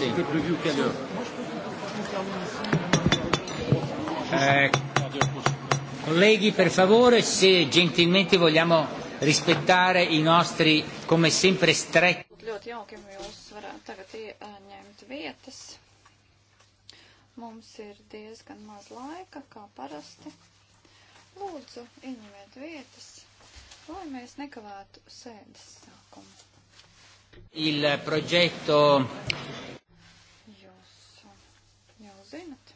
sì. good review can do. Eh, colleghi, per favore, se gentilmente vogliamo rispettare i nostri, come sempre, stretti. Ļoti jauki, ja jūs varētu tagad ieņemt vietas. Mums ir diezgan maz laika, kā parasti. Lūdzu, ieņemiet vietas, lai mēs nekavētu sēdes sākumu. Il progetto zinat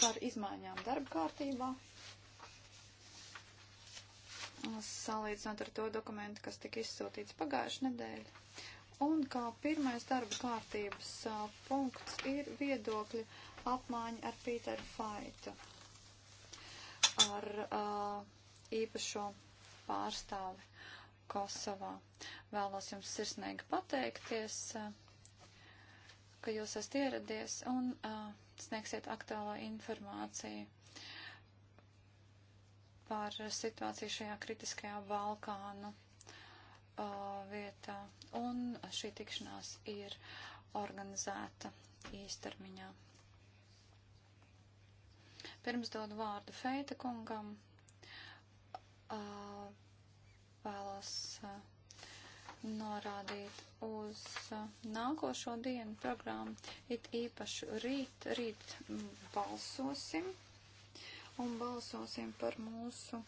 par izmaiņām darba kārtībā. Salīdzinot ar to dokumentu, kas tika izsūtīts pagājušajā nedēļā. Un kā pirmais darba kārtības uh, punkts ir viedokļu apmaiņa ar Pīteru Faitu, ar uh, īpašo pārstāvi Kosovā. Vēlos jums sirsnīgi pateikties. Uh, ka jūs esat ieradies un uh, sniegsiet aktuālo informāciju par situāciju šajā kritiskajā Balkānu uh, vietā. Un šī tikšanās ir organizēta īstermiņā. Pirms dodu vārdu Feita kungam, uh, vēlos. Uh, norādīt uz uh, nākošo dienu programmu, it īpaši rīt, rīt mm, balsosim un balsosim par mūsu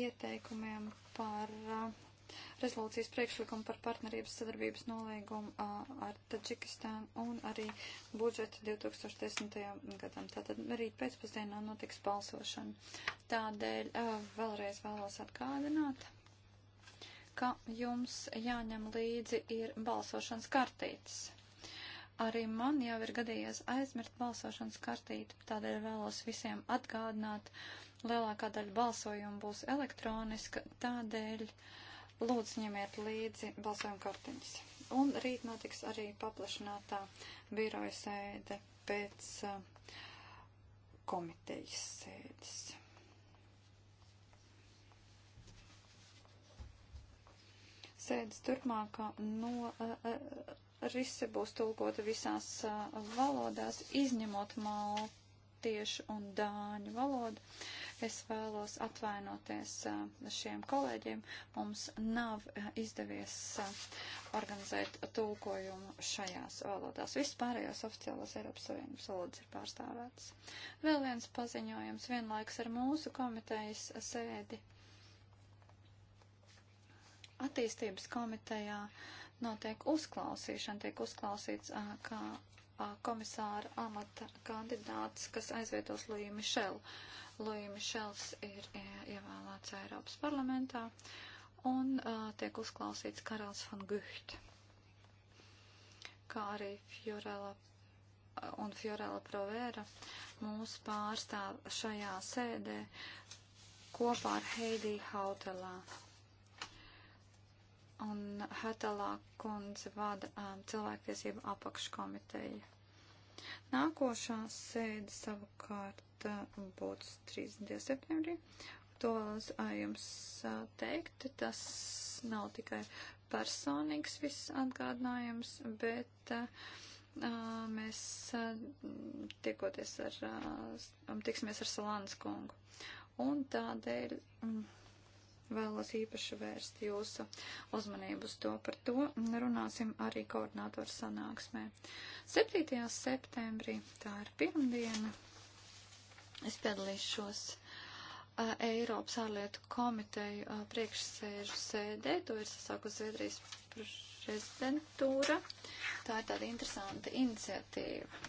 ieteikumiem par uh, rezolūcijas priekšlikumu par partnerības sadarbības nolīgumu uh, ar Taģikistānu un arī budžetu 2010. gadam. Tātad rīt pēcpusdienā notiks balsošana. Tādēļ vēlreiz vēlos atgādināt ka jums jāņem līdzi ir balsošanas kartītes. Arī man jau ir gadījies aizmirst balsošanas kartīti, tādēļ vēlos visiem atgādināt, lielākā daļa balsojumu būs elektroniska, tādēļ lūdzu ņemiet līdzi balsojuma kartiņas. Un rīt notiks arī paplašinātā biroja sēde pēc uh, komitejas sēdes. sēdes turpmākā no eh, eh, rise būs tulkota visās eh, valodās, izņemot maltiešu un dāņu valodu. Es vēlos atvainoties šiem kolēģiem. Mums nav izdevies organizēt tulkojumu šajās valodās. Viss pārējās oficiālās Eiropas Savienības valodas ir pārstāvētas. Vēl viens paziņojums vienlaiks ar mūsu komitejas sēdi attīstības komitejā notiek uzklausīšana, tiek uzklausīts a, kā a, komisāra amata kandidāts, kas aizvietos Luiju Mišelu. Luija Mišels ir ievēlēts Eiropas parlamentā un a, tiek uzklausīts Karls van Gucht, kā arī Fiorella un Fiorella Provera mūs pārstāv šajā sēdē kopā ar Heidi Hautelā un Hatalā kundze vada um, cilvēktiesību apakškomiteju. Nākošā sēde savukārt būs 30. septembrī. To vēlos jums teikt. Tas nav tikai personīgs viss atgādinājums, bet uh, mēs uh, tiekoties ar, uh, tiksimies ar Salānas kungu. Un tādēļ. Mm, vēlos īpaši vērst jūsu uzmanību uz to. Par to runāsim arī koordinātoru sanāksmē. 7. septembrī, tā ir pirmdiena, es piedalīšos uh, Eiropas ārlietu komiteju uh, priekšsēžu sēdē, to ir sasākusi Zviedrijas prezidentūra. Tā ir tāda interesanta iniciatīva.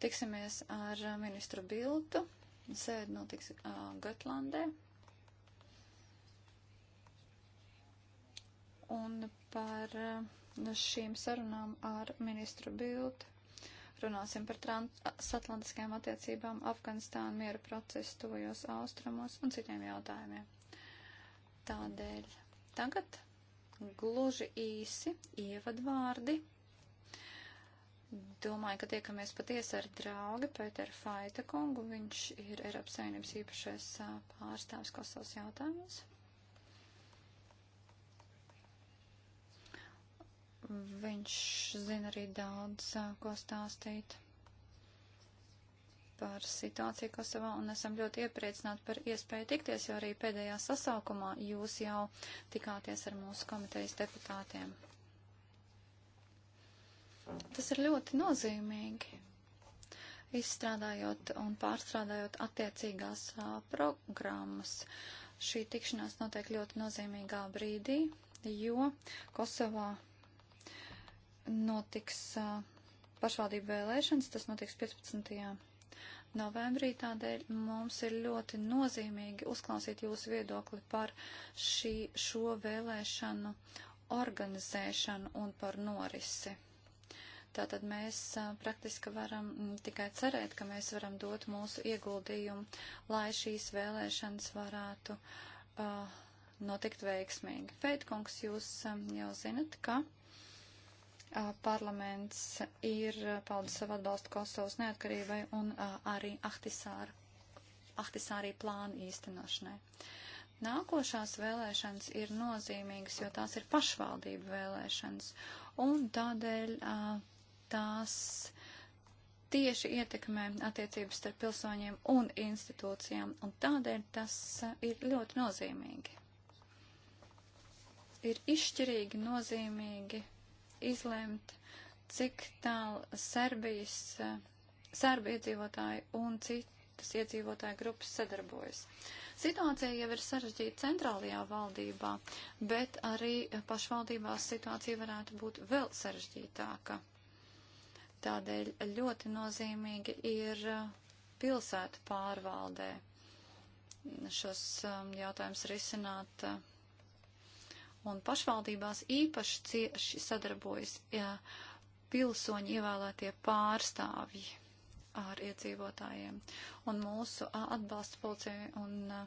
Tiksimies ar ministru Biltu. Sēde notiks uh, Gatlandē, un par eh, šīm sarunām ar ministru Bildu. Runāsim par transatlantiskajām attiecībām, Afganistānu miera procesu, tojos austrumos un citiem jautājumiem. Tādēļ tagad gluži īsi ievadvārdi. Domāju, ka tiekamies patiesi ar draugi Pēteru Faita kungu. Viņš ir Eiropas Savienības īpašais eh, pārstāvis Kosovas jautājumos. Viņš zina arī daudz, ko stāstīt par situāciju Kosovā un esam ļoti iepriecināti par iespēju tikties, jo arī pēdējā sasaukumā jūs jau tikāties ar mūsu komitejas deputātiem. Tas ir ļoti nozīmīgi. Izstrādājot un pārstrādājot attiecīgās a, programmas, šī tikšanās notiek ļoti nozīmīgā brīdī, jo Kosovā notiks pašvaldību vēlēšanas, tas notiks 15. novembrī, tādēļ mums ir ļoti nozīmīgi uzklausīt jūsu viedokli par šī, šo vēlēšanu organizēšanu un par norisi. Tātad mēs a, praktiski varam m, tikai cerēt, ka mēs varam dot mūsu ieguldījumu, lai šīs vēlēšanas varētu uh, notikt veiksmīgi. Pētkungs, jūs a, jau zinat, ka parlaments ir paudis savu atbalstu Kosovas neatkarībai un arī Ahtisāra, Ahtisārī plānu īstenošanai. Nākošās vēlēšanas ir nozīmīgas, jo tās ir pašvaldību vēlēšanas, un tādēļ tās tieši ietekmē attiecības starp pilsoņiem un institūcijām, un tādēļ tas ir ļoti nozīmīgi. Ir izšķirīgi nozīmīgi izlemt, cik tālu Serbijas, eh, Serbi iedzīvotāji un citas iedzīvotāju grupas sadarbojas. Situācija jau ir sarežģīta centrālajā valdībā, bet arī pašvaldībās situācija varētu būt vēl sarežģītāka. Tādēļ ļoti nozīmīgi ir eh, pilsētu pārvaldē šos eh, jautājumus risināt un pašvaldībās īpaši cieši sadarbojas jā, pilsoņi ievēlētie pārstāvji ar iedzīvotājiem. Un mūsu atbalsts policijai un a,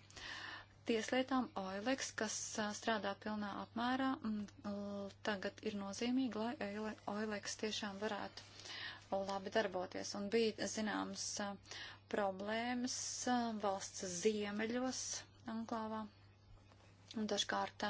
tieslietām OILEX, kas a, strādā pilnā apmērā, un, l, tagad ir nozīmīgi, lai OILEX tiešām varētu labi darboties. Un bija zināmas problēmas a, valsts ziemeļos, anklāvā, Un dažkārt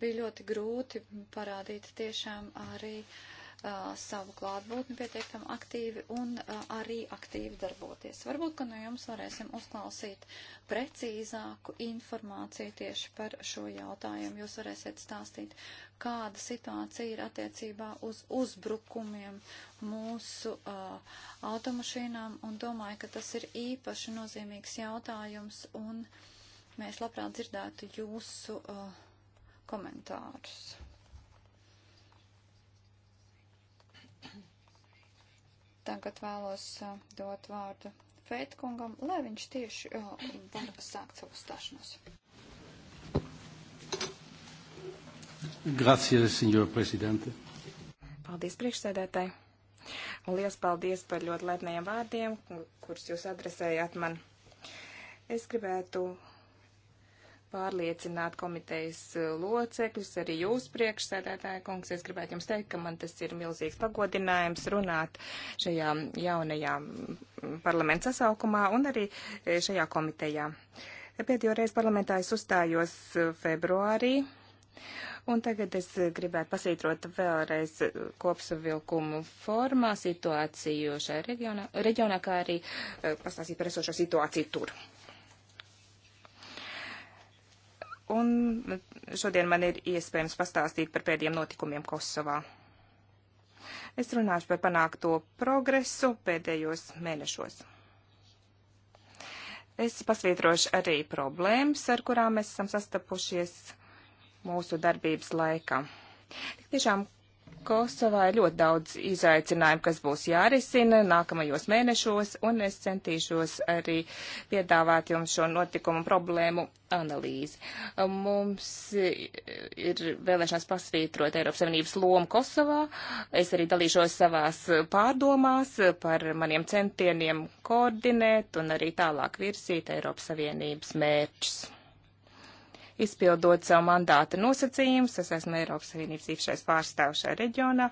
bija ļoti grūti parādīt tiešām arī uh, savu klātbūtni pietiekam aktīvi un uh, arī aktīvi darboties. Varbūt, ka no nu jums varēsim uzklausīt precīzāku informāciju tieši par šo jautājumu. Jūs varēsiet stāstīt, kāda situācija ir attiecībā uz uzbrukumiem mūsu uh, automašīnām un domāju, ka tas ir īpaši nozīmīgs jautājums un uh, Mēs labprāt dzirdētu jūsu uh, komentārus. Tagad vēlos uh, dot vārdu Fētkungam, lai viņš tieši uh, var sākt savu stāšanos. Gracias, senjor prezidente. Paldies, priekšsēdētāji. Un liels paldies par ļoti laipniem vārdiem, kurus jūs adresējāt man. Es gribētu pārliecināt komitejas eh, locekļus, arī jūs priekšsēdētāja kungs. Es gribētu jums teikt, ka man tas ir milzīgs pagodinājums runāt šajā jaunajā mm, parlamenta sasaukumā un arī eh, šajā komitejā. Pēdējo reizi parlamentā es uzstājos eh, februārī. Un tagad es gribētu pasītrot vēlreiz kopsavilkumu formā situāciju šajā reģionā, reģionā kā arī pastāstīt par esošo situāciju tur. Un šodien man ir iespējams pastāstīt par pēdējiem notikumiem Kosovā. Es runāšu par panākto progresu pēdējos mēnešos. Es pasvītrošu arī problēmas, ar kurām mēs esam sastapušies mūsu darbības laikā. Tik tiešām Kosovā ir ļoti daudz izaicinājumu, kas būs jārisina nākamajos mēnešos, un es centīšos arī piedāvāt jums šo notikumu problēmu analīzi. Mums ir vēlēšanās pasvītrot Eiropas Savienības lomu Kosovā. Es arī dalīšos savās pārdomās par maniem centieniem koordinēt un arī tālāk virsīt Eiropas Savienības mērķus izpildot savu mandāta nosacījumus. Es esmu Eiropas Savienības īpašais pārstāvs šajā reģionā.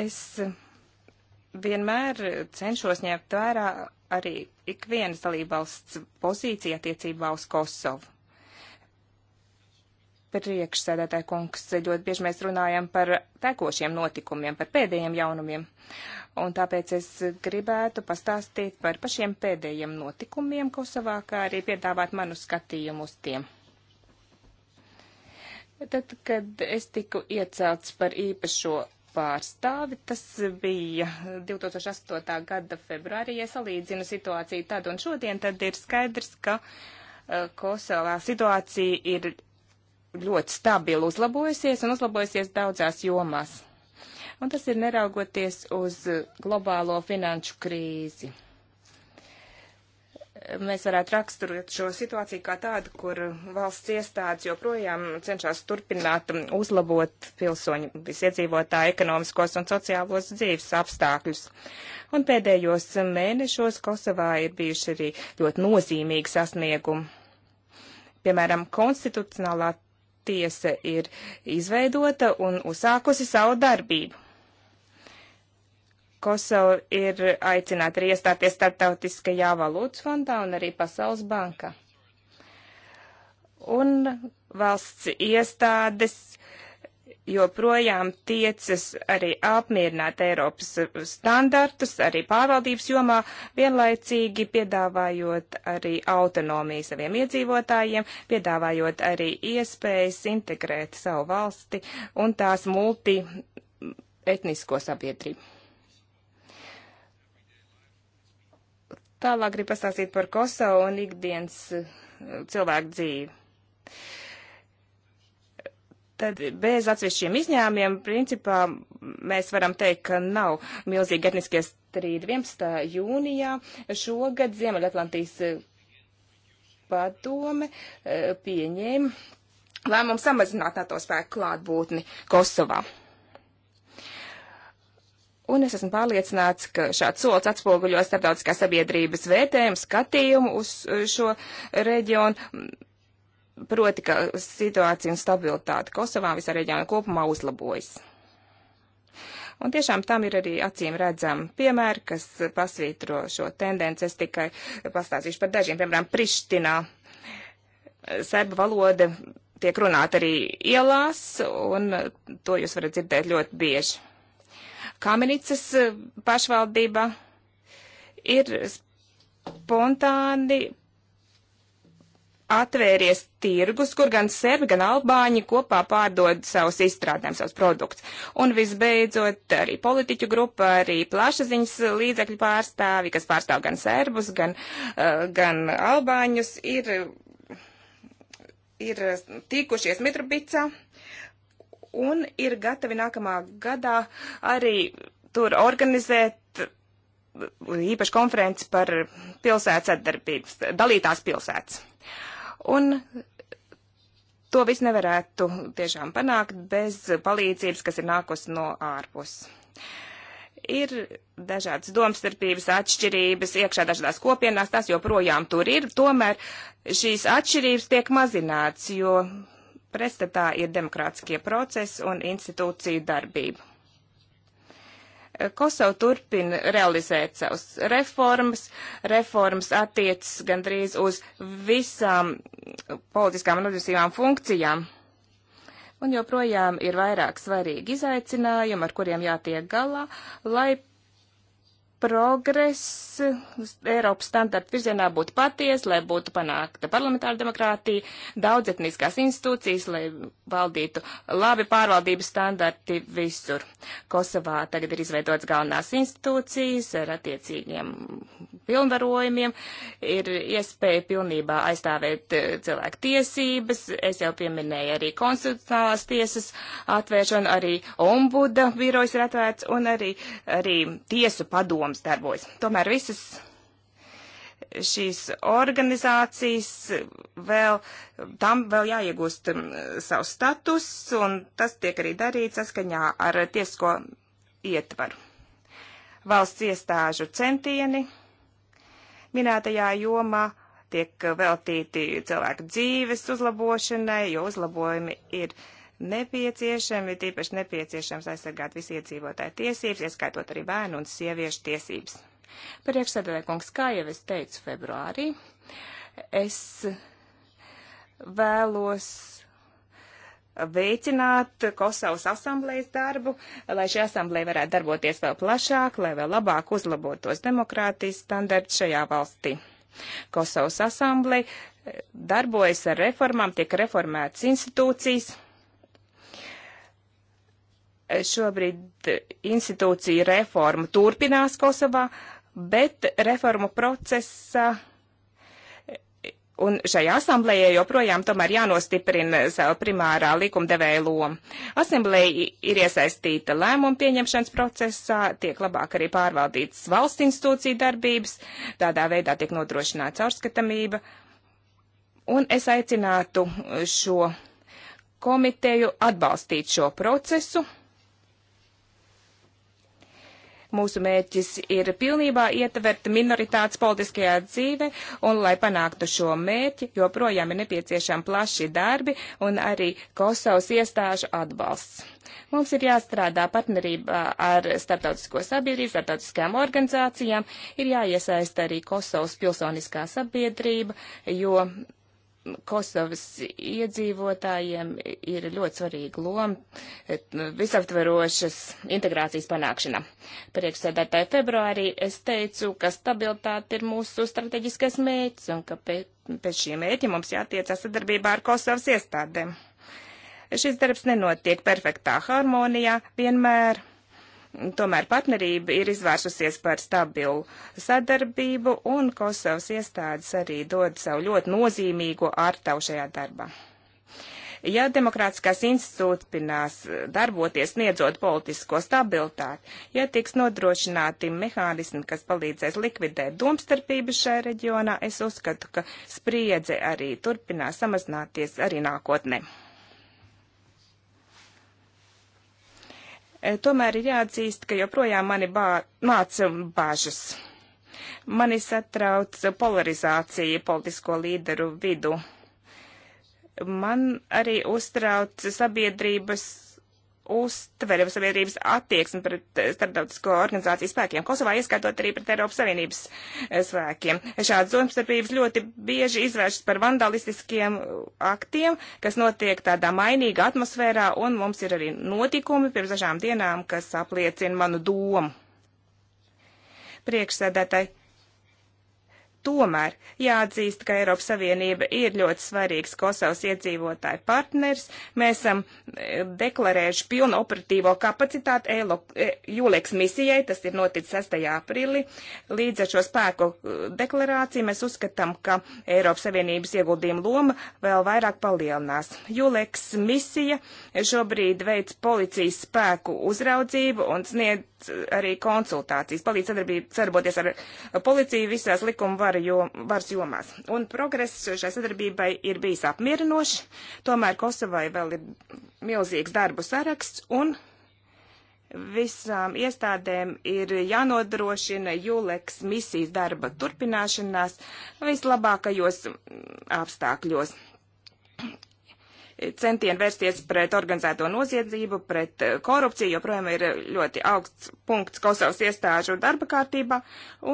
Es vienmēr cenšos ņemt vērā arī ikvienas dalībvalsts pozīcija attiecībā uz Kosovu priekšsēdētāja kungs, ļoti bieži mēs runājam par tekošiem notikumiem, par pēdējiem jaunumiem. Un tāpēc es gribētu pastāstīt par pašiem pēdējiem notikumiem Kosovā, kā arī piedāvāt manu skatījumu uz tiem. Tad, kad es tiku iecelts par īpašo pārstāvi, tas bija 2008. gada februārī, ja salīdzinu situāciju tad un šodien, tad ir skaidrs, ka uh, Kosovā situācija ir ļoti stabili uzlabojusies un uzlabojusies daudzās jomās. Un tas ir neraugoties uz globālo finanšu krīzi. Mēs varētu raksturot šo situāciju kā tādu, kur valsts iestādes joprojām cenšas turpināt uzlabot pilsoņu visiedzīvotāju ekonomiskos un sociālos dzīves apstākļus. Un pēdējos mēnešos Kosovā ir bijuši arī ļoti nozīmīgi sasniegumi piemēram, konstitucionālā tiesa ir izveidota un uzsākusi savu darbību. Kosova ir aicināta arī iestāties starptautiskajā valūtas fondā un arī Pasaules bankā. Un valsts iestādes joprojām tiecas arī apmierināt Eiropas standartus, arī pārvaldības jomā, vienlaicīgi piedāvājot arī autonomiju saviem iedzīvotājiem, piedāvājot arī iespējas integrēt savu valsti un tās multietnisko sabiedrību. Tālāk gribu pastāstīt par Kosovu un ikdienas cilvēku dzīvi tad bez atsevišķiem izņēmiem, principā, mēs varam teikt, ka nav milzīgi etniskie strīdi. 11. jūnijā šogad Ziemeļatlantijas e, padome e, pieņēma lēmumu samazināt NATO spēku klātbūtni Kosovā. Un es esmu pārliecināts, ka šāds solis atspoguļo starptautiskā sabiedrības vērtējumu, skatījumu uz e, šo reģionu Proti, ka situācija un stabilitāte Kosovā visā reģionā kopumā uzlabojas. Un tiešām tam ir arī acīm redzami piemēri, kas pasvītro šo tendenci. Es tikai pastāstīšu par dažiem, piemēram, Prištinā. Serba valoda tiek runāta arī ielās, un to jūs varat dzirdēt ļoti bieži. Kamenicas pašvaldība ir spontāni atvēries tirgus, kur gan serbi, gan albāņi kopā pārdod savus izstrādājumus, savus produktus. Un visbeidzot, arī politiķu grupa, arī plašsaziņas līdzekļu pārstāvi, kas pārstāv gan serbus, gan, uh, gan albāņus, ir, ir tīkušies Mitrubicā un ir gatavi nākamā gadā arī tur organizēt īpaši konferenci par pilsētas atdarbības, dalītās pilsētas. Uh, Un to visu nevarētu tiešām panākt bez palīdzības, kas ir nākusi no ārpus. Ir dažādas domstarpības, atšķirības, iekšā dažādās kopienās, tās joprojām tur ir, tomēr šīs atšķirības tiek mazināts, jo pretstatā ir demokrātiskie procesi un institūciju darbība. Kosova turpina realizēt savus reformas. Reformas attiecas gandrīz uz visām politiskām un administratīvām funkcijām. Un joprojām ir vairāk svarīgi izaicinājumi, ar kuriem jātiek galā, lai progress Eiropas standarta virzienā būtu paties, lai būtu panākta parlamentāra demokrātija, daudzetniskās institūcijas, lai valdītu labi pārvaldības standarti visur. Kosovā tagad ir izveidots galvenās institūcijas ar attiecīgiem pilnvarojumiem, ir iespēja pilnībā aizstāvēt eh, cilvēku tiesības, es jau pieminēju arī konstitucionālās tiesas atvēršanu, arī ombuda birojas ir atvērts un arī, arī tiesu padomu padoms darbojas. Tomēr visas šīs organizācijas vēl, tam vēl jāiegūst um, savu status, un tas tiek arī darīts saskaņā ar tiesko ietvaru. Valsts iestāžu centieni minētajā jomā tiek veltīti cilvēku dzīves uzlabošanai, jo uzlabojumi ir uh, nepieciešami, ir tīpaši nepieciešams aizsargāt visi iedzīvotāju tiesības, ieskaitot arī bērnu un sieviešu tiesības. Priekšsēdētāji kungs, kā jau es teicu februārī, es vēlos veicināt Kosovas asamblējas darbu, lai šī asamblēja varētu darboties vēl plašāk, lai vēl labāk uzlabotos demokrātijas standarts šajā valstī. Kosovas asamblēja darbojas ar reformām, tiek reformētas institūcijas šobrīd e, institūcija reforma turpinās Kosovā, bet reformu procesa e, un šai asamblējai joprojām tomēr jānostiprina savu primārā likumdevēja loma. Asamblēja ir iesaistīta lēmumu pieņemšanas procesā, tiek labāk arī pārvaldītas valsts institūcija darbības, tādā veidā tiek nodrošināta caurskatamība. Un es aicinātu šo komiteju atbalstīt šo procesu Mūsu mērķis ir pilnībā ietvert minoritātes politiskajā dzīve, un, lai panāktu šo mērķi, joprojām ir nepieciešami plaši darbi un arī Kosovas iestāžu atbalsts. Mums ir jāstrādā partnerībā ar starptautisko sabiedrību, starptautiskajām organizācijām, ir jāiesaista arī Kosovas pilsoniskā sabiedrība, jo Kosovas iedzīvotājiem ir ļoti svarīga loma nu, visaptverošas integrācijas panākšanā. Priekšsēdētāji februārī es teicu, ka stabilitāte ir mūsu strateģiskais mērķis un ka pēc šī mērķa mums jātiecās sadarbībā ar Kosovas iestādēm. Šis darbs nenotiek perfektā harmonijā vienmēr Tomēr partnerība ir izvērsusies par stabilu sadarbību, un Kosovas iestādes arī dod savu ļoti nozīmīgo ārtavu šajā darbā. Ja demokrātiskās institūts turpinās darboties, sniedzot politisko stabilitāti, ja tiks nodrošināti mehānismi, kas palīdzēs likvidēt domstarpības šajā reģionā, es uzskatu, ka spriedze arī turpinās samazināties arī nākotnē. E, tomēr ir jāatzīst, ka joprojām mani bā, māca bāžas. Mani satrauc polarizācija politisko līderu vidu. Man arī uztrauc sabiedrības uztveru sabiedrības attieksmi pret eh, starptautisko organizāciju spēkiem, Kosovā ieskaitot arī pret Eiropas Savienības eh, spēkiem. Šādas domstarpības ļoti bieži izvēršas par vandalistiskiem eh, aktiem, kas notiek tādā mainīga atmosfērā, un mums ir arī notikumi pirms dažām dienām, kas apliecina manu domu. Priekšsēdētāji Tomēr jāatzīst, ka Eiropas Savienība ir ļoti svarīgs Kosovas iedzīvotāju partners. Mēs esam e, deklarējuši pilnu operatīvo kapacitāti e, Jūleks misijai, tas ir noticis 6. aprīli. Līdz ar šo spēku e, deklarāciju mēs uzskatām, ka Eiropas Savienības ieguldījuma loma vēl vairāk palielinās. Jūleks misija šobrīd veic policijas spēku uzraudzību un sniedz arī konsultācijas, palīdz sadarboties ar policiju visās likuma varu vara jom, varas jomās. Un progress šai sadarbībai ir bijis apmierinošs, tomēr Kosovai vēl ir milzīgs darbu saraksts un visām iestādēm ir jānodrošina jūleks misijas darba turpināšanās vislabākajos apstākļos centieni vērsties pret organizēto noziedzību, pret eh, korupciju, joprojām ir ļoti augsts punkts Kosovas iestāžu darba kārtībā,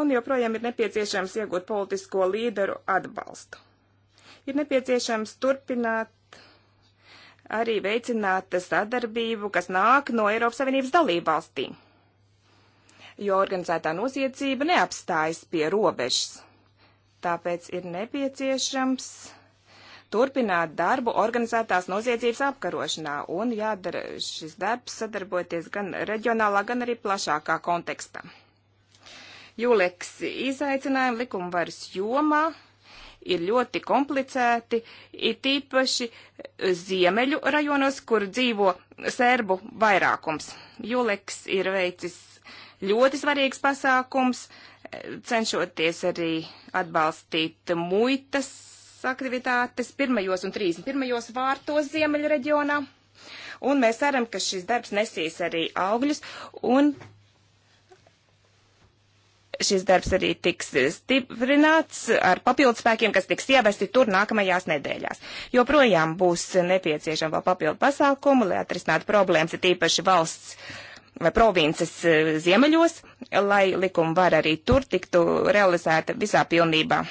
un joprojām ir nepieciešams iegūt politisko līderu atbalstu. Ir nepieciešams turpināt arī veicināt sadarbību, kas nāk no Eiropas Savienības dalībvalstīm, jo organizētā noziedzība neapstājas pie robežas. Tāpēc ir nepieciešams turpināt darbu organizētās noziedzības apkarošanā un jādara šis darbs sadarboties gan reģionālā, gan arī plašākā kontekstā. Jūleks izaicinājumi likumvaras jomā ir ļoti komplicēti, ir tīpaši ziemeļu rajonos, kur dzīvo sērbu vairākums. Juleks ir veicis ļoti svarīgs pasākums, cenšoties arī atbalstīt muitas aktivitātes pirmajos un 31. vārtos ziemeļa reģionā. Un mēs ceram, ka šis darbs nesīs arī augļus un šis darbs arī tiks stiprināts ar papildu spēkiem, kas tiks ievesti tur nākamajās nedēļās. Joprojām būs nepieciešama vēl papildu pasākumu, lai atrisinātu problēmas, ir tīpaši valsts vai provinces e, ziemeļos, lai likuma var arī tur tiktu realizēta visā pilnībā.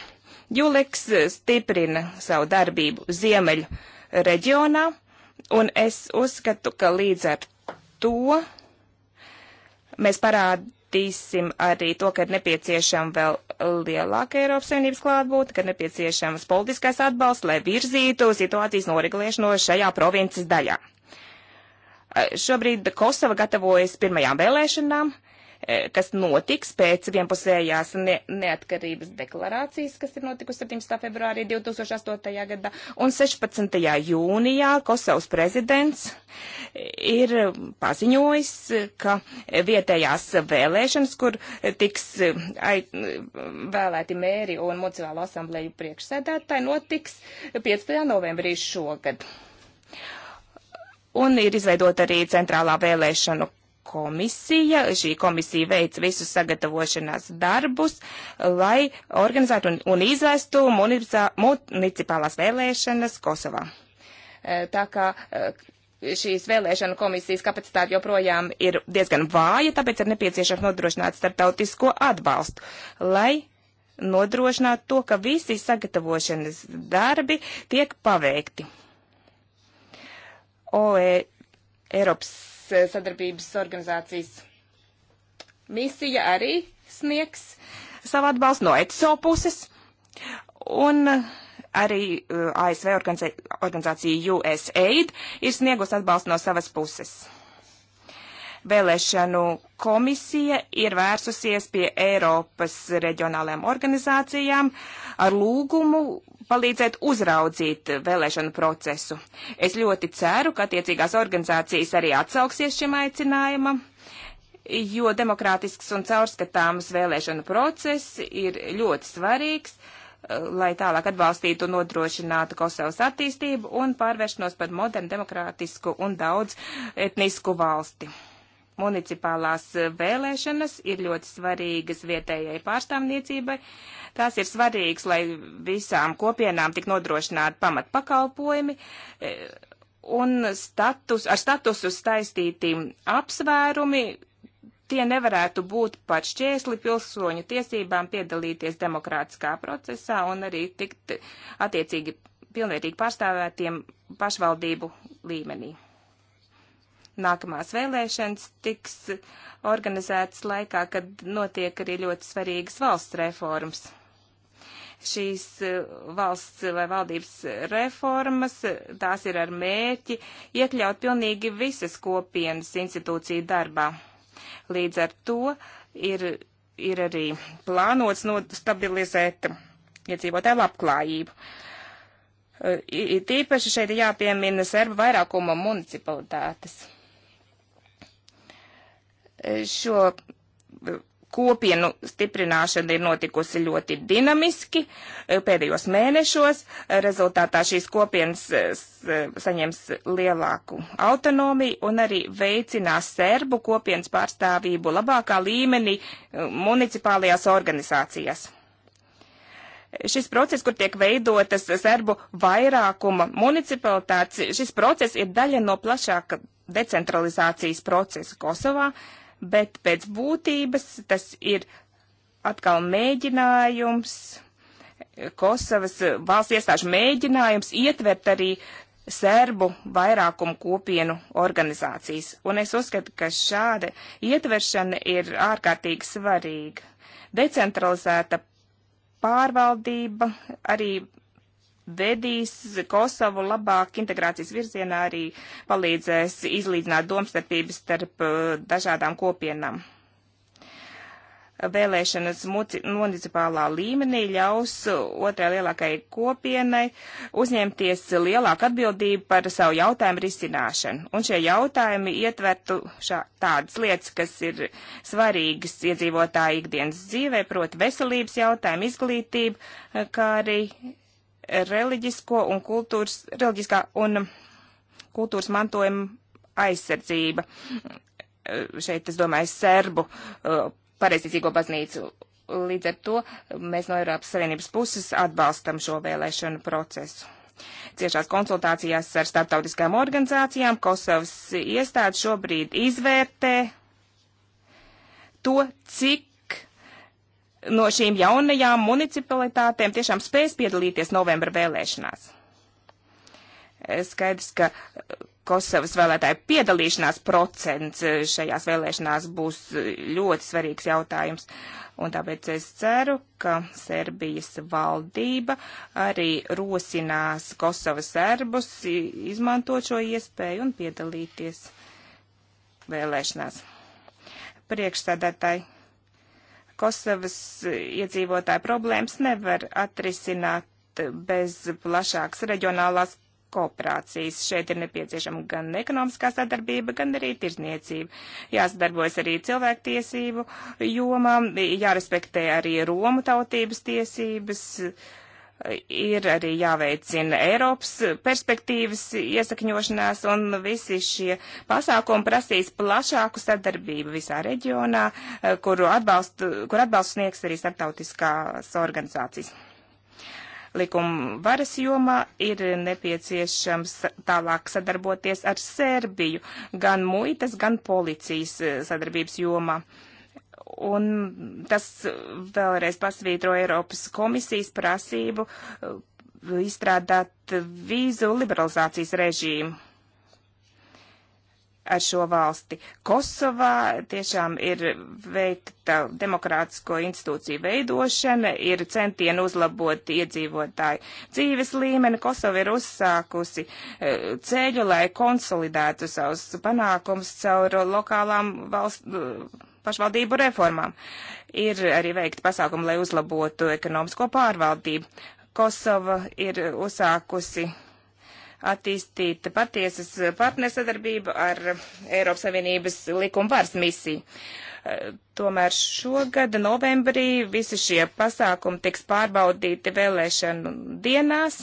Juleks stiprina savu darbību ziemeļu reģionā, un es uzskatu, ka līdz ar to mēs parādīsim arī to, ka ir nepieciešama vēl lielāka Eiropas Savienības klātbūtne, ka ir nepieciešams politiskais atbalsts, lai virzītu situācijas noregulēšanu šajā provinces daļā. Šobrīd Kosova gatavojas pirmajām vēlēšanām. Uh, E, kas notiks pēc vienpusējās ne, neatkarības deklarācijas, kas ir notikusi 17. februārī 2008. gadā, un 16. jūnijā Kosovas prezidents ir paziņojis, ka vietējās vēlēšanas, kur tiks e, ai, vēlēti mēri un mocivālo asamblēju priekšsēdētāji, notiks 15. novembrī šogad. Un ir izveidota arī centrālā vēlēšanu komisija. Šī komisija veic visus sagatavošanās darbus, lai organizētu un, un izvestu municipālās vēlēšanas Kosovā. E, tā kā e, šīs vēlēšana komisijas kapacitāte joprojām ir diezgan vāja, tāpēc ir nepieciešams nodrošināt starptautisko atbalstu, lai nodrošinātu to, ka visi sagatavošanas darbi tiek paveikti. OE, Eiropas Eh, sadarbības organizācijas misija arī sniegs savu atbalstu no ECO puses. Un arī eh, ASV organizācija USAID ir sniegus atbalstu no savas puses vēlēšanu komisija ir vērsusies pie Eiropas reģionālajām organizācijām ar lūgumu palīdzēt uzraudzīt vēlēšanu procesu. Es ļoti ceru, ka attiecīgās organizācijas arī atsauksies šim aicinājumam jo demokrātisks un caurskatāms vēlēšanu process ir ļoti svarīgs, eh, lai tālāk atbalstītu un nodrošinātu Kosovas attīstību un pārvēršanos par modernu, demokrātisku un daudz etnisku valsti. Municipālās vēlēšanas ir ļoti svarīgas vietējai pārstāvniecībai. Tās ir svarīgas, lai visām kopienām tik nodrošināti pamatpakalpojumi e, un status, ar statusu saistīti apsvērumi tie nevarētu būt pat šķēsli pilsoņu tiesībām piedalīties demokrātiskā procesā un arī tikt attiecīgi pilnvērtīgi pārstāvētiem pašvaldību līmenī nākamās vēlēšanas tiks organizētas laikā, kad notiek arī ļoti svarīgas valsts reformas. Šīs uh, valsts vai valdības reformas, tās ir ar mērķi iekļaut pilnīgi visas kopienas institūciju darbā. Līdz ar to ir, ir arī plānots nostabilizēt iedzīvotāju labklājību. Uh, tīpaši šeit jāpiemina serbu vairākuma municipalitātes šo eh, kopienu stiprināšana ir notikusi ļoti dinamiski eh, pēdējos mēnešos. Rezultātā šīs kopienas eh, saņems lielāku autonomiju un arī veicinās serbu kopienas pārstāvību labākā līmenī municipālajās organizācijās. Šis process, kur tiek veidotas serbu vairākuma municipalitātes, šis process ir daļa no plašāka decentralizācijas procesa Kosovā, uh, bet pēc būtības tas ir atkal mēģinājums, Kosovas valsts iestāžu mēģinājums ietvert arī serbu vairākumu kopienu organizācijas. Un es uzskatu, ka šāda ietveršana ir ārkārtīgi svarīga. Decentralizēta pārvaldība arī vedīs Kosovu labāk integrācijas virzienā, arī palīdzēs izlīdzināt domstarpības starp uh, dažādām kopienām. Vēlēšanas municipālā līmenī ļaus otrai lielākai kopienai uzņemties lielāku atbildību par savu jautājumu risināšanu. Un šie jautājumi ietvertu šā, tādas lietas, kas ir svarīgas iedzīvotāju ikdienas dzīvē, proti veselības jautājumu, izglītību, kā arī reliģisko un kultūras, reliģiskā un kultūras mantojuma aizsardzība. Šeit, es domāju, serbu uh, pareizīgo baznīcu. Līdz ar to mēs no Eiropas Savienības puses atbalstam šo vēlēšanu procesu. Ciešās konsultācijās ar starptautiskām organizācijām Kosovas iestādes šobrīd izvērtē to, cik no šīm jaunajām municipalitātēm tiešām spēs piedalīties novembra vēlēšanās. Eh, skaidrs, ka eh, Kosovas vēlētāju piedalīšanās procents eh, šajās vēlēšanās būs ļoti svarīgs jautājums. Un tāpēc es ceru, ka Serbijas valdība arī rosinās Kosovas serbus izmantot šo iespēju un piedalīties vēlēšanās. Priekšsēdētāji Kosovas iedzīvotāju problēmas nevar atrisināt bez plašākas reģionālās kooperācijas. Šeit ir nepieciešama gan ekonomiskā sadarbība, gan arī tirzniecība. Jāsadarbojas arī cilvēktiesību jomā, jārespektē arī Romu tautības tiesības. Uh, ir arī jāveicina Eiropas perspektīvas iesakņošanās, un visi šie pasākumi prasīs plašāku sadarbību visā reģionā, eh, kuru atbalstu, kur atbalstu sniegs arī starptautiskās organizācijas. Likuma varas jomā ir nepieciešams tālāk sadarboties ar Sērbiju gan muitas, gan policijas eh, sadarbības jomā. Uh, Un tas vēlreiz pasvītro Eiropas komisijas prasību uh, izstrādāt vīzu liberalizācijas režīmu ar šo valsti. Kosovā tiešām ir veikta demokrātisko institūciju veidošana, ir centieni uzlabot iedzīvotāju dzīves līmeni. Kosova ir uzsākusi uh, ceļu, lai konsolidētu savus panākumus caur lokālām valsts uh, pašvaldību reformām. Ir arī veikti pasākumi, lai uzlabotu ekonomisko pārvaldību. Kosova ir uzsākusi attīstīt patiesas partnersadarbību ar Eiropas Savienības likuma varas misiju. Tomēr šogad novembrī visi šie pasākumi tiks pārbaudīti vēlēšanu dienās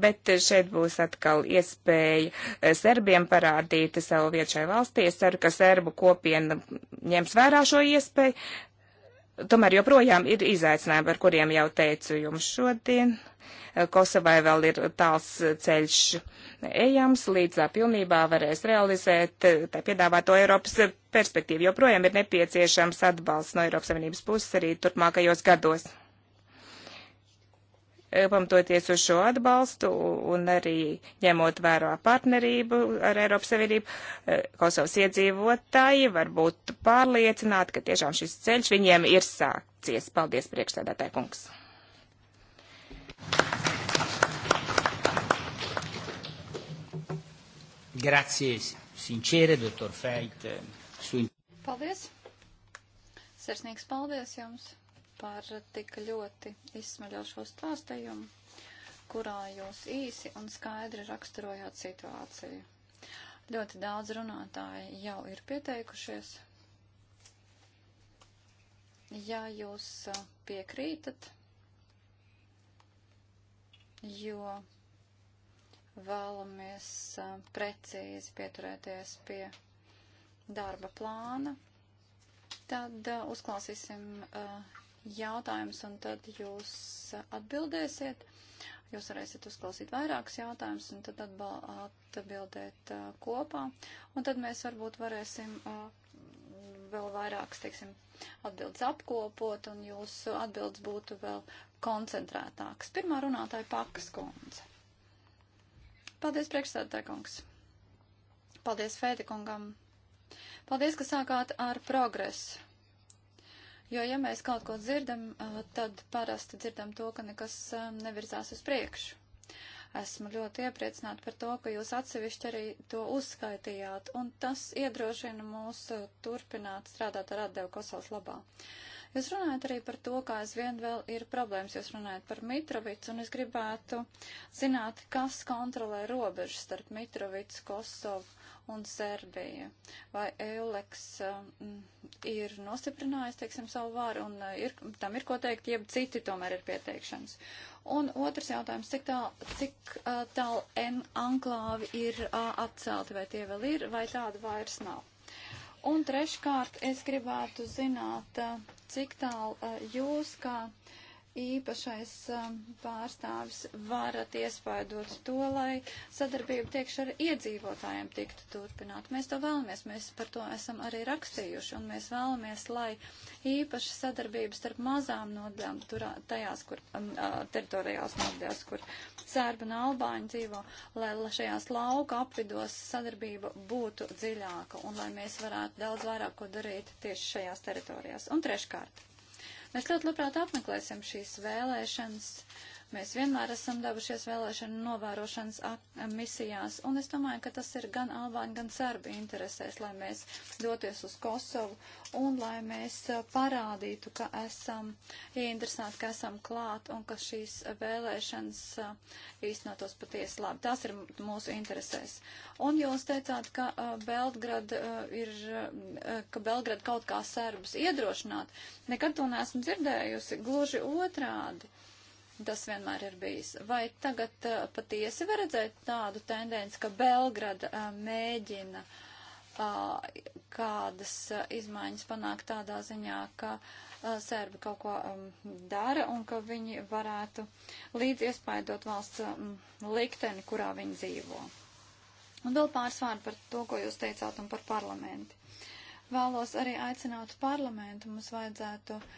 bet šeit būs atkal iespēja eh, serbiem parādīt savu vietu šai valstī. Es ceru, ka serbu kopiena ņems vērā šo iespēju. Tomēr joprojām ir izaicinājumi, par kuriem jau teicu jums šodien. Eh, Kosovai vēl ir tāls eh, ceļš ejams, līdz tā pilnībā varēs realizēt tā piedāvāto Eiropas perspektīvu. Joprojām ir nepieciešams atbalsts no Eiropas Savienības puses arī turpmākajos gados. E, pamatoties uz šo atbalstu un arī ņemot vērā partnerību ar Eiropas Savienību, e, Kosovas iedzīvotāji var būt pārliecināti, ka tiešām šis ceļš viņiem ir sācies. Paldies, priekšsēdētāji kungs! Grazie, sincere, doktor Feit. Eh, su... Paldies! Sirsnīgs paldies jums! par tik ļoti izsmaļošo stāstījumu, kurā jūs īsi un skaidri raksturojāt situāciju. Ļoti daudz runātāji jau ir pieteikušies. Ja jūs piekrītat, jo vēlamies precīzi pieturēties pie darba plāna, tad uzklāsīsim uh, jautājumus, un tad jūs atbildēsiet. Jūs varēsiet uzklausīt vairākus jautājumus un tad atbildēt uh, kopā. Un tad mēs varbūt varēsim uh, vēl vairākas, teiksim, atbildes apkopot, un jūsu atbildes būtu vēl koncentrētākas. Pirmā runātāja Pakas kundze. Paldies, priekšstādātāja kungs. Paldies Fēti kungam. Paldies, ka sākāt ar progresu Jo, ja mēs kaut ko dzirdam, tad parasti dzirdam to, ka nekas nevirzās uz priekšu. Esmu ļoti iepriecināta par to, ka jūs atsevišķi arī to uzskaitījāt, un tas iedrošina mūs turpināt strādāt ar atdevu Kosovas labā. Jūs runājat arī par to, kā aizvien vēl ir problēmas. Jūs runājat par Mitrovicu, un es gribētu zināt, kas kontrolē robežu starp Mitrovicu, Kosovu un Serbija. Vai EULEX um, ir nostiprinājis, teiksim, savu varu un uh, ir, tam ir ko teikt, jeb citi tomēr ir pieteikšanas. Un otrs jautājums, cik uh, tālu cik, tāl N anklāvi ir uh, atcelti, vai tie vēl ir, vai tāda vairs nav. Un treškārt, es gribētu zināt, cik tālu jūs kā īpašais um, pārstāvis varat iespaidot to, lai sadarbība tiekš ar iedzīvotājiem tiktu turpināt. Mēs to vēlamies, mēs par to esam arī rakstījuši, un mēs vēlamies, lai īpaši sadarbība starp mazām nodēm, turā, tajās, kur um, teritorijās nodēļas, kur sērbi un albāņi dzīvo, lai šajās lauka apvidos sadarbība būtu dziļāka, un lai mēs varētu daudz vairāk ko darīt tieši šajās teritorijās. Un treškārt. Mēs ļoti labprāt apmeklēsim šīs vēlēšanas. Uh, Mēs vienmēr esam devušies vēlēšanu novērošanas eh, misijās, un es domāju, ka tas ir gan Albāņu, gan Serbi interesēs, lai mēs doties uz Kosovu un lai mēs eh, parādītu, ka esam ieinteresēti, ka esam klāt un ka šīs vēlēšanas eh, īstenotos patiesi labi. Tas ir mūsu interesēs. Un jūs teicāt, ka Belgrada ir, ka Belgrada kaut kā serbus iedrošināt. Nekad to neesmu dzirdējusi, gluži otrādi. Tas vienmēr ir bijis. Vai tagad uh, patiesi var redzēt tādu tendenci, ka Belgrada uh, mēģina uh, kādas uh, izmaiņas panākt tādā ziņā, ka uh, Sērbi kaut ko um, dara un ka viņi varētu līdz iespaidot valsts um, likteni, kurā viņi dzīvo? Un vēl pāris vārdi par to, ko jūs teicāt un par parlamentu. Vēlos arī aicināt parlamentu, mums vajadzētu uh,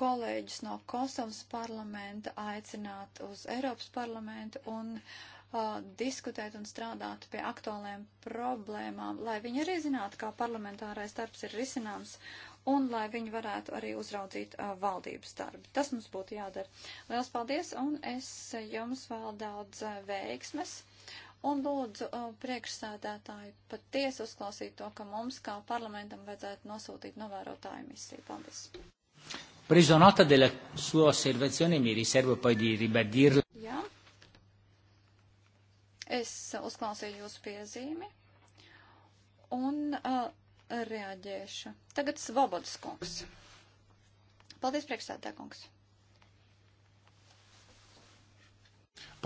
kolēģus no Kosovas parlamenta aicināt uz Eiropas parlamentu un uh, diskutēt un strādāt pie aktuāliem problēmām, lai viņi arī zinātu, kā parlamentārais darbs ir risināms un lai viņi varētu arī uzraudzīt uh, valdības darbu. Tas mums būtu jādara. Lielas paldies un es jums vēl daudz uh, veiksmes. Un lūdzu uh, priekšsādātāju patiesi uzklausīt to, ka mums kā parlamentam vajadzētu nosūtīt novērotāju misiju. Paldies! preso nota della sua osservazione e mi riservo poi di ribadirla. Jā. Es uzklausīju jūsu piezīmi un uh, reaģēšu. Tagad Svobodas kungs. Paldies, priekšsēdē kungs.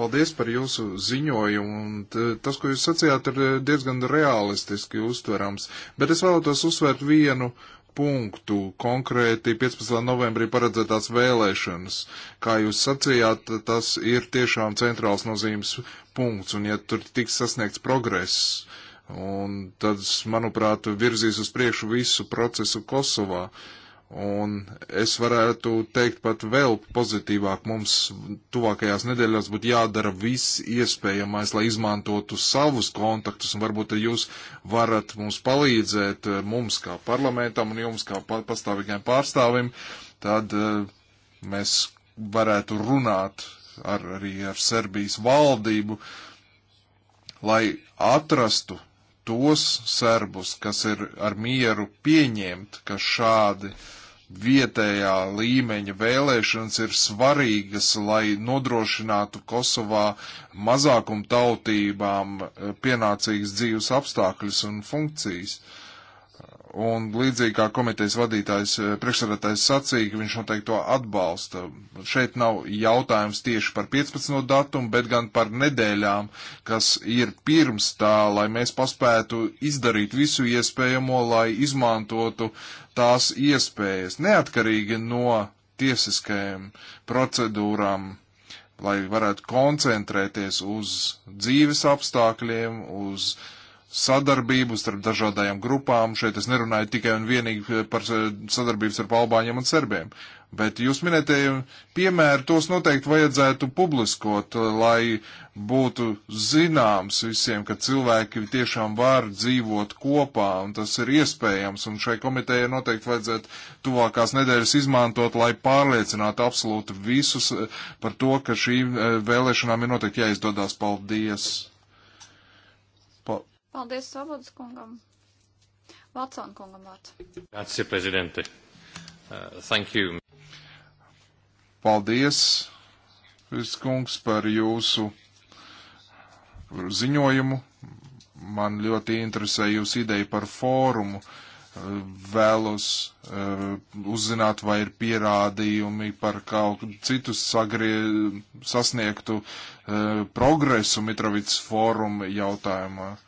Paldies par jūsu ziņojumu, un tas, ko jūs sacījāt, ir diezgan realistiski uztverams. Bet es vēlētos uzsvērt vienu punktu, konkrēti 15. novembrī paredzētās vēlēšanas. Kā jūs sacījāt, tas ir tiešām centrāls nozīmes punkts, un ja tur tiks sasniegts progress, un tad, manuprāt, virzīs uz priekšu visu procesu Kosovā. Uh, Un es varētu teikt pat vēl pozitīvāk, mums tuvākajās nedēļās būtu jādara viss iespējamais, lai izmantotu savus kontaktus, un varbūt jūs varat mums palīdzēt, eh, mums kā parlamentam un jums kā pastāvīgiem pārstāvim, tad eh, mēs varētu runāt ar, arī ar Serbijas valdību, lai atrastu tos serbus, kas ir ar mieru pieņemt, ka šādi uh, vietējā līmeņa vēlēšanas ir svarīgas, lai nodrošinātu Kosovā mazākumtautībām eh, pienācīgas dzīves apstākļus un funkcijas. Uh, Un līdzīgi kā komitejas vadītājs, eh, priekšsēdētājs sacīja, ka viņš noteikti to atbalsta. Šeit nav jautājums tieši par 15. datumu, bet gan par nedēļām, kas ir pirms tā, lai mēs paspētu izdarīt visu iespējamo, lai izmantotu tās iespējas, neatkarīgi no tiesiskajiem procedūrām, lai varētu koncentrēties uz dzīves apstākļiem, uz uh, sadarbību starp dažādajām grupām. Šeit es nerunāju tikai un vienīgi par sadarbību starp Albāņiem un Serbiem. Bet jūs minētie piemēri, tos noteikti vajadzētu publiskot, lai būtu zināms visiem, ka cilvēki tiešām var dzīvot kopā, un tas ir iespējams, un šai komitejai noteikti vajadzētu tuvākās nedēļas izmantot, lai pārliecinātu absolūti visus eh, par to, ka šīm eh, vēlēšanām ir noteikti jāizdodās. Paldies! Paldies Svobodas kungam. Vatsona kungam vārds. Grazie, prezidente. Uh, thank you. Paldies, Pēc kungs, par jūsu ziņojumu. Man ļoti interesē jūsu ideja par fórumu. Vēlos uh, uzzināt, vai ir pierādījumi par kaut citu sagrie, sasniegtu uh, progresu Mitrovicas fóruma jautājumā. Uh,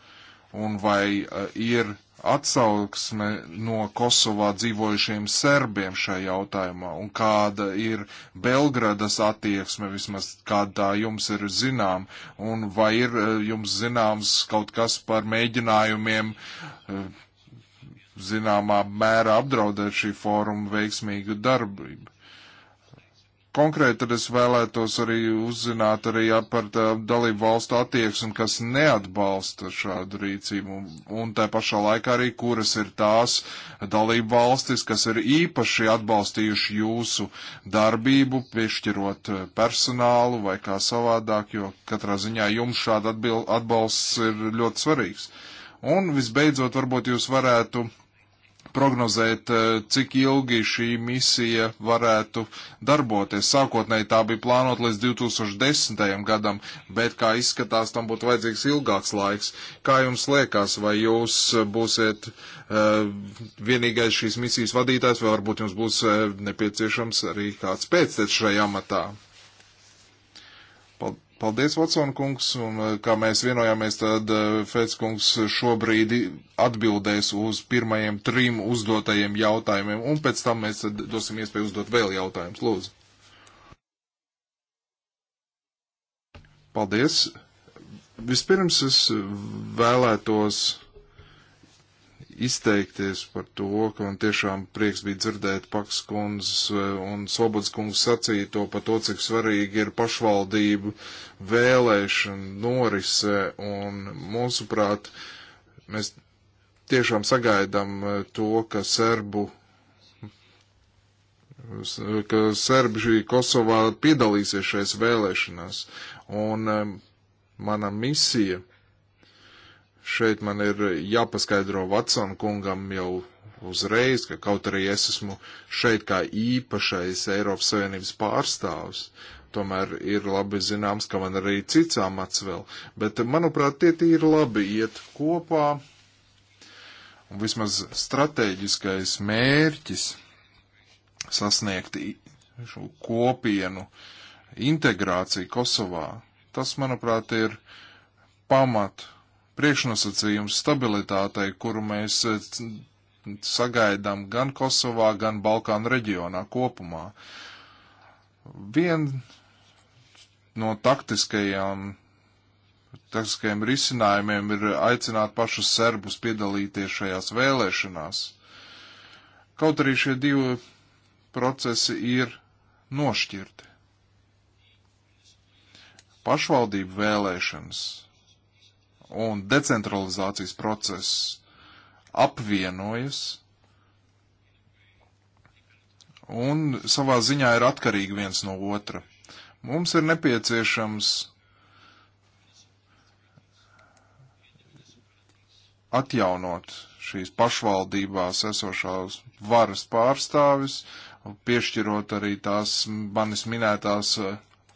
un vai uh, ir atsauksme no Kosovā dzīvojušiem serbiem šajā jautājumā, un kāda ir Belgradas attieksme, vismaz kāda tā jums ir zinām, un vai ir uh, jums zināms kaut kas par mēģinājumiem uh, zināmā mērā apdraudēt šī fóruma veiksmīgu darbību. Konkrēti es vēlētos arī uzzināt arī par uh, dalību valstu attieksmi, kas neatbalsta šādu rīcību, un, un tā pašā laikā arī, kuras ir tās dalību valstis, kas ir īpaši atbalstījuši jūsu darbību, piešķirot uh, personālu vai kā savādāk, jo katrā ziņā jums šāda atbalsts ir ļoti svarīgs. Un visbeidzot, varbūt jūs varētu prognozēt, eh, cik ilgi šī misija varētu darboties. Sākotnēji tā bija plānota līdz 2010. gadam, bet kā izskatās, tam būtu vajadzīgs ilgāks laiks. Kā jums liekas, vai jūs būsiet uh, vienīgais šīs misijas vadītājs, vai varbūt jums būs uh, nepieciešams arī kāds pēctecis šajā amatā? Paldies, Vatsona kungs, un eh, kā mēs vienojāmies, tad eh, Fēc kungs šobrīd atbildēs uz pirmajiem trim uzdotajiem jautājumiem, un pēc tam mēs dosim iespēju uzdot vēl jautājumus. Lūdzu. Paldies. Vispirms es vēlētos izteikties par to, ka man tiešām prieks bija dzirdēt Paks kundzes eh, un Svobodas kundzes sacīto par to, cik svarīgi ir pašvaldību vēlēšana norise, un mūsuprāt, mēs tiešām sagaidām eh, to, ka serbu ka Serbija Kosovā piedalīsies šajās vēlēšanās. Un eh, mana misija šeit man ir jāpaskaidro Vatsona kungam jau uzreiz, ka kaut arī es esmu šeit kā īpašais Eiropas Savienības pārstāvs, tomēr ir labi zināms, ka man arī cits amats vēl. Bet, manuprāt, tie ir labi iet kopā. Un vismaz strateģiskais mērķis sasniegt šo kopienu integrāciju Kosovā, tas, manuprāt, ir pamat priekšnosacījums stabilitātei, kuru mēs eh, sagaidām gan Kosovā, gan Balkānu reģionā kopumā. Vien no taktiskajām, taktiskajiem risinājumiem ir aicināt pašus serbus piedalīties šajās vēlēšanās. Kaut arī šie divi procesi ir nošķirti. Pašvaldību vēlēšanas un decentralizācijas process apvienojas un savā ziņā ir atkarīgi viens no otra. Mums ir nepieciešams atjaunot šīs pašvaldībās esošās varas pārstāvis, piešķirot arī tās manis minētās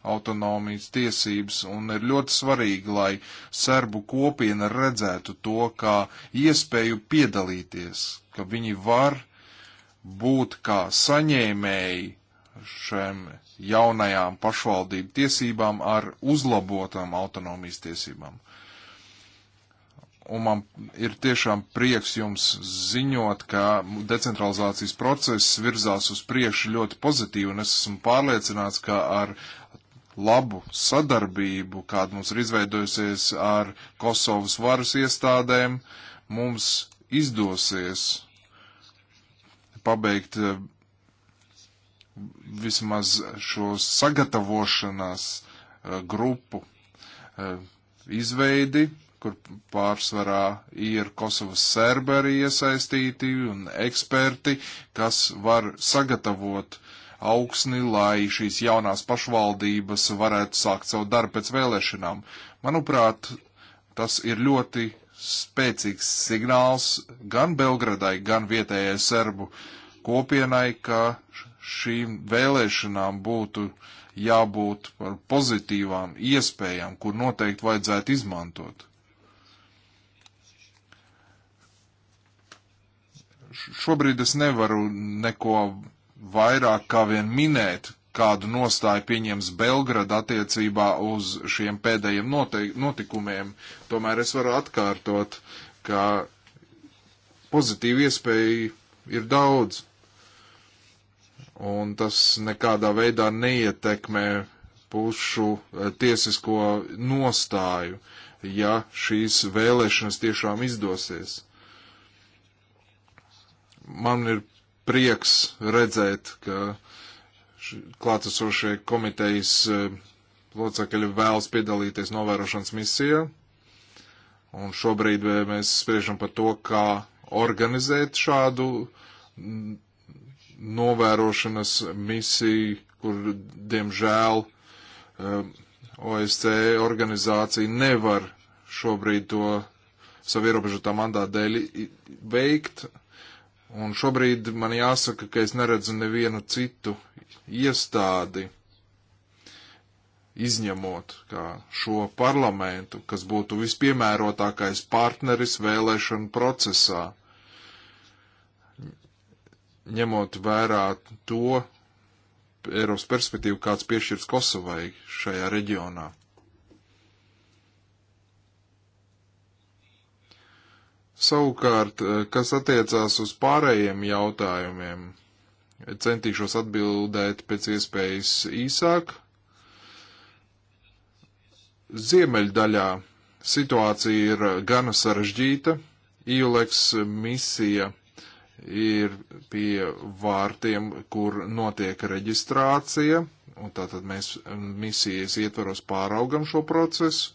autonomijas tiesības, un ir ļoti svarīgi, lai serbu kopiena redzētu to kā iespēju piedalīties, ka viņi var būt kā saņēmēji šiem jaunajām pašvaldību tiesībām ar uzlabotām autonomijas tiesībām. Un man ir tiešām prieks jums ziņot, ka decentralizācijas process virzās uz priekšu ļoti pozitīvi, un es esmu pārliecināts, ka ar labu sadarbību, kāda mums ir izveidojusies ar Kosovas varas iestādēm, mums izdosies pabeigt eh, vismaz šo sagatavošanās eh, grupu eh, izveidi, kur pārsvarā ir Kosovas serberi iesaistīti un eksperti, kas var sagatavot uh, augsni, lai šīs jaunās pašvaldības varētu sākt savu darbu pēc vēlēšanām. Manuprāt, tas ir ļoti spēcīgs signāls gan Belgradai, gan vietējai serbu kopienai, ka šīm vēlēšanām būtu jābūt par pozitīvām iespējām, kur noteikti vajadzētu izmantot. Šobrīd es nevaru neko vairāk kā vien minēt, kādu nostāju pieņems Belgrada attiecībā uz šiem pēdējiem notikumiem. Tomēr es varu atkārtot, ka pozitīvu iespēju ir daudz, un tas nekādā veidā neietekmē pušu eh, tiesisko nostāju, ja šīs vēlēšanas tiešām izdosies. Man ir prieks redzēt, ka klātesošie komitejas e, locekļi vēlas piedalīties novērošanas misijā. Un šobrīd e, mēs spriežam par to, kā organizēt šādu novērošanas misiju, kur, diemžēl, e, OSC organizācija nevar šobrīd to savu ierobežotā mandāta dēļ veikt, Un šobrīd man jāsaka, ka es neredzu nevienu citu iestādi, izņemot šo parlamentu, kas būtu vispiemērotākais partneris vēlēšanu procesā, ņemot vērā to Eiropas perspektīvu, kāds piešķirs Kosovai šajā reģionā. Savukārt, eh, kas attiecās uz pārējiem jautājumiem, centīšos atbildēt pēc iespējas īsāk. Ziemeļdaļā situācija ir gana sarežģīta. ILEX misija ir pie vārtiem, kur notiek reģistrācija, un tātad mēs misijas ietvaros pāraugam šo procesu.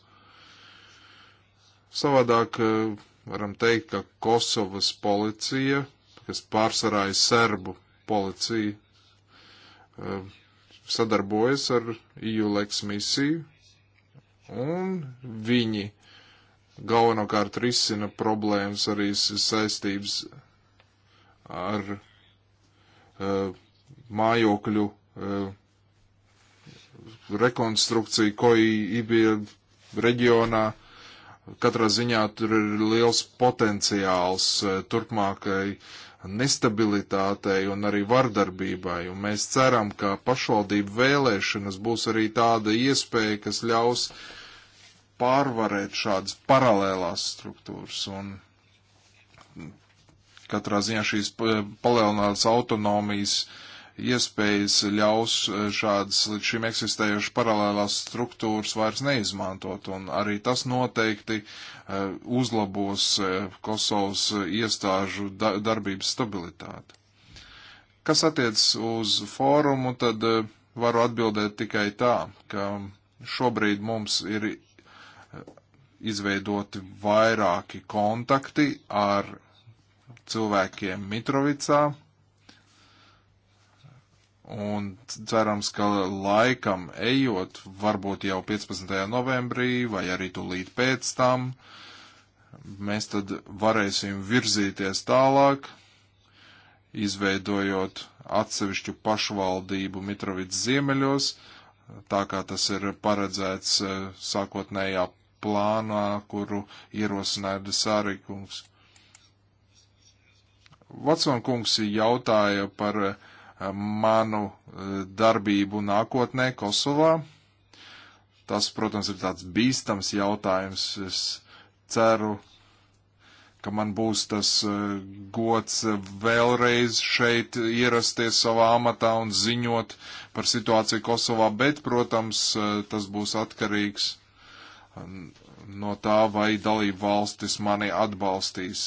Savādāk eh, varam teikt, ka Kosovas policija, kas pārsvarā ir serbu policija, eh, sadarbojas ar EULEX misiju, un viņi galvenokārt risina problēmas arī saistības ar uh, mājokļu uh, rekonstrukciju, ko bija reģionā Katrā ziņā tur ir liels potenciāls eh, turpmākai nestabilitātei un arī vardarbībai, un mēs ceram, ka pašvaldību vēlēšanas būs arī tāda iespēja, kas ļaus pārvarēt šādas paralēlās struktūras, un katrā ziņā šīs eh, palielinās autonomijas uh, iespējas ļaus e, šādas līdz šim eksistējušas paralēlās struktūras vairs neizmantot, un arī tas noteikti e, uzlabos e, Kosovas iestāžu darbības stabilitāti. Kas attiec uz fórumu, tad varu atbildēt tikai tā, ka šobrīd mums ir izveidoti vairāki kontakti ar cilvēkiem Mitrovicā, Un cerams, ka laikam ejot, varbūt jau 15. novembrī vai arī tūlīt pēc tam, mēs tad varēsim virzīties tālāk, izveidojot atsevišķu pašvaldību Mitrovic ziemeļos, tā kā tas ir paredzēts eh, sākotnējā plānā, kuru ierosināja Desārī kungs. Vatson kungs jautāja par uh, manu e, darbību nākotnē Kosovā. Tas, protams, ir tāds bīstams jautājums. Es ceru, ka man būs tas e, gods vēlreiz šeit ierasties savā amatā un ziņot par situāciju Kosovā, bet, protams, e, tas būs atkarīgs no tā, vai dalību valstis mani atbalstīs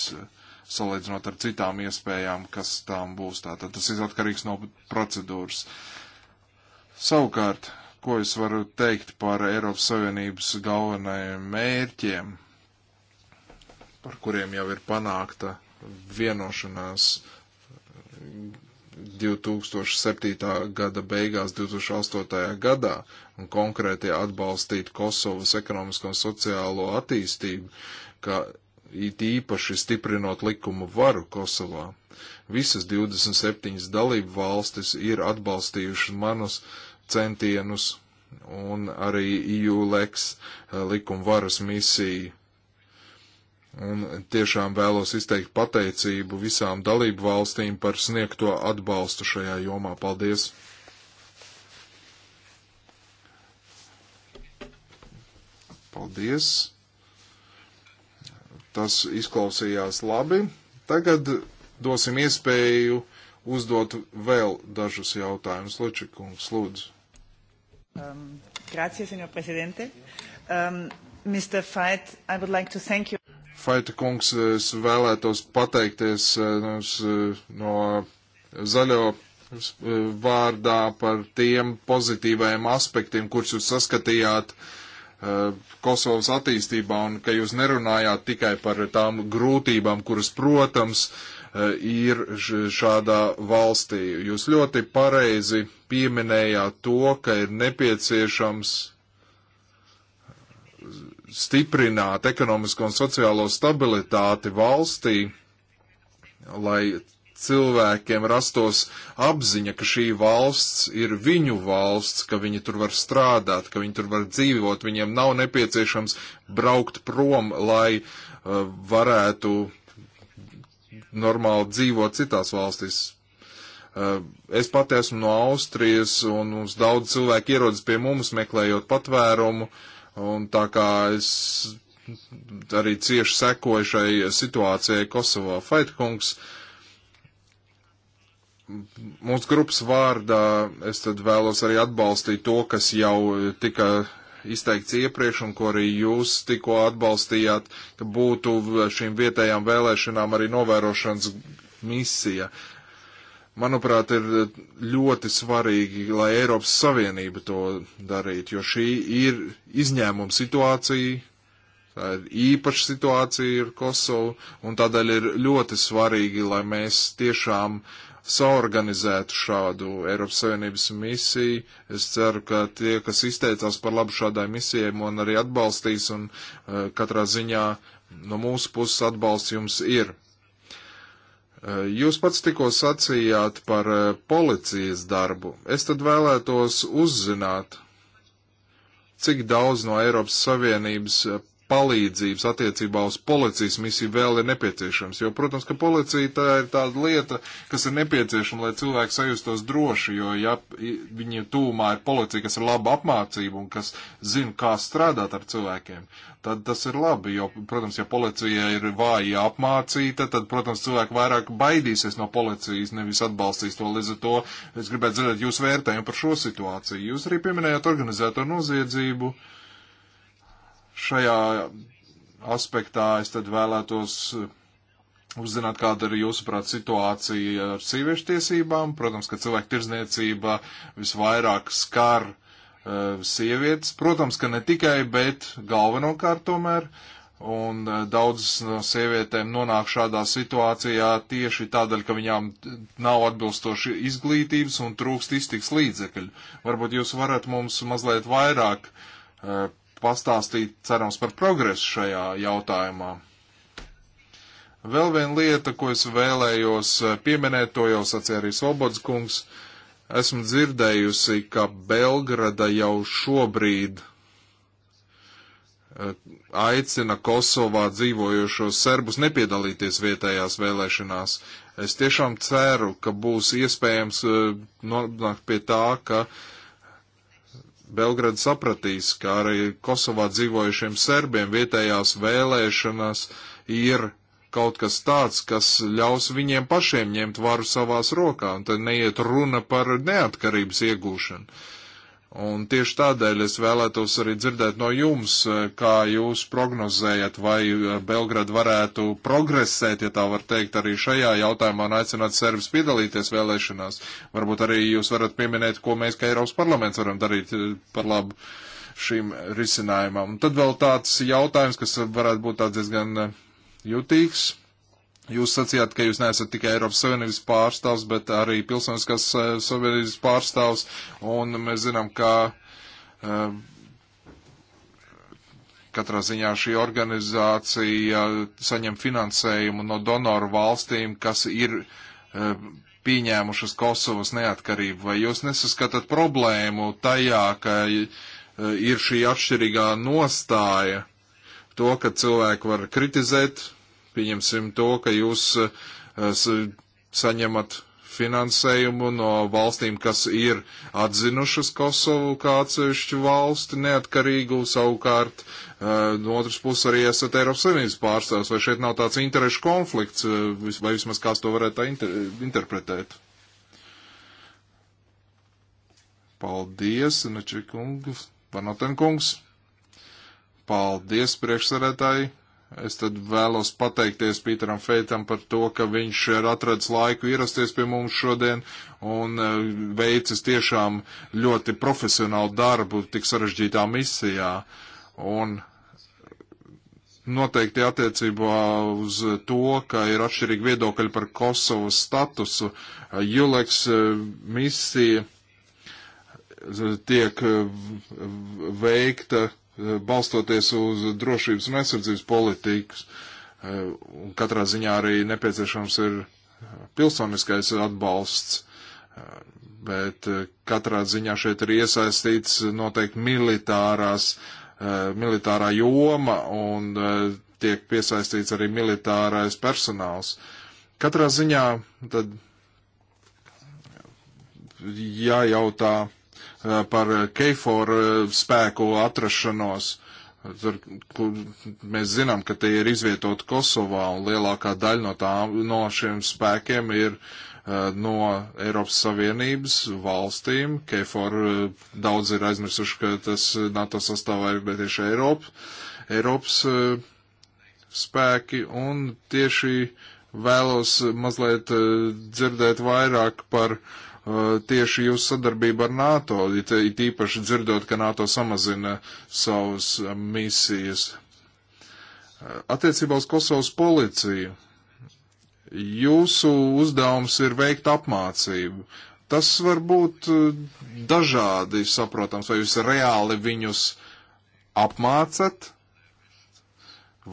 salīdzinot ar citām iespējām, kas tām būs. Tātad tas ir atkarīgs no procedūras. Savukārt, ko es varu teikt par Eiropas Savienības galvenajiem mērķiem, par kuriem jau ir panākta vienošanās 2007. gada beigās, 2008. gadā, un konkrēti atbalstīt Kosovas ekonomisko un sociālo attīstību, kā it īpaši stiprinot likumu varu Kosovā. Visas 27 dalību valstis ir atbalstījušas manus centienus un arī EULEX eh, likuma varas misiju. Un tiešām vēlos izteikt pateicību visām dalību valstīm par sniegto atbalstu šajā jomā. Paldies! Paldies! Tas izklausījās labi. Tagad dosim iespēju uzdot vēl dažus jautājumus. Lučikungs, lūdzu. Um, grazie, senor prezidente. Um, Mr. Fait, I would like to thank you. Faita kungs, es vēlētos pateikties uh, uh, no zaļo uh, vārdā par tiem pozitīvajiem aspektiem, kurus jūs saskatījāt uh, Eh, Kosovas attīstībā un ka jūs nerunājāt tikai par tām grūtībām, kuras, protams, eh, ir šādā valstī. Jūs ļoti pareizi pieminējāt to, ka ir nepieciešams stiprināt ekonomisko un sociālo stabilitāti valstī, lai cilvēkiem rastos apziņa, ka šī valsts ir viņu valsts, ka viņi tur var strādāt, ka viņi tur var dzīvot, viņiem nav nepieciešams braukt prom, lai uh, varētu normāli dzīvot citās valstīs. Uh, es pati esmu no Austrijas, un mums daudz cilvēku ierodas pie mums, meklējot patvērumu, un tā kā es arī cieši sekoju šai situācijai Kosovā. Faitkungs uh, mūsu grupas vārdā es tad vēlos arī atbalstīt to, kas jau tika izteikts iepriekš un ko arī jūs tikko atbalstījāt, ka būtu šīm vietējām vēlēšanām arī novērošanas misija. Manuprāt, ir ļoti svarīgi, lai Eiropas Savienība to darītu, jo šī ir izņēmuma situācija, tā ir īpaša situācija ar Kosovu, un tādēļ ir ļoti svarīgi, lai mēs tiešām uh, saorganizētu šādu Eiropas Savienības misiju. Es ceru, ka tie, kas izteicās par labu šādai misijai, man arī atbalstīs un uh, katrā ziņā no mūsu puses atbalsts jums ir. Uh, jūs pats tikko sacījāt par uh, policijas darbu. Es tad vēlētos uzzināt, cik daudz no Eiropas Savienības palīdzības attiecībā uz policijas misiju vēl ir nepieciešams. Jo, protams, ka policija tā ir tāda lieta, kas ir nepieciešama, lai cilvēki sajustos droši, jo, ja viņi tūmā ir policija, kas ir laba apmācība un kas zina, kā strādāt ar cilvēkiem, tad tas ir labi. Jo, protams, ja policija ir vāja apmācīta, tad, protams, cilvēki vairāk baidīsies no policijas, nevis atbalstīs to. Līdz ar to es gribētu dzirdēt jūsu vērtējumu par šo situāciju. Jūs arī pieminējāt organizēto noziedzību. Uh, šajā aspektā es tad vēlētos uzzināt, kāda ir jūsuprāt situācija ar sieviešu tiesībām. Protams, ka cilvēku tirzniecība visvairāk skar uh, sievietes. Protams, ka ne tikai, bet galvenokārt tomēr. Un uh, daudzas no sievietēm nonāk šādā situācijā tieši tādēļ, ka viņām nav atbilstoši izglītības un trūkst iztiks līdzekļu. Varbūt jūs varat mums mazliet vairāk uh, pastāstīt, cerams, par progresu šajā jautājumā. Vēl viena lieta, ko es vēlējos eh, pieminēt, to jau sacīja arī Sobods kungs, esmu dzirdējusi, ka Belgrada jau šobrīd eh, aicina Kosovā dzīvojošos serbus nepiedalīties vietējās vēlēšanās. Es tiešām ceru, ka būs iespējams eh, nonākt pie tā, ka uh, Belgrada sapratīs, ka arī Kosovā dzīvojušiem serbiem vietējās vēlēšanas ir kaut kas tāds, kas ļaus viņiem pašiem ņemt varu savās rokā, un tad neiet runa par neatkarības iegūšanu. Un tieši tādēļ es vēlētos arī dzirdēt no jums, eh, kā jūs prognozējat, vai eh, Belgrad varētu progresēt, ja tā var teikt, arī šajā jautājumā un aicināt servis piedalīties vēlēšanās. Varbūt arī jūs varat pieminēt, ko mēs kā Eiropas parlaments varam darīt eh, par labu šīm risinājumam. Un tad vēl tāds jautājums, kas varētu būt tāds diezgan jutīgs. Jūs sacījāt, ka jūs neesat tikai Eiropas Savienības pārstāvs, bet arī Pilsoniskās eh, Savienības pārstāvs, un mēs zinām, ka um, katrā ziņā šī organizācija saņem finansējumu no donoru valstīm, kas ir um, pieņēmušas Kosovas neatkarību. Vai jūs nesaskatāt problēmu tajā, ka um, ir šī atšķirīgā nostāja, to, ka cilvēki var kritizēt Pieņemsim to, ka jūs eh, saņemat finansējumu no valstīm, kas ir atzinušas Kosovu kā atsevišķu valsti neatkarīgu, savukārt eh, no otras puses arī esat Eiropas Savienības pārstāvs, vai šeit nav tāds interešu konflikts, eh, vai vismaz kāds to varētu tā inter interpretēt? Paldies, Nečekungs, Vanotenkungs. Paldies, priekšsarētāji. Es tad vēlos pateikties Pīteram Feitam par to, ka viņš ir atradis laiku ierasties pie mums šodien un e, veicis tiešām ļoti profesionālu darbu tik sarežģītā misijā. Un noteikti attiecībā uz to, ka ir atšķirīgi viedokļi par Kosovas statusu, Juleks e, misija e, tiek veikta Eh, balstoties uz drošības un aizsardzības politikas. Eh, un katrā ziņā arī nepieciešams ir eh, pilsoniskais atbalsts, bet katrā ziņā šeit ir iesaistīts noteikti militārās, militārā joma un tiek piesaistīts arī militārais personāls. Katrā ziņā tad jājautā. Ja Eh, par Keiforu eh, spēku atrašanos. Tur, mēs zinām, ka tie ir izvietoti Kosovā, un lielākā daļa no, tā, no šiem spēkiem ir uh, no Eiropas Savienības valstīm. Keifor uh, daudz ir aizmirsuši, ka tas NATO sastāvā ir tieši Eiropa, Eiropas uh, spēki, un tieši vēlos mazliet dzirdēt vairāk par uh, Uh, tieši jūsu sadarbība ar NATO, it īpaši dzirdot, ka NATO samazina savas uh, misijas. Uh, attiecībā uz Kosovas policiju. Jūsu uzdevums ir veikt apmācību. Tas var būt dažādi saprotams, vai jūs reāli viņus apmācat,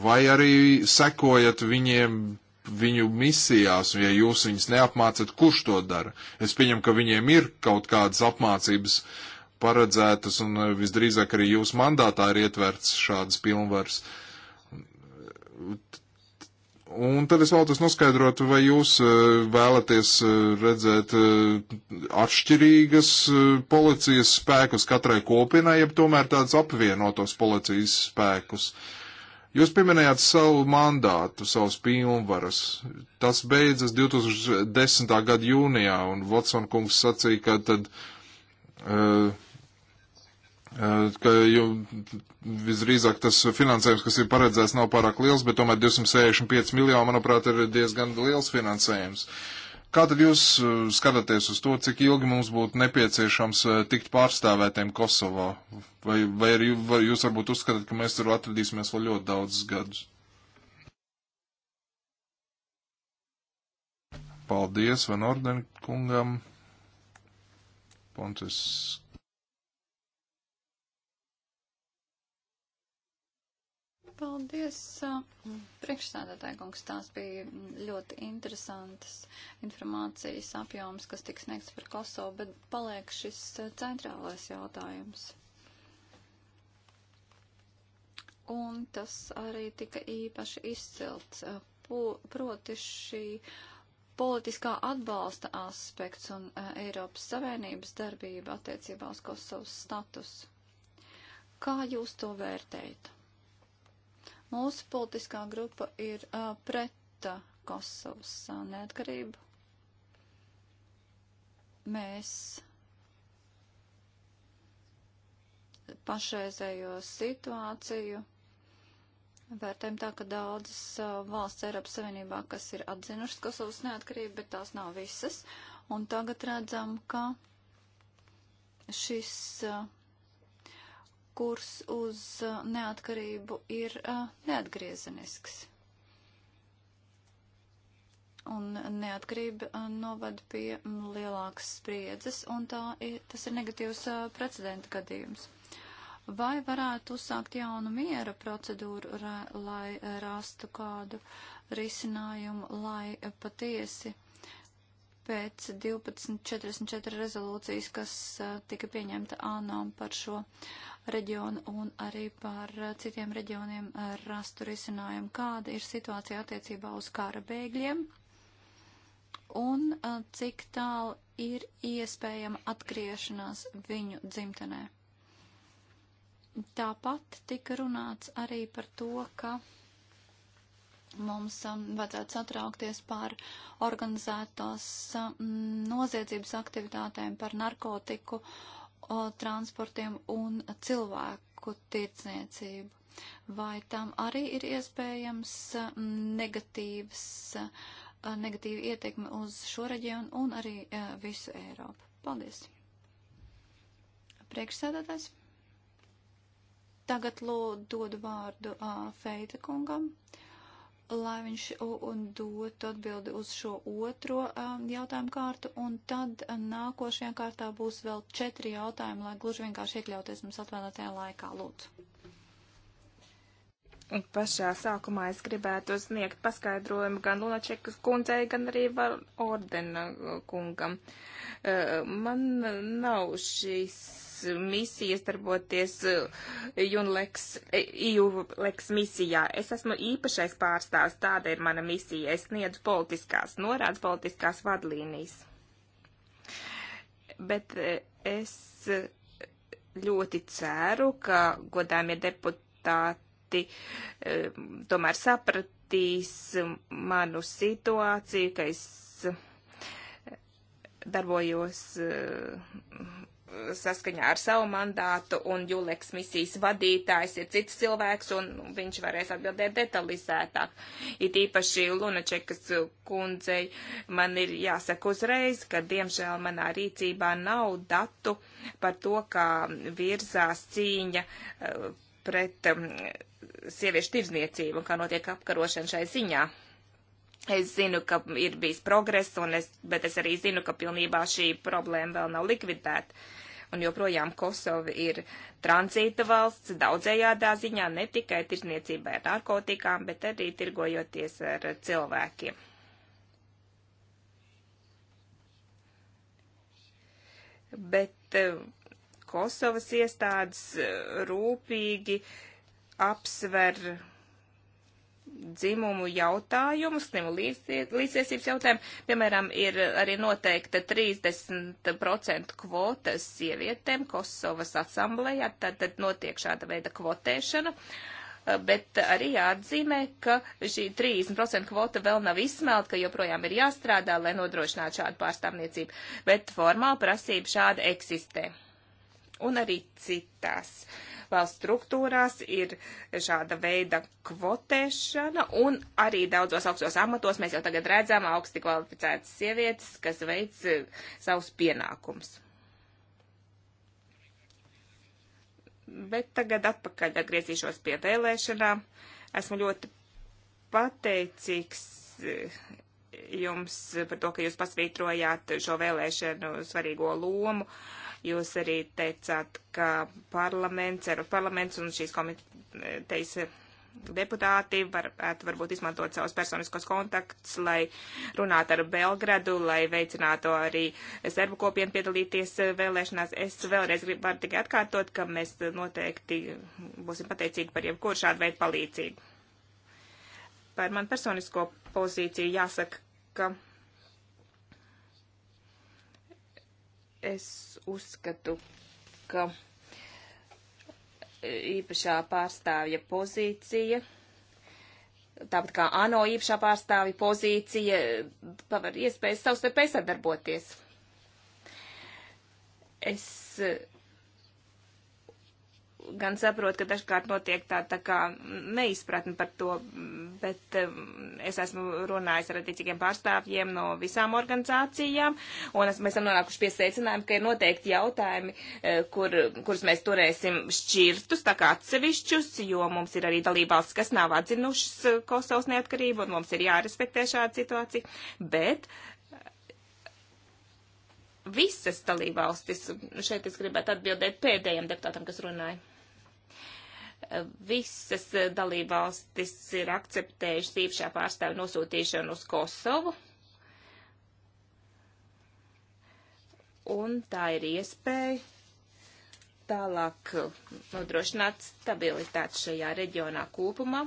vai arī sekojat viņiem viņu misijās, ja jūs viņus neapmācat, kurš to dara. Es pieņemu, ka viņiem ir kaut kādas apmācības paredzētas, un eh, visdrīzāk arī jūsu mandātā ir ietverts šādas pilnvaras. Un tad es vēlos noskaidrot, vai jūs eh, vēlaties eh, redzēt atšķirīgas policijas spēkus katrai kopienai, ja tomēr tādus apvienotos policijas spēkus. Uh, Jūs pieminējāt savu mandātu, savus pilnvaras. Tas beidzas 2010. gada jūnijā, un Watson kungs sacīja, ka tad, uh, uh, ka jo, visdrīzāk tas finansējums, kas ir paredzēts, nav pārāk liels, bet tomēr 265 miljoni, manuprāt, ir diezgan liels finansējums. Uh, Kā tad jūs uh, skatāties uz to, cik ilgi mums būtu nepieciešams uh, tikt pārstāvētiem Kosovā? Vai, vai, arī, vai jūs varbūt uzskatāt, ka mēs tur atradīsimies vēl ļoti daudzus gadus? Paldies Van Orden kungam, Pontus Paldies, priekšsēdētāji kungs, tās bija ļoti interesantas informācijas apjoms, kas tiks sniegts par Kosovu, bet paliek šis centrālais jautājums. Un tas arī tika īpaši izcelts, proti šī politiskā atbalsta aspekts un Eiropas Savienības darbība attiecībā uz Kosovas statusu. Kā jūs to vērtējat? Mūsu politiskā grupa ir uh, pret uh, Kosovas uh, neatkarību. Mēs pašreizējo situāciju vērtējam tā, ka daudzas uh, valsts Eiropas Savienībā, kas ir atzinušas Kosovas neatkarību, bet tās nav visas. Un tagad redzam, ka šis. Uh, kurs uz uh, neatkarību ir uh, neatgriezenisks. Un neatkarība uh, novad pie mm, lielākas spriedzes, un tā ir, tas ir negatīvs precedenta gadījums. Vai varētu uzsākt jaunu miera procedūru, lai rastu kādu risinājumu, lai patiesi pēc 1244 rezolūcijas, kas tika pieņemta ANO par šo reģionu un arī par citiem reģioniem rastu risinājumu, kāda ir situācija attiecībā uz kara bēgļiem un cik tālu ir iespējama atgriešanās viņu dzimtenē. Tāpat tika runāts arī par to, ka Mums um, vajadzētu satraukties par organizētās um, noziedzības aktivitātēm, par narkotiku o, transportiem un cilvēku tirdzniecību. Vai tam arī ir iespējams um, negatīvs, uh, negatīva ietekme uz šo reģionu un arī uh, visu Eiropu? Paldies! Priekšsēdētājs. Tagad lūdzu dodu vārdu uh, Feita kungam. Uh, lai viņš dotu atbildi uz šo otro um, jautājumu kārtu, un tad nākošajā kārtā būs vēl četri jautājumi, lai gluži vienkārši iekļauties mums atvēlētajā laikā. Lūdzu. Un pašā sākumā es gribētu sniegt paskaidrojumu gan Lunačekas kundzei, gan arī var ordena kungam. Uh, man nav šīs misijas darboties eh, Junleks, Junleks eh, misijā. Es esmu īpašais pārstāvs, tāda ir mana misija. Es sniedzu politiskās norādes, politiskās vadlīnijas. Bet eh, es ļoti ceru, ka godāmie deputāti tomēr sapratīs manu situāciju, ka es darbojos saskaņā ar savu mandātu, un Juleks misijas vadītājs ir cits cilvēks, un viņš varēs atbildēt detalizētāk. It īpaši Lunačekas kundzei man ir jāsaka uzreiz, ka diemžēl manā rīcībā nav datu par to, kā virzās cīņa eh, pret mm, sieviešu tirzniecību un kā notiek apkarošana šai ziņā. Es zinu, ka ir bijis progress, es, bet es arī zinu, ka pilnībā šī problēma vēl nav likvidēta un joprojām Kosova ir tranzīta valsts daudzējādā ziņā, ne tikai tirzniecībā ar narkotikām, bet arī tirgojoties ar cilvēkiem. Bet eh, Kosovas iestādes eh, rūpīgi apsver dzimumu jautājumus, dzimumu līdziesības jautājumu. Piemēram, ir arī noteikta 30% kvota sievietēm Kosovas asamblējā, tad, tad notiek šāda veida kvotēšana. Eh, bet arī jāatzīmē, ka šī 30% kvota vēl nav izsmelt, ka joprojām ir jāstrādā, lai nodrošinātu šādu pārstāvniecību. Bet formāla prasība šāda eksistē. Un arī citās. Uh, atbalsta struktūrās ir šāda veida kvotēšana, un arī daudzos augstos amatos mēs jau tagad redzam augsti kvalificētas sievietes, kas veic e, savus pienākumus. Bet tagad atpakaļ atgriezīšos pie vēlēšanām. Esmu ļoti pateicīgs e, jums par to, ka jūs pasvītrojāt šo vēlēšanu svarīgo lomu. Uh, Jūs arī teicāt, ka parlaments, Eiropas parlaments un šīs komitejas deputāti varētu varbūt izmantot savus personiskos kontaktus, lai runātu ar Belgradu, lai veicinātu arī serbu kopienu piedalīties vēlēšanās. Es vēlreiz gribu var tikai atkārtot, ka mēs noteikti būsim pateicīgi par jebkuru šādu veidu palīdzību. Par man personisko pozīciju jāsaka, ka Es uzskatu, ka īpašā pārstāvja pozīcija tāpat kā ANO īpašā pārstāvja pozīcija, paver iespējas savstarpēji sadarboties. Es gan saprotu, ka dažkārt notiek tā, tā kā neizpratni par to, bet um, es esmu runājis ar attiecīgiem pārstāvjiem no visām organizācijām, un es, mēs esam nonākuši pie secinājuma, ka ir noteikti jautājumi, eh, kur, kurus mēs turēsim šķirtus, tā kā atsevišķus, jo mums ir arī dalībvalsts, kas nav atzinušas eh, Kosovas neatkarību, un mums ir jārespektē šāda situācija, bet eh, visas dalībvalstis. Šeit es gribētu atbildēt pēdējiem deputātam, kas runāja. Visas eh, dalībvalstis ir akceptējušas īpašā pārstāvja nosūtīšanu uz Kosovu. Un tā ir iespēja tālāk eh, nodrošināt stabilitāti šajā reģionā kopumā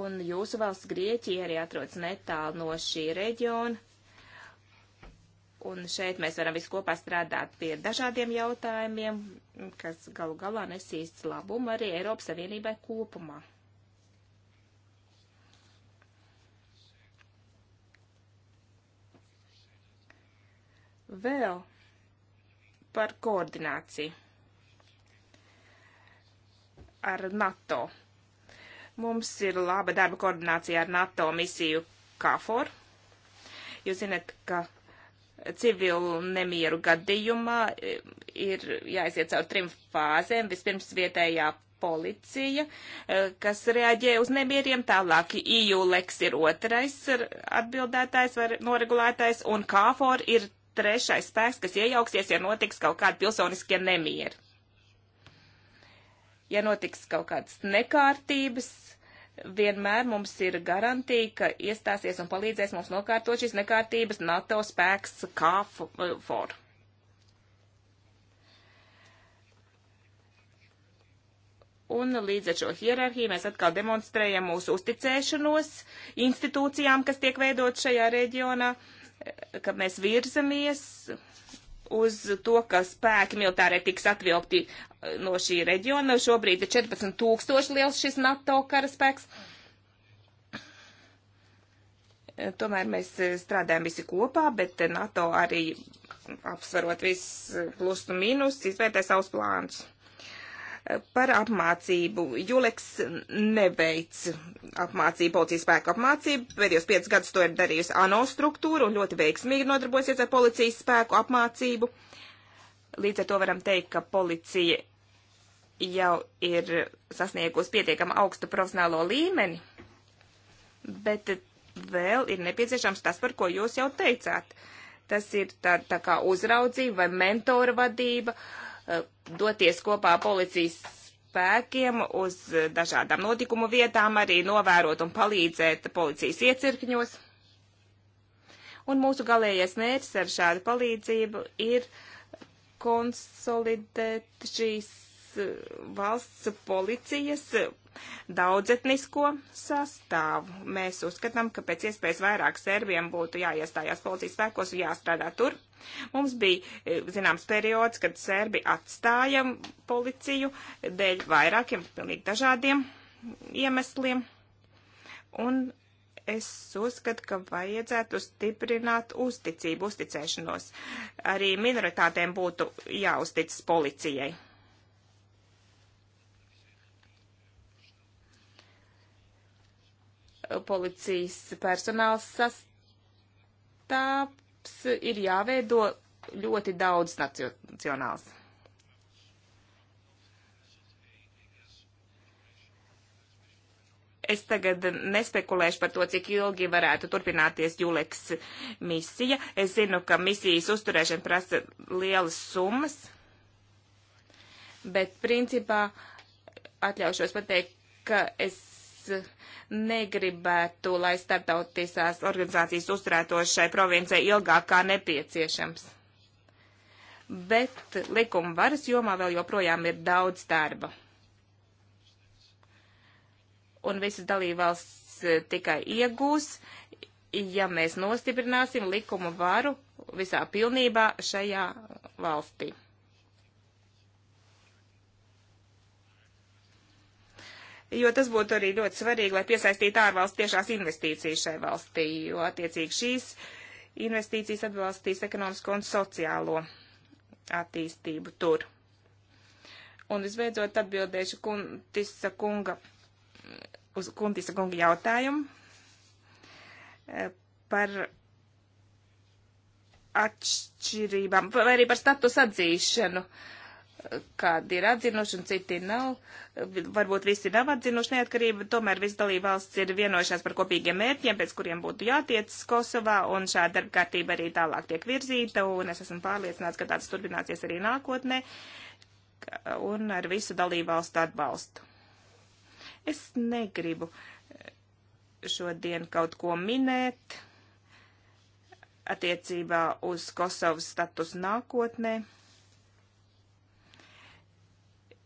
un jūsu valsts Grieķija arī atrodas netālu no šī reģiona. Un šeit mēs varam visu kopā strādāt pie dažādiem jautājumiem, kas galu galā nesīs labumu arī Eiropas Savienībai kopumā. Vēl par koordināciju ar NATO. Mums ir laba darba koordinācija ar NATO misiju KFOR. Jūs zināt, ka civilu nemieru gadījumā e, ir jāaiziet caur trim fāzēm. Vispirms vietējā policija, e, kas reaģē uz nemieriem, tālāk IULEX ir otrais atbildētājs vai noregulētājs, un KFOR ir trešais spēks, kas iejauksies, ja notiks kaut kādi pilsoniskie nemieri. Ja notiks kaut kādas nekārtības, vienmēr mums ir garantija, ka iestāsies un palīdzēs mums nokārtot šīs nekārtības NATO spēks kā for. Un līdz ar šo hierarhiju mēs atkal demonstrējam mūsu uzticēšanos institūcijām, kas tiek veidot šajā reģionā, ka mēs virzamies uz to, ka spēki militārai tiks atvilkti uh, no šī reģiona. Šobrīd ir 14 tūkstoši liels šis NATO karaspēks. Eh, tomēr mēs eh, strādājam visi kopā, bet eh, NATO arī apsvarot visus plus un mīnus, izvērtē savus plānus par apmācību. Juleks neveic apmācību, policijas spēku apmācību. Pēdējos piecus gadus to ir darījusi ANO struktūra un ļoti veiksmīgi nodarbosies ar policijas spēku apmācību. Līdz ar to varam teikt, ka policija jau ir sasniegusi pietiekama augstu profesionālo līmeni, bet vēl ir nepieciešams tas, par ko jūs jau teicāt. Tas ir tā, tā kā uzraudzība vai mentora vadība. Uh, Eh, doties kopā policijas spēkiem uz dažādām notikumu vietām, arī novērot un palīdzēt policijas iecirkņos. Un mūsu galējais mērķis ar šādu palīdzību ir konsolidēt šīs eh, valsts policijas daudzetnisko sastāvu. Mēs uzskatām, ka pēc iespējas vairāk serbiem būtu jāiestājās policijas spēkos un jāstrādā tur. Mums bija e, zināms periods, kad serbi atstāja policiju dēļ vairākiem pilnīgi dažādiem iemesliem. Un es uzskatu, ka vajadzētu stiprināt uzticību, uzticēšanos. Arī minoritātēm būtu jāuzticas policijai. policijas personāls sastāvs ir jāveido ļoti daudz nacionāls. Es tagad nespekulēšu par to, cik ilgi varētu turpināties Juleks misija. Es zinu, ka misijas uzturēšana prasa lielas summas, bet principā atļaušos pateikt, ka es negribētu, lai starptautiskās organizācijas uzturētos šai provincijai ilgāk kā nepieciešams. Bet likuma varas jomā vēl joprojām ir daudz darba. Un visas dalībvalsts eh, tikai iegūs, ja mēs nostiprināsim likumu varu visā pilnībā šajā valstī. jo tas būtu arī ļoti svarīgi, lai piesaistītu ārvalstu tiešās investīcijas šai valstī, jo attiecīgi šīs investīcijas atbalstīs ekonomisko un sociālo attīstību tur. Un visbeidzot atbildēšu Kuntisa kunga, uz Kuntisa kunga jautājumu eh, par atšķirībām, vai arī par status atzīšanu. Uh, kādi ir atzinuši un citi nav. Varbūt visi nav atzinuši neatkarību, bet tomēr visi dalībvalsts ir vienojušās par kopīgiem mērķiem, pēc kuriem būtu jātiec Kosovā, un šāda darba kārtība arī tālāk tiek virzīta, un es esmu pārliecināts, ka tāds turpināsies arī nākotnē, un ar visu dalībvalstu atbalstu. Es negribu šodien kaut ko minēt attiecībā uz Kosovas status nākotnē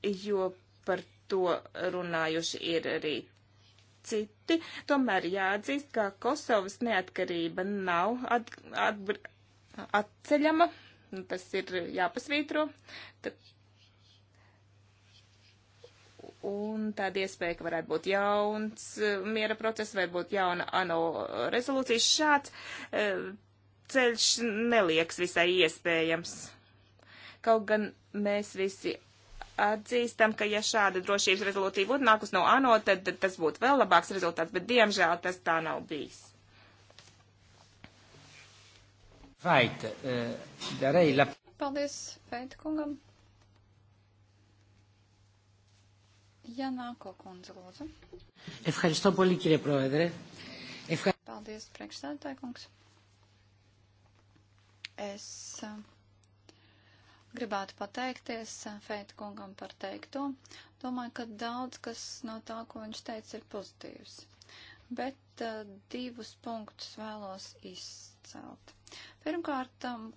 jo par to runājuši ir arī citi. Tomēr jāatzīst, ka Kosovas neatkarība nav at, at, atceļama, tas ir jāpasvītro. Tad, un tāda iespēja, ka varētu būt jauns uh, miera process vai būt jauna ANO rezolūcija. Šāds uh, ceļš nelieks visai iespējams. Kaut gan mēs visi atzīstam, ka ja šāda drošības rezolūcija būtu nākus no ANO, tad, tad tas būtu vēl labāks rezultāts, bet diemžēl tas tā nav bijis. Vait, eh, darēja lab... Paldies, Veita kungam. Janāko kundze, lūdzu. Ευχαριστώ πολύ, κύριε Πρόεδρε. Ευχα... Paldies, priekšsēdētāj kungs. Es uh, Gribētu pateikties eh, Feita kungam par teikto. Domāju, ka daudz kas no tā, ko viņš teica, ir pozitīvs. Bet uh, divus punktus vēlos izcelt. Pirmkārt, um,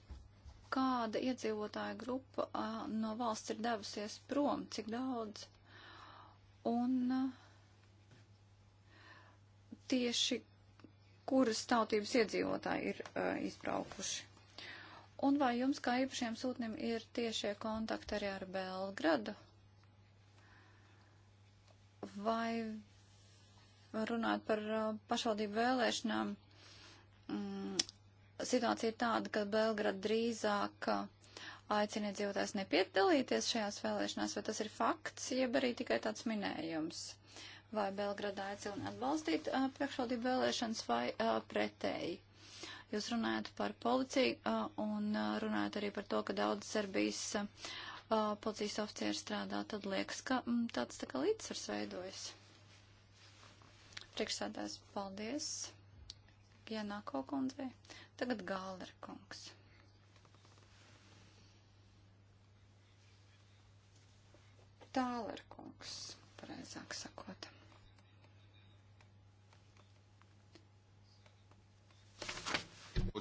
kāda iedzīvotāja grupa uh, no valsts ir devusies prom, cik daudz. Un uh, tieši kuras tautības iedzīvotāji ir uh, izbraukuši Un vai jums kā īpašiem sūtnim ir tiešie kontakti arī ar Belgradu? Vai runāt par uh, pašvaldību vēlēšanām? Mm, situācija ir tāda, ka Belgrada drīzāk uh, aicina iedzīvotājs nepiedalīties šajās vēlēšanās, vai tas ir fakts, jeb arī tikai tāds minējums? Vai Belgrada aicina atbalstīt uh, priekšvaldību vēlēšanas vai a, pretēji? Jūs runājat par policiju un runājat arī par to, ka daudz Serbijas policijas oficieri strādā. Tad liekas, ka tāds tā kā līdzsvars veidojas. Priekšsādājs paldies Gienāko kundzei. Tagad Gālera kungs. Tāler kungs, pareizāk sakot.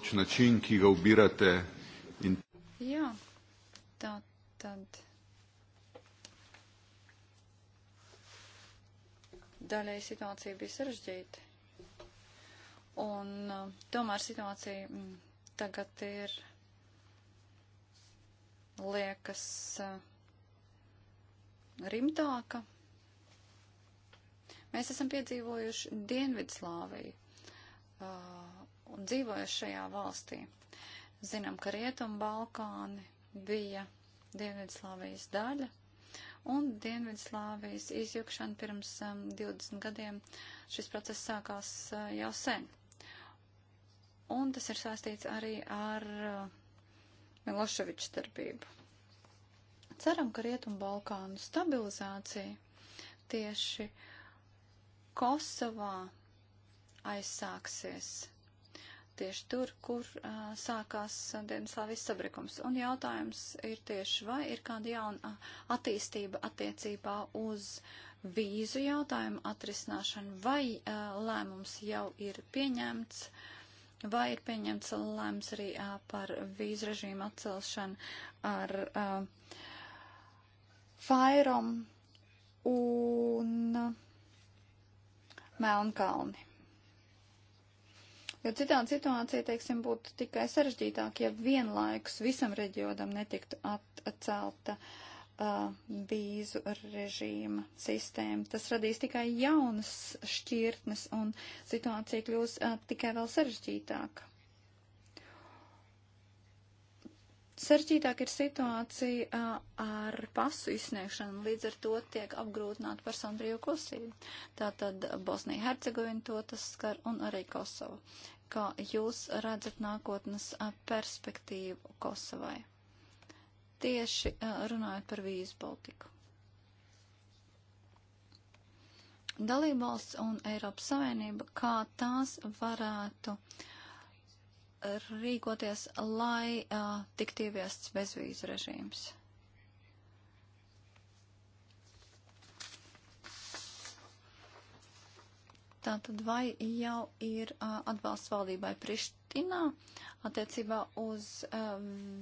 določ način, ki ga ubirate. In... Jā, tā tad. Daļai situācija bija sarežģīta. Un uh, tomēr situācija m, mm, tagad ir, liekas, uh, rimtāka. Mēs esam piedzīvojuši Dienvidslāviju. Uh, un dzīvojuši šajā valstī. Zinām, ka Rietumu Balkāni bija Dienvidslāvijas daļa, un Dienvidslāvijas izjukšana pirms um, 20 gadiem šis process sākās uh, jau sen. Un tas ir saistīts arī ar uh, Miloševiča darbību. Ceram, ka Rietumu Balkānu stabilizācija tieši Kosovā aizsāksies tieši tur, kur uh, sākās Dienaslāvijas sabrikums. Un jautājums ir tieši, vai ir kāda jauna attīstība attiecībā uz vīzu jautājumu atrisināšanu, vai uh, lēmums jau ir pieņemts, vai ir pieņemts lēmums arī uh, par vīzu režīmu atcelšanu ar uh, Fairom un Melnkalni. Jo citādi situācija, teiksim, būtu tikai sarežģītāk, ja vienlaikus visam reģionam netiktu atcelta uh, vīzu režīma sistēma. Tas radīs tikai jaunas šķirtnes un situācija kļūs uh, tikai vēl sarežģītāka. Sarģītāk ir situācija ar pasu izsniegšanu, līdz ar to tiek apgrūtināta personu brīvu kustību. Tātad Bosnija Hercegovina to tas skar un arī Kosova. Kā jūs redzat nākotnes perspektīvu Kosovai? Tieši runājot par vīzu politiku. Dalībvalsts un Eiropas Savienība, kā tās varētu uh, rīkoties, lai uh, tiktu ieviests bezvīzu režīms. Tātad vai jau ir uh, atbalsts valdībai Prištinā attiecībā uz uh,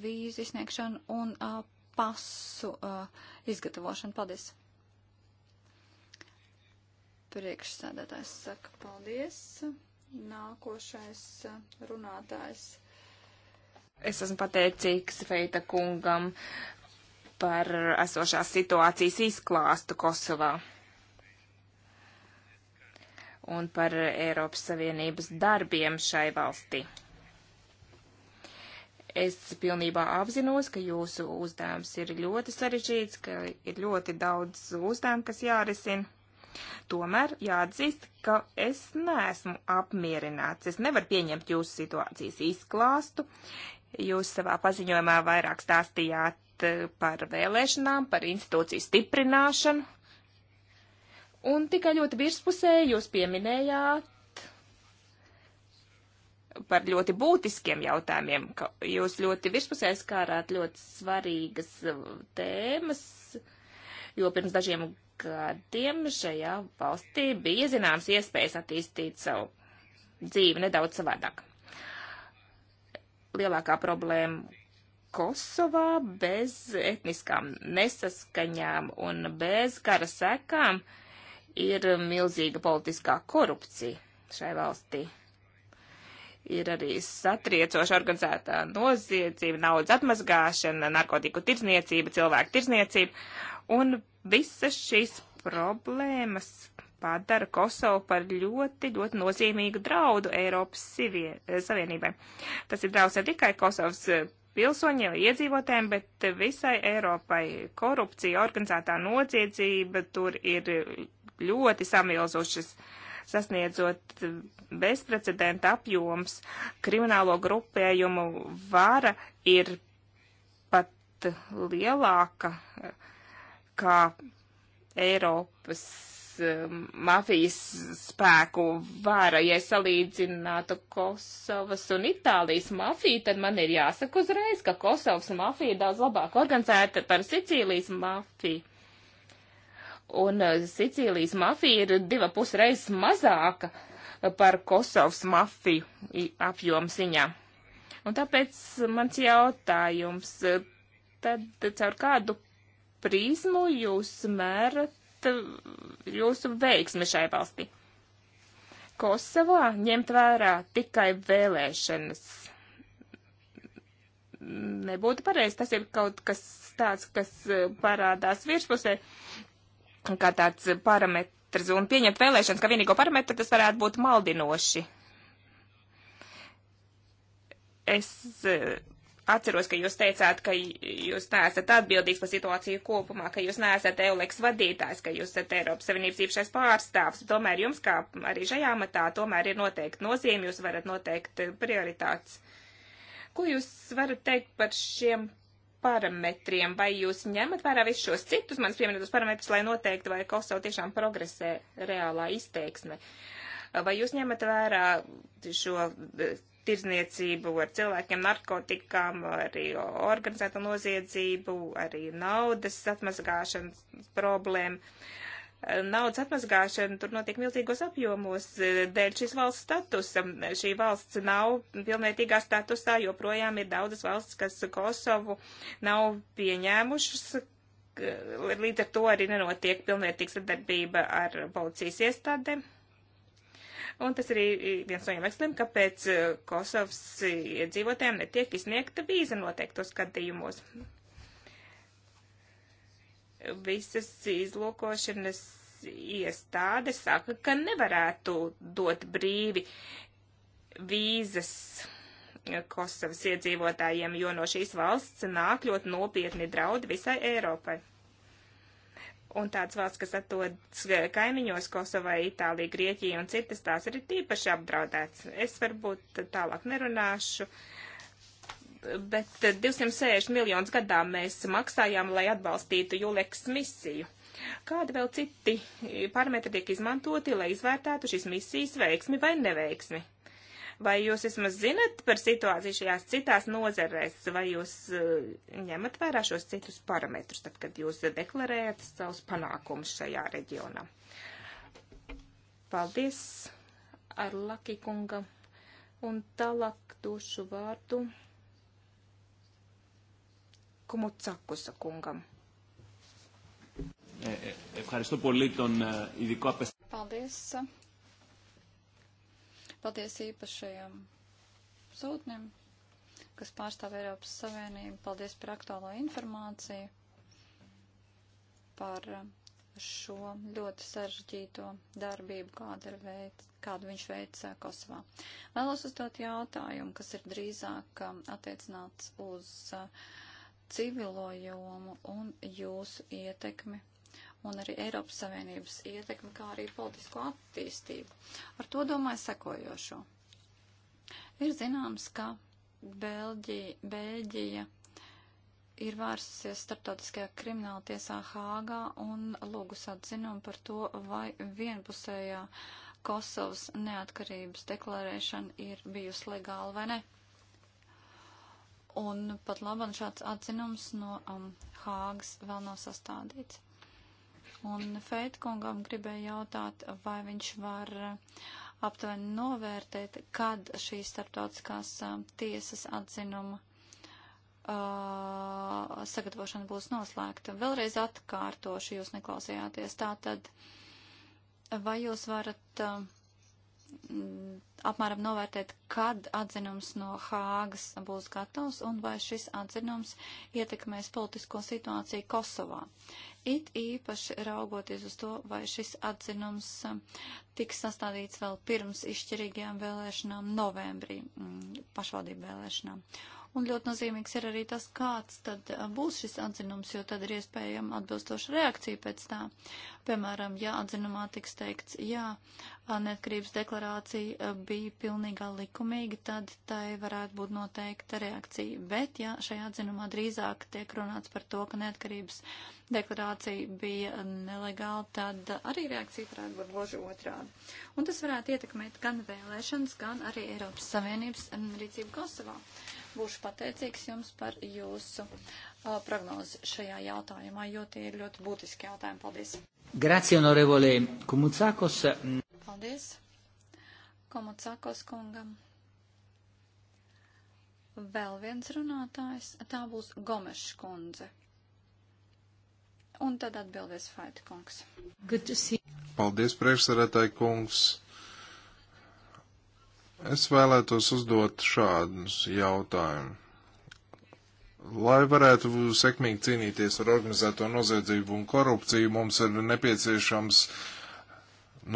vīzu izsniegšanu un uh, pasu uh, izgatavošanu? Paldies! Priekšsēdētājs saka paldies. Nākošais eh, runātājs. Es esmu pateicīgs Feita kungam par esošās situācijas izklāstu Kosovā un par Eiropas Savienības darbiem šai valstī. Es pilnībā apzinos, ka jūsu uzdevums ir ļoti sarežģīts, ka ir ļoti daudz uzdevumu, kas jārisina. Tomēr jāatzīst, ka es neesmu apmierināts. Es nevaru pieņemt jūsu situācijas izklāstu. Jūs savā paziņojumā vairāk stāstījāt eh, par vēlēšanām, par institūciju stiprināšanu. Un tikai ļoti virspusē jūs pieminējāt par ļoti būtiskiem jautājumiem. Jūs ļoti virspusē skārāt ļoti svarīgas eh, tēmas, jo pirms dažiem gadiem šajā valstī bija zināms iespējas attīstīt savu dzīvi nedaudz savādāk. Lielākā problēma Kosovā bez etniskām nesaskaņām un bez kara sekām ir milzīga politiskā korupcija šai valstī. Ir arī satriecoša organizētā noziedzība, naudas atmazgāšana, narkotiku tirzniecība, cilvēku tirzniecība, un Visas šīs problēmas padara Kosovu par ļoti, ļoti nozīmīgu draudu Eiropas sivie, eh, Savienībai. Tas ir draudz ne tikai Kosovas eh, pilsoņiem, iedzīvotēm, bet visai Eiropai. Korupcija, organizētā noziedzība tur ir ļoti samilzušas sasniedzot eh, bezprecedenta apjoms, kriminālo grupējumu vara ir pat lielāka uh, kā Eiropas um, mafijas spēku vāra, ja salīdzinātu Kosovas un Itālijas mafiju, tad man ir jāsaka uzreiz, ka Kosovas mafija ir daudz labāk organizēta par Sicīlijas mafiju. Un uh, Sicīlijas mafija ir diva pusreiz mazāka par Kosovas mafiju apjomsiņā. Un tāpēc mans jautājums, uh, tad caur kādu prizmu jūs mērat eh, jūsu veiksmi šai valstī. Kosovā ņemt vērā tikai vēlēšanas. Nebūtu pareizi, tas ir kaut kas tāds, kas eh, parādās virspusē, kā tāds parametrs, un pieņemt vēlēšanas kā vienīgo parametru, tas varētu būt maldinoši. Es eh, Atceros, ka jūs teicāt, ka jūs neesat atbildīgs par situāciju kopumā, ka jūs neesat EULEX vadītājs, ka jūs esat Eiropas Savienības īpašais pārstāvs. Tomēr jums, kā arī šajā matā, tomēr ir noteikti nozīme, jūs varat noteikt prioritātes. Ko jūs varat teikt par šiem parametriem, vai jūs ņemat vērā visus šos citus manis pieminētos parametrus, lai noteiktu, vai Kosovo tiešām progresē reālā izteiksme? Vai jūs ņemat vērā šo tirzniecību ar cilvēkiem, narkotikām, arī organizēto noziedzību, arī naudas atmazgāšanas problēmu. Naudas atmazgāšana tur notiek milzīgos apjomos dēļ šīs valsts statusa. Šī valsts nav pilnvērtīgā statusā, joprojām ir daudzas valsts, kas Kosovu nav pieņēmušas. Līdz ar to arī nenotiek pilnvērtīga sadarbība ar policijas iestādēm. Un tas arī viens no iemesliem, kāpēc eh, Kosovas iedzīvotājiem netiek izsniegta vīza noteiktos gadījumos. Visas izlūkošanas iestādes saka, ka nevarētu dot brīvi vīzas eh, Kosovas iedzīvotājiem, jo no šīs valsts nāk ļoti nopietni draudi visai Eiropai. Un tādas valsts, kas atrodas eh, kaimiņos Kosovai, Itālija, Grieķija un citas, tās ir tīpaši apdraudētas. Es varbūt tālāk nerunāšu, bet 260 eh, miljonus gadā mēs maksājām, lai atbalstītu Juleks misiju. Kādi vēl citi eh, parametri tiek izmantoti, lai izvērtētu šīs misijas veiksmi vai neveiksmi? Vai jūs vismaz zinat par situāciju šajās citās nozerēs, vai jūs eh, ņemat vērā šos citus parametrus, tad, kad jūs deklarējat savus panākumus šajā reģionā? Paldies ar Laki kungam, un tālāk došu vārdu Kumutsakusa kungam. Eh, eh, ευχαριστώ πολύ τον ειδικό απεσταλμένο. Paldies Paldies īpašajam sūtnim, kas pārstāv Eiropas Savienību. Paldies par aktuālo informāciju, par šo ļoti sarežģīto darbību, kādu, veic, kādu viņš veica eh, Kosovā. Vēlos uzdot jautājumu, kas ir drīzāk eh, attiecināts uz eh, civilo jomu un jūsu ietekmi un arī Eiropas Savienības ietekmi, kā arī politisko attīstību. Ar to domāju sekojošo. Ir zināms, ka Belģija, Belģija ir vērsusies starptautiskajā krimināla tiesā Hāgā un lūgus atzinumu par to, vai vienpusējā Kosovas neatkarības deklarēšana ir bijusi legāla vai ne. Un pat labam šāds atzinums no um, Hāgas vēl nav sastādīts. Un Feitkungam gribēja jautāt, vai viņš var aptuveni novērtēt, kad šīs starptautiskās tiesas atzinuma Uh, sagatavošana būs noslēgta. Vēlreiz atkārtošu, jūs neklausījāties. Tātad, vai jūs varat uh, Mm, apmēram novērtēt, kad atzinums no Hāgas būs gatavs un vai šis atzinums ietekmēs politisko situāciju Kosovā. It īpaši raugoties uz to, vai šis atzinums mm, tiks sastādīts vēl pirms izšķirīgajām vēlēšanām novembrī, mm, pašvaldību vēlēšanām. Un ļoti nozīmīgs ir arī tas, kāds tad būs šis atzinums, jo tad ir iespējama atbilstoša reakcija pēc tā. Piemēram, ja atzinumā tiks teikts, jā, neatkarības deklarācija bija pilnīgā likumīga, tad tai varētu būt noteikta reakcija. Bet, ja šajā atzinumā drīzāk tiek runāts par to, ka neatkarības deklarācija bija nelegāla, tad arī reakcija varētu būt loži otrādi. Un tas varētu ietekmēt gan vēlēšanas, gan arī Eiropas Savienības rīcību Kosovā. Būšu pateicīgs jums par jūsu uh, prognozi šajā jautājumā, jo tie ir ļoti būtiski jautājumi. Paldies! Grazie, onorevole Kumucakos. Paldies, Kumucakos kungam. Vēl viens runātājs, tā būs Gomeša kundze. Un tad atbildēs Faita kungs. Paldies, priekšsarētāji kungs. Es vēlētos uzdot šādus jautājumus. Lai varētu sekmīgi cīnīties ar organizēto noziedzību un korupciju, mums ir nepieciešams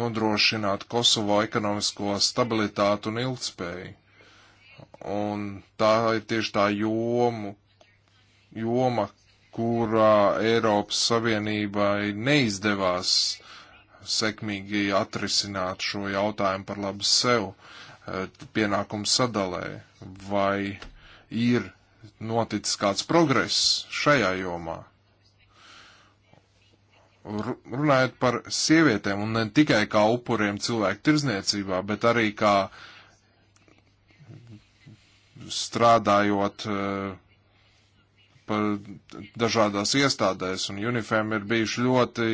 nodrošināt Kosovo ekonomisko stabilitātu un ilgspēju. Un tā ir tieši tā jomu, joma, kurā Eiropas Savienībai neizdevās uh, sekmīgi atrisināt šo jautājumu par labu sev eh, pienākumu sadalē, vai ir noticis kāds progress šajā jomā. Runājot par sievietēm, un ne tikai kā upuriem cilvēku tirzniecībā, bet arī kā strādājot uh, par dažādās iestādēs, un UNIFEM ir bijuši ļoti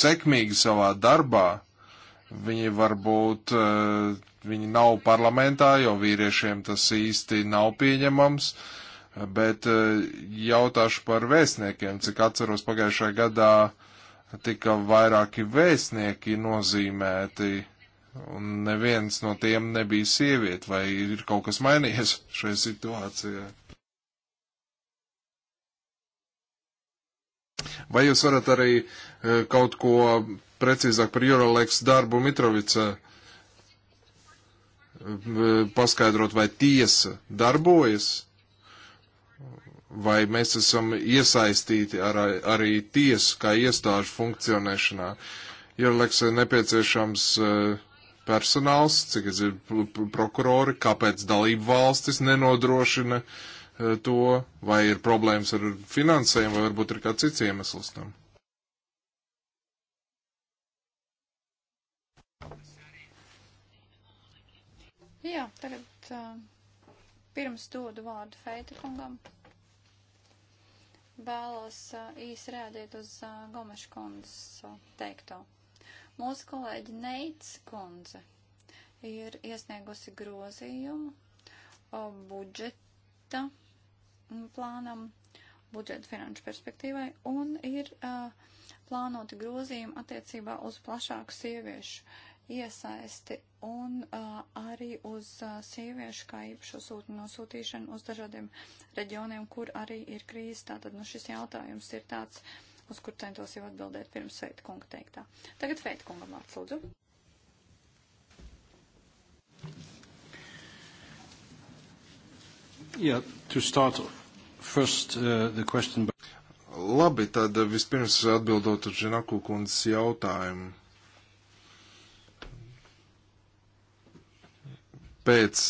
sekmīgi savā darbā. Viņi varbūt, eh, viņi nav parlamentā, jo vīriešiem tas īsti nav pieņemams, bet eh, jautāšu par vēstniekiem. Cik atceros, pagājušajā gadā tika vairāki vēstnieki nozīmēti, un neviens no tiem nebija sieviete, vai ir kaut kas mainījies šajā situācijā? Vai jūs varat arī e, kaut ko precīzāk par Euroleks darbu Mitrovica e, paskaidrot, vai tiesa darbojas, vai mēs esam iesaistīti ar, arī tiesu kā iestāžu funkcionēšanā. Euroleks ir nepieciešams e, personāls, cik es ir prokurori, kāpēc dalību valstis nenodrošina uh, Eh, to, vai ir problēmas ar finansējumu, vai varbūt ir kāds cits iemesls tam. Jā, tagad uh, pirms dodu vārdu Feita kungam. Vēlos uh, īsi rēdīt uz uh, Gomeša kundzes uh, teikto. Mūsu kolēģi Neits kundze ir iesniegusi grozījumu budžeta Mm, plānam, budžeta finanšu perspektīvai, un ir uh, plānoti grozījumi attiecībā uz plašāku sieviešu iesaisti un uh, arī uz uh, sieviešu kā īpašo sūtu nosūtīšanu uz dažādiem reģioniem, kur arī ir krīze. Tātad nu, šis jautājums ir tāds, uz kur centos jau atbildēt pirms Feitkunga teiktā. Tagad Feitkungam atslūdzu. Yeah, to start off. First, uh, the question... Labi, tad uh, vispirms atbildot uz Žinaku kundzes jautājumu. Pēc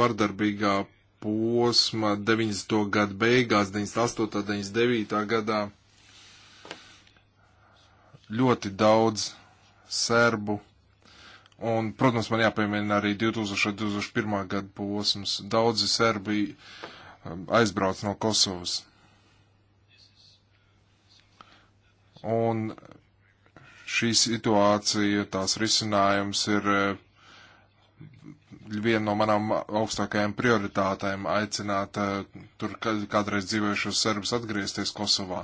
vardarbīgā posma 90. gada beigās, 98. 99. gadā ļoti daudz serbu. Un, protams, man jāpiemina arī 2000. 2001. gada posms. Daudzi serbi uh, aizbrauc no Kosovas. Un šī situācija, tās risinājums ir eh, viena no manām augstākajām prioritātēm aicināt eh, tur kādreiz dzīvojušos serbus atgriezties Kosovā.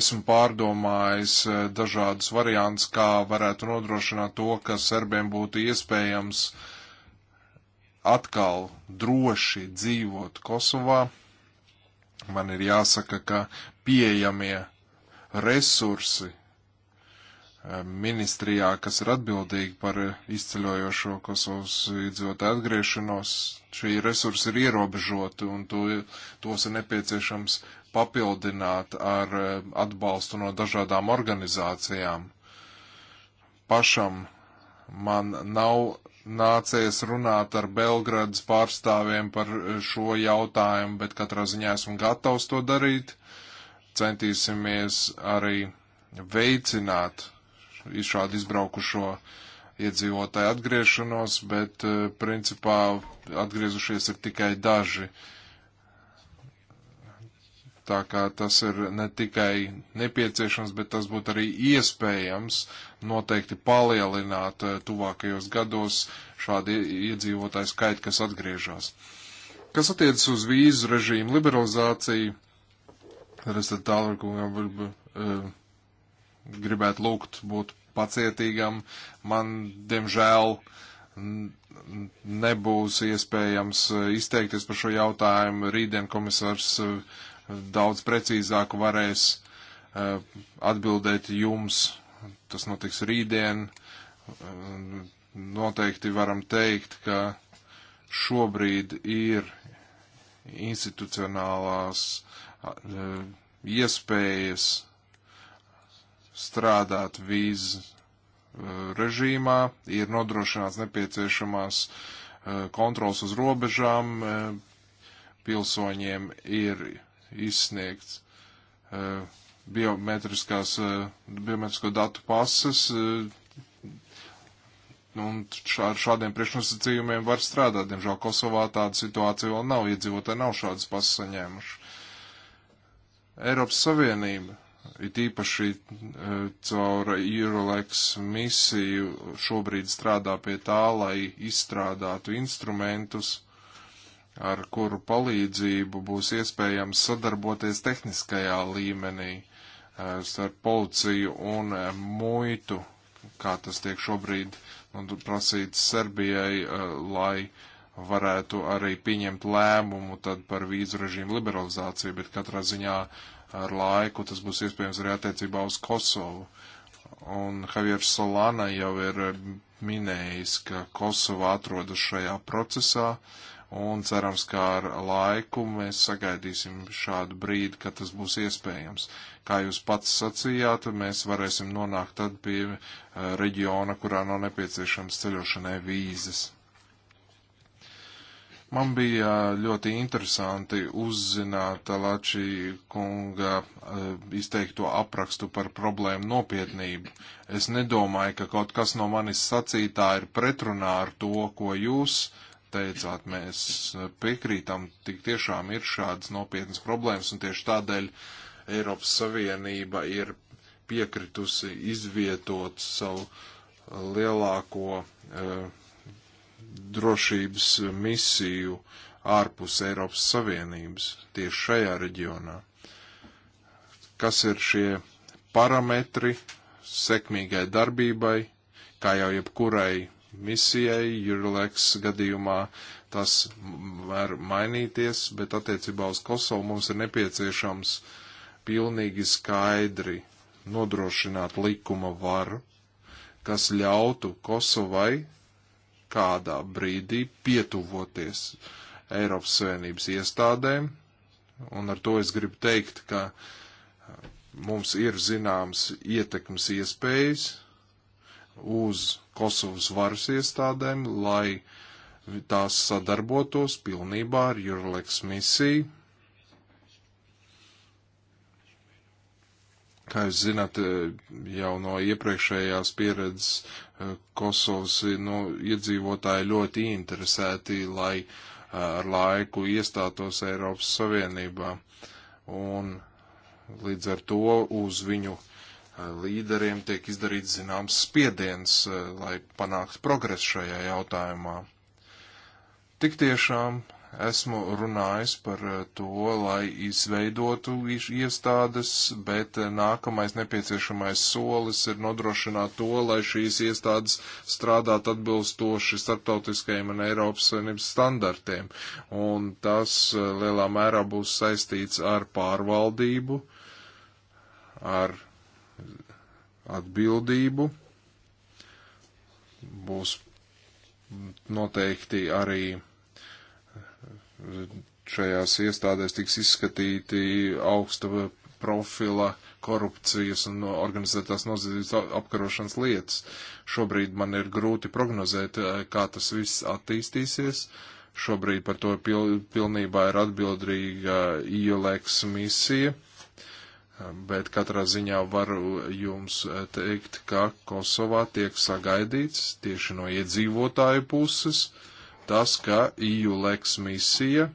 Esmu pārdomājis eh, dažādus variantus, kā varētu nodrošināt to, ka serbiem būtu iespējams uh, atkal droši dzīvot Kosovā, man ir jāsaka, ka pieejamie resursi eh, ministrijā, kas ir atbildīgi par izceļojošo Kosovas iedzīvotāju atgriešanos, šī resursi ir ierobežoti un to, tos ir nepieciešams papildināt ar eh, atbalstu no dažādām organizācijām. Pašam man nav nācies runāt ar Belgradas pārstāvjiem par šo jautājumu, bet katrā ziņā esmu gatavs to darīt. Centīsimies arī veicināt šādu izbraukušo iedzīvotāju atgriešanos, bet eh, principā atgriezušies ir tikai daži. Uh, Tā kā tas ir ne tikai nepieciešams, bet tas būtu arī iespējams noteikti palielināt eh, tuvākajos gados šādi iedzīvotāju skaitu, kas atgriežas. Kas attiecas uz vīzu režīmu liberalizāciju, es tad tālāk gribētu lūgt būt pacietīgam. Man, diemžēl, nebūs iespējams eh, izteikties par šo jautājumu. Rītdien komisārs uh, daudz precīzāk varēs uh, atbildēt jums. Tas notiks rītdien. Uh, noteikti varam teikt, ka šobrīd ir institucionālās uh, iespējas strādāt vīzu eh, režīmā, ir nodrošināts nepieciešamās kontrols uz robežām, pilsoņiem ir izsniegts eh, biometriskās, eh, biometrisko datu pasas, eh, un ar šādiem priekšnosacījumiem var strādāt. Diemžēl Kosovā tāda situācija vēl nav, iedzīvotāji nav šādas pasas saņēmuši. Eiropas Savienība, it īpaši caur Eurolex misiju, šobrīd strādā pie tā, lai izstrādātu instrumentus, ar kuru palīdzību būs iespējams sadarboties tehniskajā līmenī eh, starp policiju un eh, muitu, kā tas tiek šobrīd nu, prasīts Serbijai, eh, lai varētu arī pieņemt lēmumu tad par vīzu režīmu liberalizāciju, bet katrā ziņā ar laiku tas būs iespējams arī attiecībā uz Kosovu. Un Javiers Solana jau ir minējis, ka Kosova atrodas šajā procesā, un cerams, ka ar laiku mēs sagaidīsim šādu brīdi, kad tas būs iespējams. Kā jūs pats sacījāt, mēs varēsim nonākt tad pie uh, reģiona, kurā nav nepieciešams ceļošanai vīzes. Man bija eh, ļoti interesanti uzzināt Lačī kunga uh, izteikto aprakstu par problēmu nopietnību. Es nedomāju, ka kaut kas no manis sacītā ir pretrunā ar to, ko jūs uh, teicāt, mēs piekrītam, tik tiešām ir šādas nopietnas problēmas, un tieši tādēļ Eiropas Savienība ir piekritusi izvietot savu uh, lielāko eh, drošības misiju ārpus Eiropas Savienības tieši šajā reģionā. Kas ir šie parametri sekmīgai darbībai, kā jau jebkurai misijai. Jurleks gadījumā tas var mainīties, bet attiecībā uz Kosovu mums ir nepieciešams pilnīgi skaidri nodrošināt likuma varu, kas ļautu Kosovai kādā brīdī pietuvoties Eiropas Savienības iestādēm, un ar to es gribu teikt, ka mums ir zināms ietekmes iespējas uz Kosovas varas iestādēm, lai tās sadarbotos pilnībā ar Jurleks misiju. Kā jūs zināt, jau no iepriekšējās pieredzes eh, Kosovas eh, no iedzīvotāji ļoti interesēti, lai eh, ar laiku iestātos Eiropas Savienībā. Un līdz ar to uz viņu uh, līderiem tiek izdarīts zināms spiediens, eh, lai panāktu progresu šajā jautājumā. Tik tiešām esmu runājis par eh, to, lai izveidotu iestādes, bet eh, nākamais nepieciešamais solis ir nodrošināt to, lai šīs iestādes strādātu atbilstoši starptautiskajiem un Eiropas Savienības standartiem. Un tas lielā mērā būs saistīts ar pārvaldību, ar atbildību. Būs noteikti arī šajās iestādēs tiks izskatīti augsta profila korupcijas un organizētās noziedzības apkarošanas lietas. Šobrīd man ir grūti prognozēt, eh, kā tas viss attīstīsies. Šobrīd par to pil pilnībā ir atbildīga ILX misija Bet katrā ziņā varu jums eh, teikt, ka Kosovā tiek sagaidīts tieši no iedzīvotāju puses tas, ka EU leks misija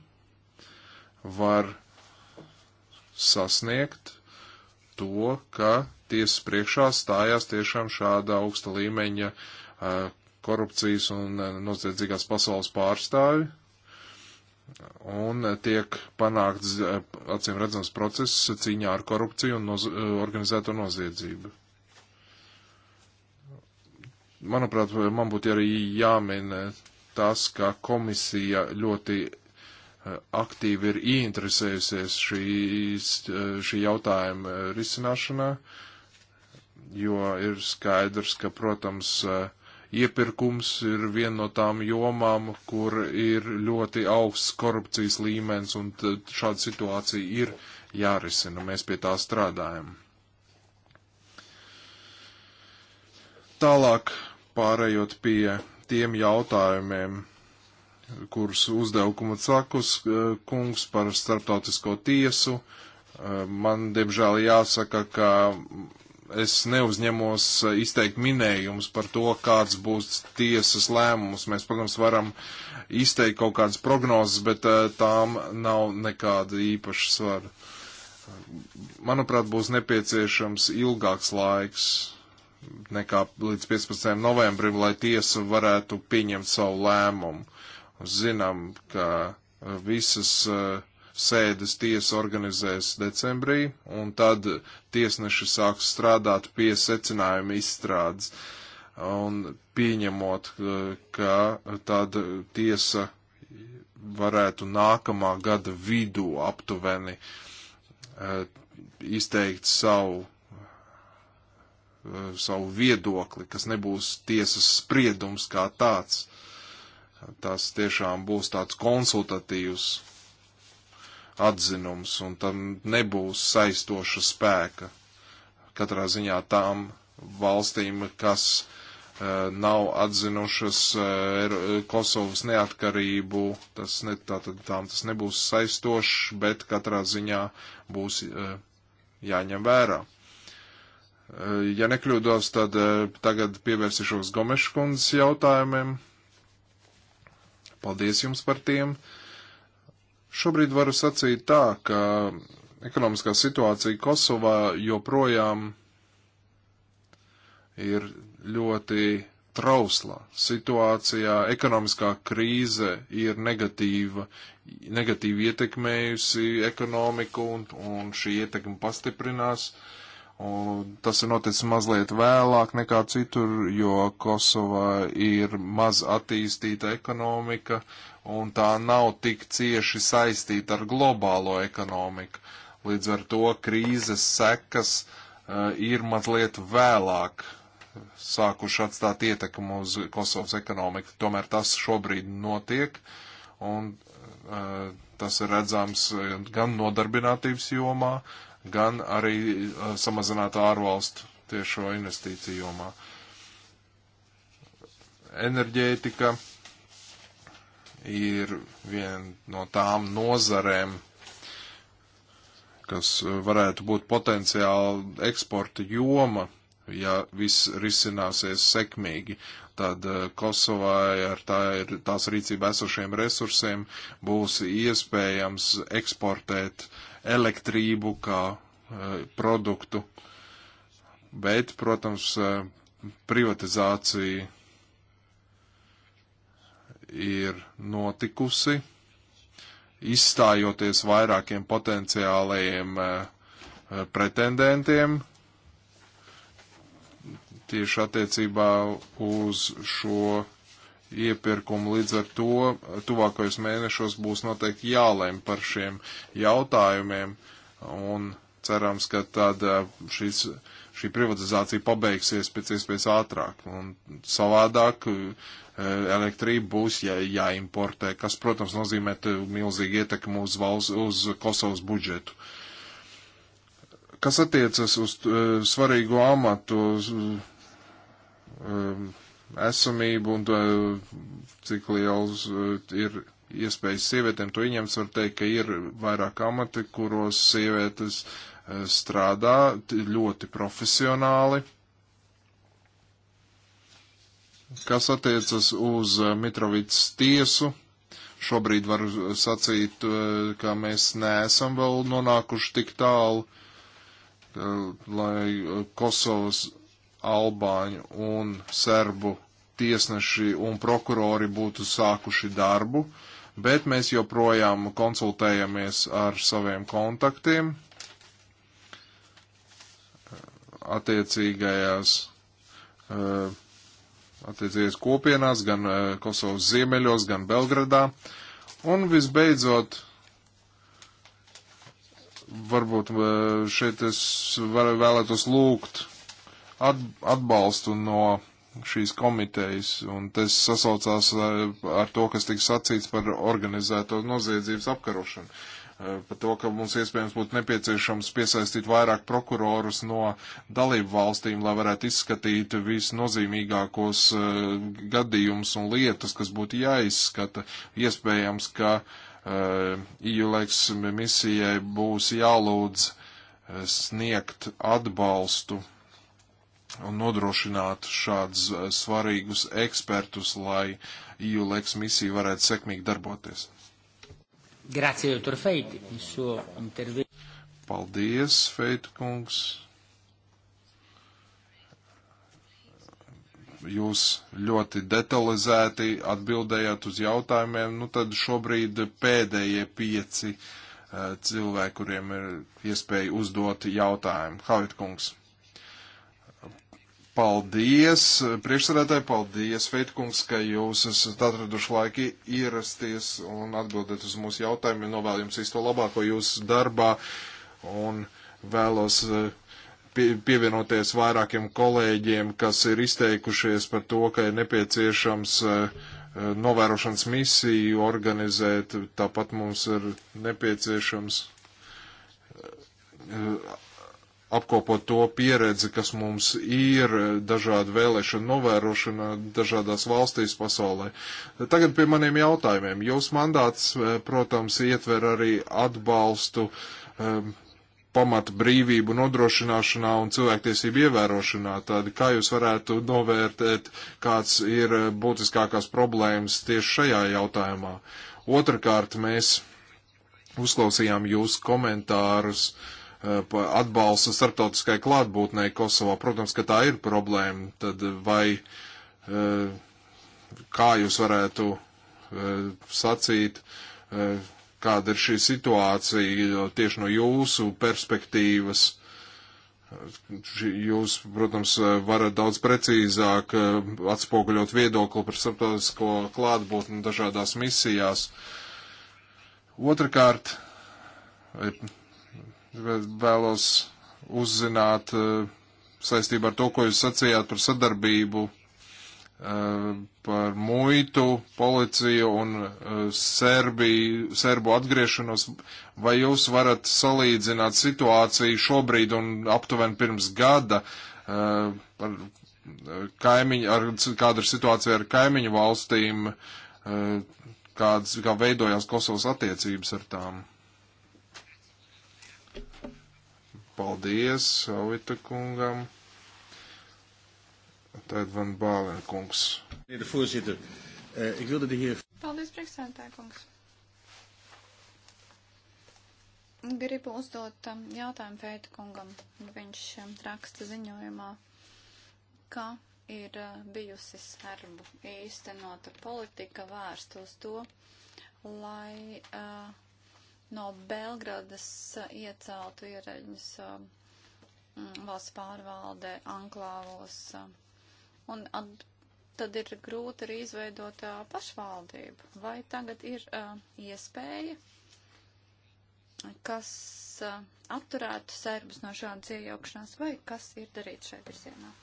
var sasniegt to, ka tiesas priekšā stājās tiešām šāda augsta līmeņa eh, korupcijas un eh, noziedzīgās pasaules pārstāvi, un tiek panākts eh, acīm redzams process cīņā ar korupciju un noz eh, organizēto noziedzību. Manuprāt, man būtu arī jāmin eh, tas, ka komisija ļoti aktīvi ir ieinteresējusies šīs, šī jautājuma risināšanā, jo ir skaidrs, ka, protams, uh, Iepirkums ir viena no tām jomām, kur ir ļoti augsts korupcijas līmenis, un šāda situācija ir jārisina. Mēs pie tā strādājam. Tālāk pārējot pie tiem jautājumiem, kurus uzdeva Kumatsakus e, kungs par starptautisko tiesu. E, man, diemžēl, jāsaka, ka es neuzņemos eh, izteikt minējumus par to, kāds būs tiesas lēmums. Mēs, protams, varam izteikt kaut kādas prognozes, bet eh, tām nav nekāda īpaša svara. Manuprāt, būs nepieciešams ilgāks laiks nekā līdz 15. novembrim, lai tiesa varētu pieņemt savu lēmumu. Zinām, ka visas uh, sēdes tiesa organizēs decembrī, un tad tiesneši sāks strādāt pie secinājuma izstrādes. Un pieņemot, eh, ka tad tiesa varētu nākamā gada vidū aptuveni eh, izteikt savu eh, savu viedokli, kas nebūs tiesas spriedums kā tāds. Tas tiešām būs tāds konsultatīvs atzinums, un tam nebūs saistoša spēka. Katrā ziņā tām valstīm, kas uh, nav atzinušas uh, Kosovas neatkarību, tas ne, tātad tām tas nebūs saistošs, bet katrā ziņā būs uh, jāņem vērā. Ja nekļūdos, tad tagad pievērsīšos Gomeškundas jautājumiem. Paldies jums par tiem! Uh, Šobrīd varu sacīt tā, ka ekonomiskā situācija Kosovā joprojām ir ļoti trausla situācijā. Ekonomiskā krīze ir negatīva, negatīvi ietekmējusi ekonomiku un, un šī ietekme pastiprinās. Un tas ir noticis mazliet vēlāk nekā citur, jo Kosovā ir maz attīstīta ekonomika un tā nav tik cieši saistīta ar globālo ekonomiku. Līdz ar to krīzes sekas uh, ir mazliet vēlāk sākuši atstāt ietekmu uz Kosovas ekonomiku. Tomēr tas šobrīd notiek, un uh, tas ir redzams gan nodarbinātības jomā, gan arī uh, eh, samazinātā ārvalstu tiešo investīciju jomā. Enerģētika ir viena no tām nozarēm, kas varētu būt potenciāli eksporta joma, ja viss risināsies sekmīgi. Tad eh, Kosovai ar tā ir, tās rīcībā esošiem resursiem būs iespējams eksportēt elektrību kā eh, produktu. Bet, protams, eh, privatizācija ir notikusi, izstājoties vairākiem potenciālajiem eh, pretendentiem tieši attiecībā uz šo iepirkumu. Līdz ar to tuvākajos mēnešos būs noteikti jālēm par šiem jautājumiem un cerams, ka tad eh, šis, šī privatizācija pabeigsies pēc iespējas ātrāk. Un savādāk uh, elektrība būs jā, jāimportē, kas, protams, nozīmē milzīgi ietekmi uz, valsts, uz Kosovas budžetu. Kas attiecas uz e, svarīgo amatu um, esamību un e, cik liels e, ir iespējas sievietēm to ieņemt, var teikt, ka ir vairāk amati, kuros sievietes strādā ļoti profesionāli Kas attiecas uz eh, Mitrovicas tiesu, šobrīd var sacīt, eh, ka mēs neesam vēl nonākuši tik tālu, eh, lai Kosovas Albāņu un Serbu tiesneši un prokurori būtu sākuši darbu, bet mēs joprojām konsultējamies ar saviem kontaktiem attiecīgajās uh, attiecīgajās kopienās, gan eh, Kosovas ziemeļos, gan Belgradā. Un visbeidzot, varbūt eh, šeit es var, vēlētos lūgt at, atbalstu no šīs komitejas, un tas sasaucās eh, ar to, kas tika sacīts par organizēto noziedzības apkarošanu. Eh, par to, ka mums iespējams būtu nepieciešams piesaistīt vairāk prokurorus no dalību valstīm, lai varētu izskatīt visnozīmīgākos eh, gadījumus un lietas, kas būtu jāizskata. Iespējams, ka IULEX eh, e misijai būs jālūdz sniegt atbalstu un nodrošināt šādus svarīgus ekspertus, lai IULEX e misija varētu sekmīgi darboties. Grazie, doktor Feiti, par šo interviju. Paldies, Feita kungs. Jūs ļoti detalizēti atbildējāt uz jautājumiem, nu tad šobrīd pēdējie pieci eh, cilvēki, kuriem ir iespēja uzdot jautājumu. Havit kungs. Paldies, priekšsēdētāji, paldies, Feitkungs, ka jūs esat atraduši laiki ierasties un atbildēt uz mūsu jautājumiem. Novēlu jums visu to labāko jūsu darbā un vēlos eh, pievienoties vairākiem kolēģiem, kas ir izteikušies par to, ka ir nepieciešams eh, novērošanas misiju organizēt. Tāpat mums ir nepieciešams eh, apkopot to pieredzi, kas mums ir dažādu vēlēšanu novērošana dažādās valstīs pasaulē. Tagad pie maniem jautājumiem. Jūs mandāts, eh, protams, ietver arī atbalstu um, ehm, pamata brīvību nodrošināšanā un cilvēktiesību ievērošanā. Tad kā jūs varētu novērtēt, kāds ir eh, būtiskākās problēmas tieši šajā jautājumā? Otrakārt, mēs uzklausījām jūs komentārus uh, Eh, atbalstu starptautiskai klātbūtnei Kosovā. Protams, ka tā ir problēma. Tad vai eh, kā jūs varētu eh, sacīt, kāda ir šī situācija tieši no jūsu perspektīvas? Jūs, protams, varat daudz precīzāk atspoguļot viedokli par starptautisko klātbūtni dažādās misijās. Otrakārt, vēlos uzzināt eh, saistībā ar to, ko jūs sacījāt par sadarbību, eh, par muitu, policiju un eh, Serbiju, Serbu atgriešanos. Vai jūs varat salīdzināt situāciju šobrīd un aptuveni pirms gada par kaimiņu, ar, kāda ir situācija ar kaimiņu valstīm, kāds, kā veidojās Kosovas attiecības ar tām? Paldies Savita kungam. Tad van Bālen kungs. Eh, Paldies, priekšsēdētāj kungs. Gribu uzdot um, jautājumu Feita kungam. Viņš um, raksta ziņojumā, ka ir uh, bijusi serbu īstenota politika vērsta uz to, lai uh, no Belgradas uh, ieceltu ierēģņus uh, mm, valsts pārvaldē anklāvos. Uh, un at, tad ir grūti arī izveidot a, pašvaldību. Vai tagad ir a, iespēja, kas a, atturētu serbus no šādas iejaukšanās, vai kas ir darīts šai virzienā?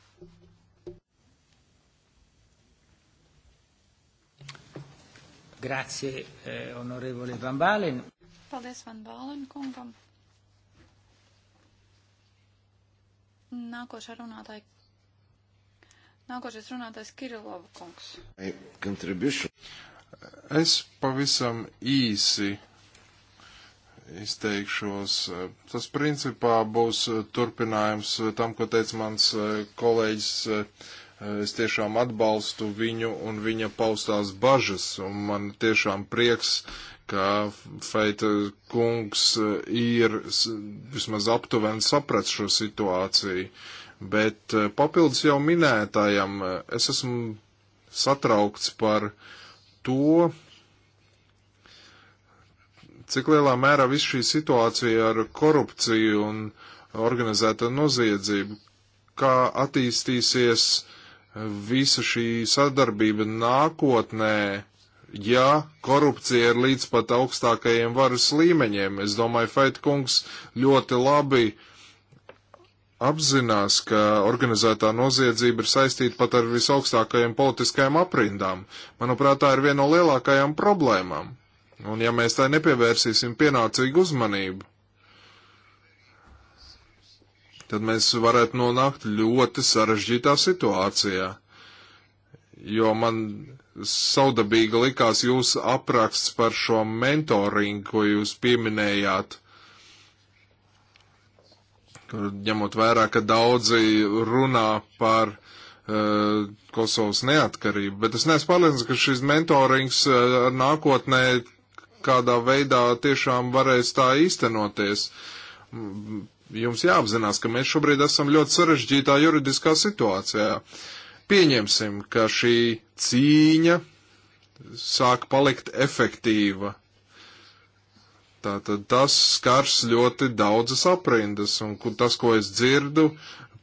Grazie, eh, onorevole Van Balen. Paldies Van Bālen kungam. Nākošā runātāja. Nākošais runātājs Kirilova kungs. Es pavisam īsi izteikšos. Tas principā būs turpinājums tam, ko teica mans eh, kolēģis. Eh, es tiešām atbalstu viņu un viņa paustās bažas, un man tiešām prieks, ka Feita kungs eh, ir vismaz aptuveni saprat šo situāciju, bet eh, papildus jau minētājam eh, es esmu satraukts par to, cik lielā mērā viss šī situācija ar korupciju un organizēta noziedzību, kā attīstīsies visa šī sadarbība nākotnē, ja korupcija ir līdz pat augstākajiem varas līmeņiem. Es domāju, Feitkungs ļoti labi apzinās, ka organizētā noziedzība ir saistīta pat ar visaugstākajiem politiskajiem aprindām. Manuprāt, tā ir viena no lielākajām problēmām. Un ja mēs tai nepievērsīsim pienācīgu uzmanību, tad mēs varētu nonākt ļoti sarežģītā situācijā. Jo man saudabīga likās jūsu apraksts par šo mentoringu, ko jūs pieminējāt. Ņemot vērā, ka daudzi runā par uh, Kosovas neatkarību, bet es neesmu pārliecināts, ka šis mentorings uh, nākotnē kādā veidā tiešām varēs tā īstenoties. Jums jāapzinās, ka mēs šobrīd esam ļoti sarežģītā juridiskā situācijā. Uh, pieņemsim, ka šī cīņa sāk palikt efektīva. Tātad tas skars ļoti daudzas aprindas, un tas, ko es dzirdu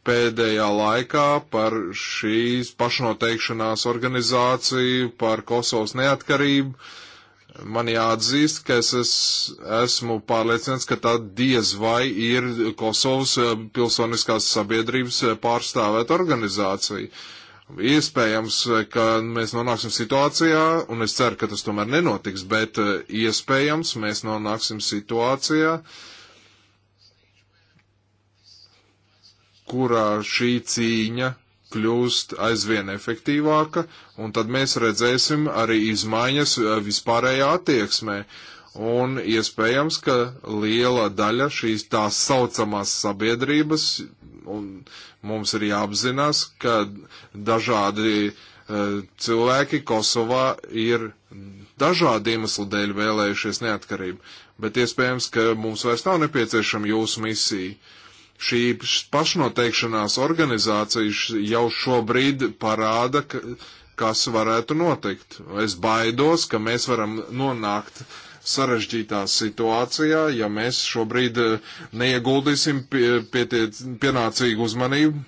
pēdējā laikā par šīs pašnoteikšanās organizāciju, par Kosovas neatkarību, man jāatzīst, ka es, es esmu pārliecināts, ka tā diez vai ir Kosovas eh, pilsoniskās sabiedrības eh, pārstāvēt organizācija. Uh, Iespējams, ka mēs nonāksim situācijā, un es ceru, ka tas tomēr nenotiks, bet eh, iespējams mēs nonāksim situācijā, kurā šī cīņa kļūst aizvien efektīvāka, un tad mēs redzēsim arī izmaiņas eh, vispārējā attieksmē. Un iespējams, ka liela daļa šīs tā saucamās sabiedrības Un mums ir jāapzinās, ka dažādi e, cilvēki Kosovā ir dažādu iemeslu dēļ vēlējušies neatkarību, bet iespējams, ka mums vairs nav nepieciešama jūsu misija. Šī pašnoteikšanās organizācija jau šobrīd parāda, ka, kas varētu notikt. Es baidos, ka mēs varam nonākt uh, sarežģītā situācijā, ja mēs šobrīd eh, neieguldīsim pietiec, pienācīgu uzmanību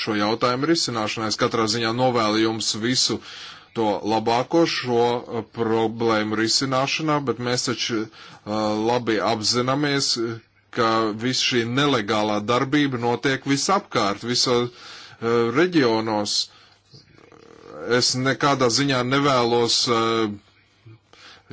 šo jautājumu risināšanai. Es katrā ziņā novēlu jums visu to labāko šo eh, problēmu risināšanā, bet mēs taču eh, labi apzināmies, ka viss šī nelegālā darbība notiek visapkārt, visos reģionos. Es nekādā ziņā nevēlos uh,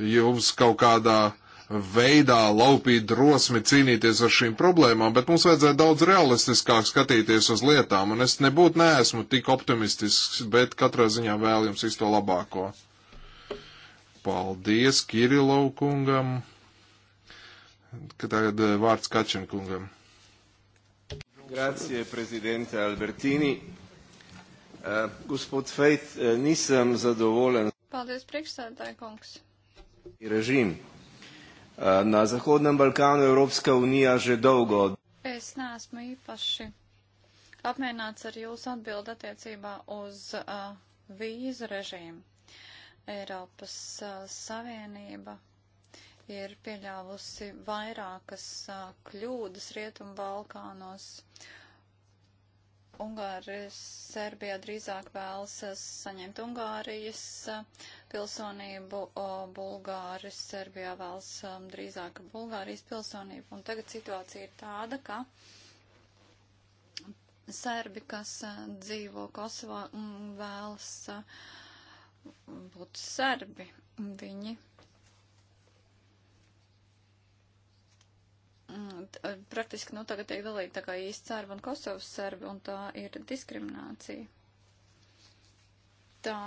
jums kaut kādā veidā laupīt drosmi cīnīties ar šīm problēmām, bet mums vajadzētu daudz realistiskāk skatīties uz lietām, un es nebūtu neesmu tik optimistisks, bet katrā ziņā vēl jums visu to labāko. Paldies Kirilov kungam, ka tagad eh, vārds Kačin kungam. Grazie, prezidente Albertini. Uh, gospod Fejt, uh, eh, nisam zadovoljen. Paldies, priekšsēdētāji kungs. Režīm. Eh, na Zahodnem Balkānu Eiropska unija že dolgo. Es neesmu īpaši apmierināts ar jūsu atbildi attiecībā uz uh, vīzu režīmu. Eiropas uh, Savienība ir pieļāvusi vairākas uh, kļūdas Rietumu Balkānos. Uh, Ungārija, Serbija drīzāk vēlas saņemt Ungārijas pilsonību, Bulgāri, Serbijā vēlas um, drīzāk Bulgārijas pilsonību. Un tagad situācija ir tāda, ka Serbi, kas uh, dzīvo Kosovā, mm, vēlas uh, būt Serbi. Viņi Mm, eh, praktiski nu, tagad tiek dalīta tā kā īsti serbi un Kosovas serbi, un tā ir diskriminācija. Tā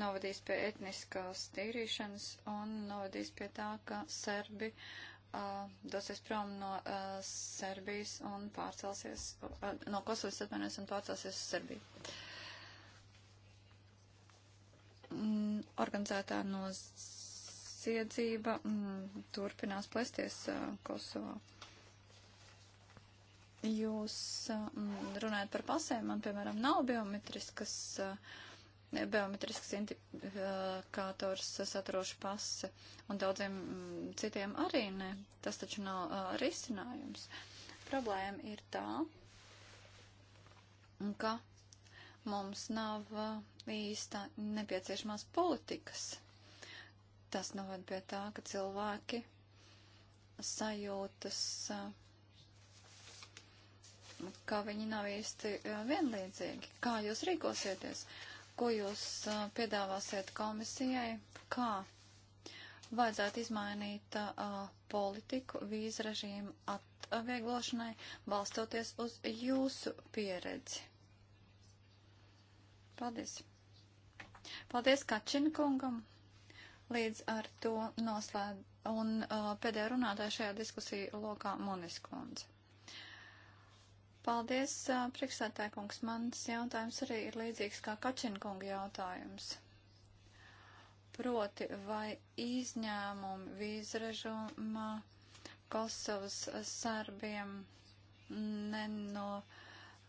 novadīs pie etniskās tīrīšanas un novadīs pie tā, ka serbi uh, dosies prom no uh, Serbijas un pārcelsies, uh, no Kosovas atmanies un pārcelsies uz Serbiju. Mm, organizētā nozīme noziedzība mm, turpinās plēsties uh, Kosovā. Jūs mm, runājat par pasēm, man, piemēram, nav biometriskas, uh, biometriskas indikators saturoša pase, un daudziem mm, citiem arī ne. Tas taču nav uh, risinājums. Problēma ir tā, ka mums nav īsta nepieciešamās politikas Tas noved pie tā, ka cilvēki sajūtas, ka viņi nav īsti e, vienlīdzīgi. Kā jūs rīkosieties? Ko jūs e, piedāvāsiet komisijai? Kā vajadzētu izmainīt uh, politiku vīzu režīmu atvieglošanai, balstoties uz jūsu pieredzi. Paldies. Paldies Kačina kungam. Līdz ar to noslēd un uh, pēdējā runātāja šajā diskusija lokā Monis Kundze. Paldies, uh, priekšsētāja kungs. Mans jautājums arī ir līdzīgs kā Kačinkunga jautājums. Proti, vai izņēmumi vīzrežuma Kosovas uh, sarbiem neno. Uh,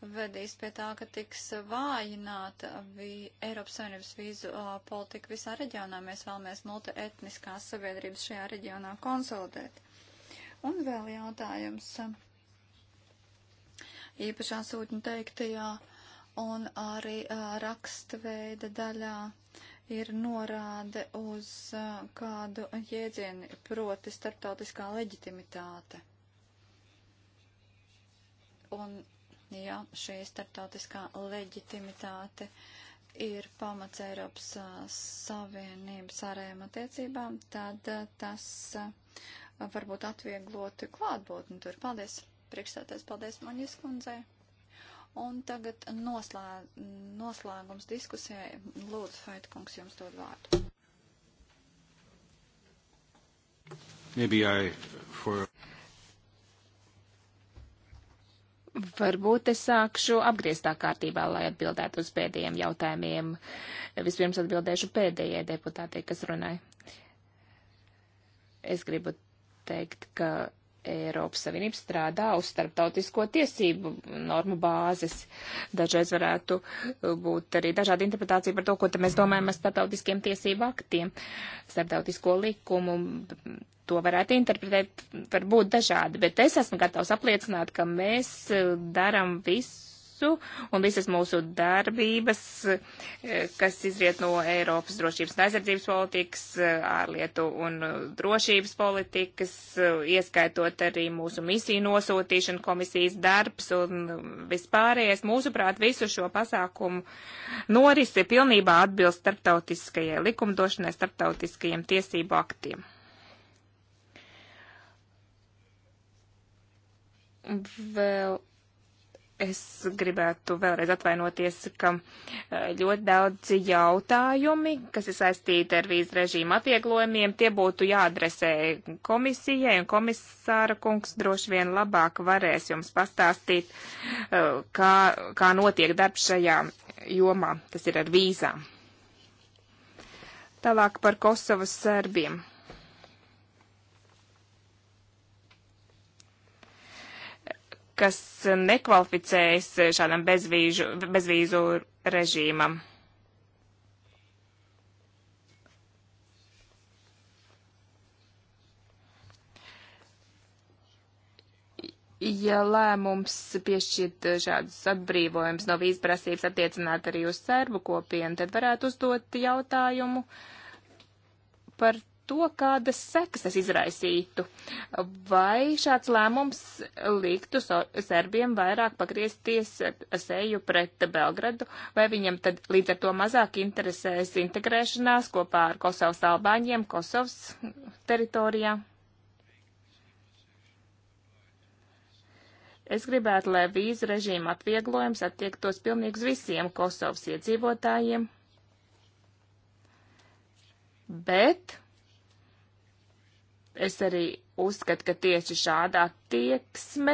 vedīs pie tā, ka tiks vājināta Eiropas Savienības vīzu politika visā reģionā. Mēs vēlamies multietniskās sabiedrības šajā reģionā konsolidēt. Un vēl jautājums īpašā sūtņa teiktajā un arī rakstveida daļā ir norāde uz kādu jēdzienu, proti starptautiskā leģitimitāte. Un ja šī starptautiskā leģitimitāte ir pamats Eiropas a, Savienības ārējām attiecībām, tad a, tas a, varbūt atviegloti klātbūtni tur. Paldies, priekšstātais, paldies Maņas kundzei. Un tagad noslē, noslēgums diskusijai. Lūdzu, Faitkungs, jums dod vārdu. Maybe I, for Varbūt es sākšu apgrieztā kārtībā, lai atbildētu uz pēdējiem jautājumiem. Vispirms atbildēšu pēdējai deputātei, kas runāja. Es gribu teikt, ka Eiropas Savienība strādā uz starptautisko tiesību normu bāzes. Dažreiz varētu uh, būt arī dažāda interpretācija par to, ko mēs domājam ar starptautiskiem tiesību aktiem, starptautisko likumu. To varētu interpretēt, varbūt dažādi, bet es esmu gatavs apliecināt, ka mēs uh, daram visu visu un visas mūsu darbības, eh, kas izriet no Eiropas drošības un aizsardzības politikas, eh, ārlietu un eh, drošības politikas, ieskaitot arī mūsu misiju nosūtīšanu, komisijas darbs un vispārējais. Mūsuprāt, visu šo pasākumu norisi pilnībā atbilst starptautiskajai likumdošanai, starptautiskajiem tiesību aktiem. vēl Es gribētu vēlreiz atvainoties, ka eh, ļoti daudz jautājumi, kas ir saistīti ar vīzu režīmu atvieglojumiem, tie būtu jāadresē komisijai, un komisāra kungs droši vien labāk varēs jums pastāstīt, eh, kā, kā notiek darbs šajā jomā, tas ir ar vīzām. Tālāk par Kosovas serbiem. kas nekvalificējas šādam bezvīžu, bezvīzu režīmam. Ja lēmums piešķirt šādus atbrīvojumus no vīzprasības attiecināt arī uz serbu kopienu, tad varētu uzdot jautājumu par to, kādas sekas tas izraisītu. Vai šāds lēmums liktu serbiem vairāk pagriezties seju pret Belgradu, vai viņam tad līdz ar to mazāk interesēs integrēšanās kopā ar Kosovas albāņiem Kosovas teritorijā? Es gribētu, lai vīzu režīma atvieglojums attiektos pilnīgi uz visiem Kosovas iedzīvotājiem, bet Es arī uzskatu, ka tieši šāda attieksme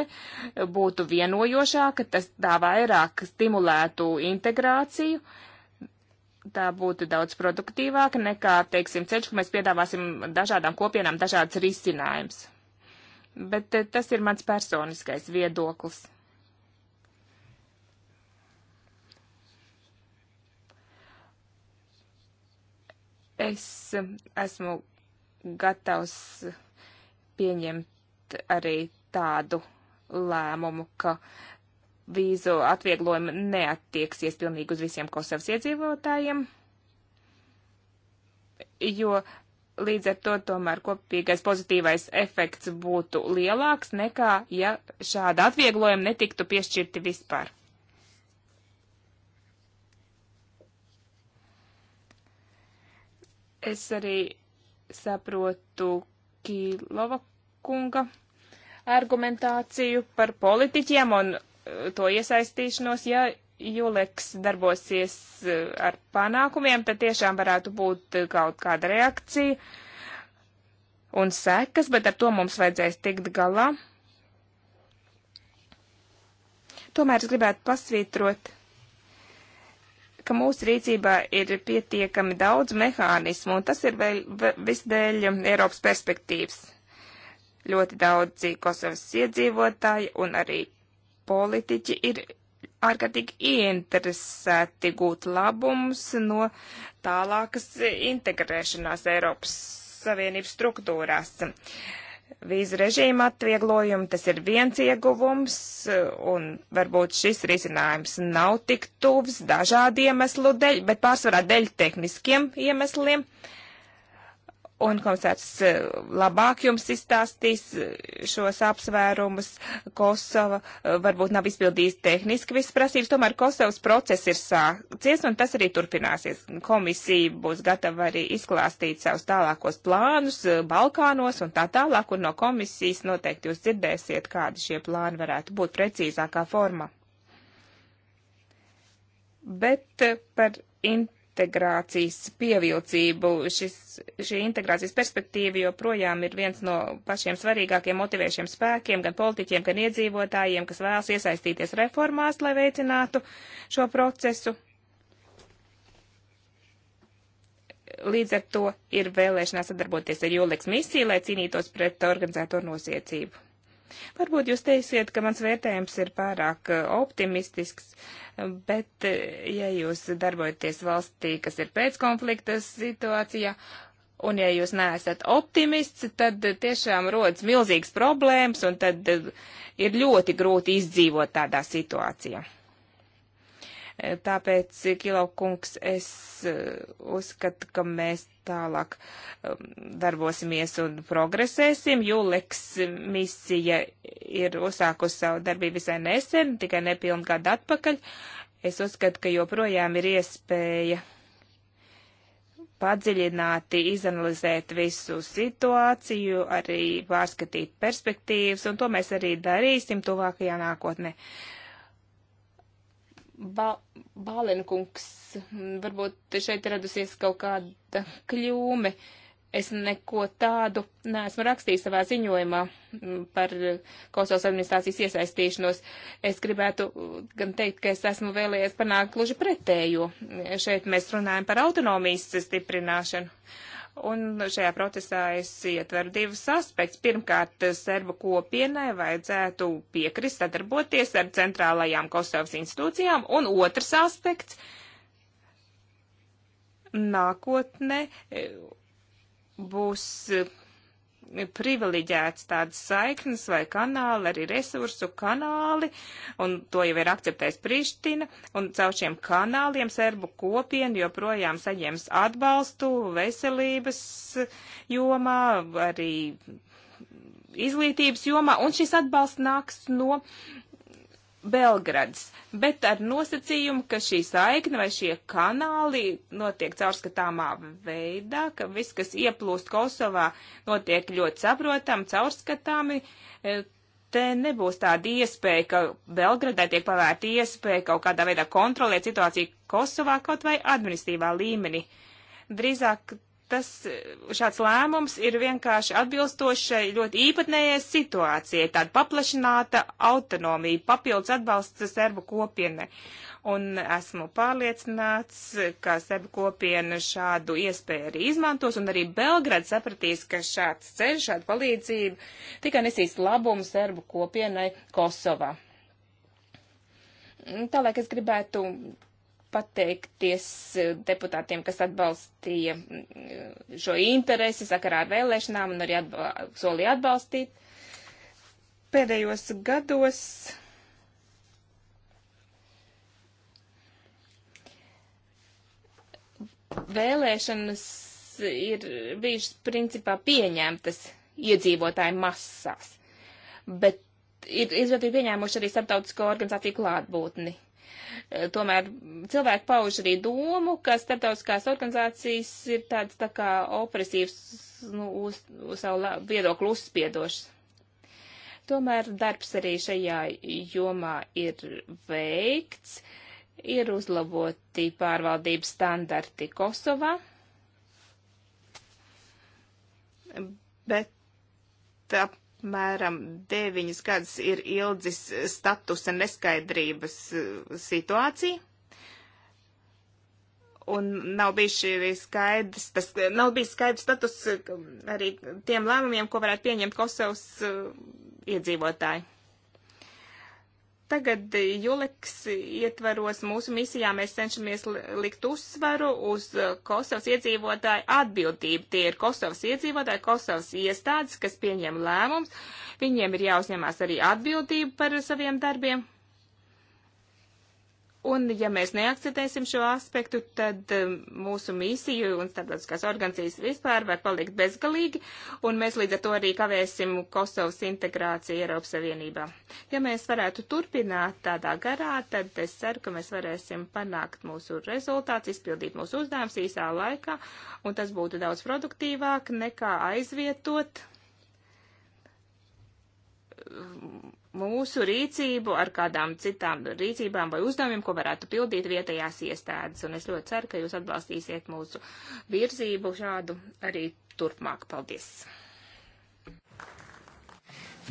būtu vienojošāka, tas tā vairāk stimulētu integrāciju, tā būtu daudz produktīvāka nekā, teiksim, ceļš, ka mēs piedāvāsim dažādām kopienām dažādas risinājums. Bet eh, tas ir mans personiskais viedoklis. Es eh, esmu gatavs pieņemt arī tādu lēmumu, ka vīzu atvieglojumi neattieksies pilnīgi uz visiem Kosovas iedzīvotājiem, jo līdz ar to tomēr kopīgais pozitīvais efekts būtu lielāks nekā, ja šāda atvieglojuma netiktu piešķirti vispār. Es arī saprotu Kīlova kunga argumentāciju par politiķiem un eh, to iesaistīšanos, ja Juleks darbosies eh, ar panākumiem, tad tiešām varētu būt eh, kaut kāda reakcija un sekas, bet ar to mums vajadzēs tikt galā. Tomēr es gribētu pasvītrot ka mūsu rīcībā ir pietiekami daudz mehānismu, un tas ir vēl visdēļ Eiropas perspektīvas. Ļoti daudzi Kosovas iedzīvotāji un arī politiķi ir ārkārtīgi ieinteresēti gūt labumus no tālākas integrēšanās Eiropas Savienības struktūrās. Uh, vīzu režīma atvieglojumu. Tas ir viens ieguvums, un varbūt šis risinājums nav tik tuvs dažādu iemeslu dēļ, bet pārsvarā dēļ tehniskiem iemesliem. Uh, Un komisārs eh, labāk jums izstāstīs eh, šos apsvērumus. Kosova eh, varbūt nav izpildījis tehniski visas prasības, tomēr Kosovas process ir sācies un tas arī turpināsies. Komisija būs gatava arī izklāstīt savus tālākos plānus Balkānos un tā tālāk, un no komisijas noteikti jūs dzirdēsiet, kādi šie plāni varētu būt precīzākā formā. Bet par in integrācijas pievilcību. Šis, šī integrācijas perspektīva joprojām ir viens no pašiem svarīgākiem motivēšiem spēkiem gan politiķiem, gan iedzīvotājiem, kas vēlas iesaistīties reformās, lai veicinātu šo procesu. Līdz ar to ir vēlēšanās sadarboties ar Juliks misiju, lai cīnītos pret organizēto nosiecību. Varbūt jūs teiksiet, ka mans vērtējums ir pārāk eh, optimistisks, bet eh, ja jūs darbojaties valstī, kas ir pēc konflikta situācijā, un ja jūs neesat optimists, tad tiešām rodas milzīgas problēmas, un tad eh, ir ļoti grūti izdzīvot tādā situācijā. Tāpēc, Kilokungs, es eh, uzskatu, ka mēs tālāk um, darbosimies un progresēsim. Juleks misija ir uzsākusi savu darbību visai nesen, tikai nepilnu gadu atpakaļ. Es uzskatu, ka joprojām ir iespēja padziļināti izanalizēt visu situāciju, arī pārskatīt perspektīvas, un to mēs arī darīsim tuvākajā nākotnē. Uh, Bā, Bālenkungs, varbūt šeit radusies kaut kāda kļūme. Es neko tādu neesmu rakstījis savā ziņojumā par Kosovas administrācijas iesaistīšanos. Es gribētu gan teikt, ka es esmu vēlējies panākt gluži pretējo. Šeit mēs runājam par autonomijas stiprināšanu. Un šajā procesā es ietveru divus aspektus. Pirmkārt, serbu kopienai vajadzētu piekrist sadarboties ar centrālajām Kosovas institūcijām. Un otrs aspekts - nākotne e, būs privileģēts tādas saiknes vai kanāli, arī resursu kanāli, un to jau ir akceptējis Priština, un caur šiem kanāliem serbu kopienu joprojām saņems atbalstu veselības jomā, arī izglītības jomā, un šis atbalsts nāks no Belgrads, bet ar nosacījumu, ka šī saikne vai šie kanāli notiek caurskatāmā veidā, ka viss, kas ieplūst Kosovā, notiek ļoti saprotam, caurskatāmi. E, te nebūs tāda iespēja, ka Belgradai tiek pavērta iespēja kaut kādā veidā kontrolēt situāciju Kosovā kaut vai administratīvā līmenī. Drīzāk tas šāds lēmums ir vienkārši atbilstošai ļoti īpatnējai situācijai, tāda paplašināta autonomija, papildus atbalsts serbu kopienai. Un esmu pārliecināts, ka serbu kopiena šādu iespēju arī izmantos, un arī Belgrad sapratīs, ka šāds ceļš, šāda palīdzība tikai nesīs labumu serbu kopienai Kosovā. Tālāk es gribētu pateikties eh, deputātiem, kas atbalstīja mm, šo interesi sakarā ar vēlēšanām un arī atba solīja atbalstīt. Pēdējos gados vēlēšanas ir bijušas principā pieņemtas iedzīvotāju masās, bet ir izvedīgi pieņēmuši arī starptautisko organizāciju klātbūtni Tomēr cilvēki pauž arī domu, ka starptautiskās organizācijas ir tāds tā kā opresīvs, nu, uz, uz savu viedokli uzspiedošs. Tomēr darbs arī šajā jomā ir veikts, ir uzlaboti pārvaldības standarti Kosovā, bet ap apmēram deviņus gadus ir ildzis statusa neskaidrības eh, situācija. Un nav bijuši skaidrs, tas nav bijis skaidrs status eh, arī tiem lēmumiem, ko varētu pieņemt Kosovas eh, iedzīvotāji. Tagad eh, Juleks eh, ietvaros mūsu misijā mēs cenšamies likt uzsvaru uz eh, Kosovas iedzīvotāju atbildību. Tie ir Kosovas iedzīvotāji, Kosovas iestādes, kas pieņem lēmums. Viņiem ir jāuzņemās arī atbildība par saviem darbiem. Un, ja mēs neakceptēsim šo aspektu, tad um, mūsu misiju un starptautiskās organizācijas vispār var palikt bezgalīgi, un mēs līdz ar to arī kavēsim Kosovas integrāciju Eiropas Savienībā. Ja mēs varētu turpināt tādā garā, tad es ceru, ka mēs varēsim panākt mūsu rezultāts, izpildīt mūsu uzdevums īsā laikā, un tas būtu daudz produktīvāk nekā aizvietot mūsu rīcību ar kādām citām rīcībām vai uzdevumiem, ko varētu pildīt vietējās iestādes. Un es ļoti ceru, ka jūs atbalstīsiet mūsu virzību šādu arī turpmāk. Paldies!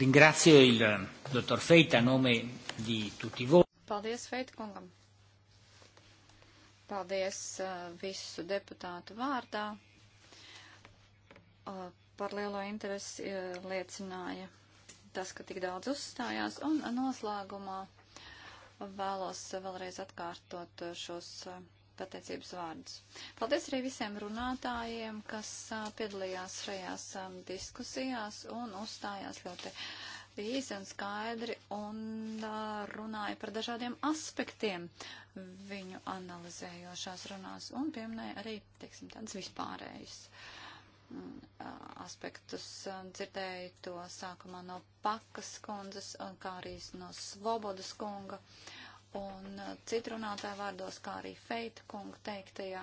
Ringrazio il eh, dottor Feita nome di tutti voi. Paldies, Feita kungam. Paldies eh, visu deputātu vārdā. Eh, par lielo interesi liecināja tas, ka tik daudz uzstājās. Un noslēgumā vēlos vēlreiz atkārtot šos pateicības vārdus. Paldies arī visiem runātājiem, kas piedalījās šajās diskusijās un uzstājās ļoti īsi un skaidri un runāja par dažādiem aspektiem viņu analizējošās runās un pieminēja arī, teiksim, tādas vispārējas. Uh, aspektus dzirdēju to sākumā no Pakas kundzes, kā arī no Svobodas kunga un citu runātāju vārdos, kā arī Feita kunga teiktajā.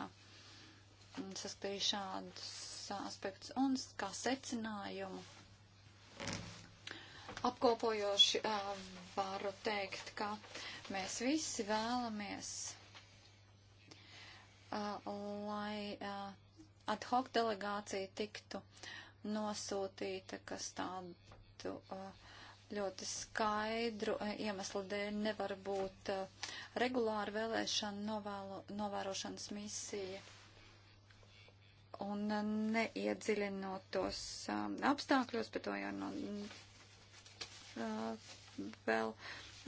Es saskatīju šādus aspektus un kā secinājumu. Apkopojoši varu teikt, ka mēs visi vēlamies, lai ad hoc delegācija tiktu nosūtīta, kas tādu uh, ļoti skaidru uh, iemeslu dēļ nevar būt uh, regulāra vēlēšana novēlo, novērošanas misija un neiedziļinotos apstākļos, bet to jau no, vēl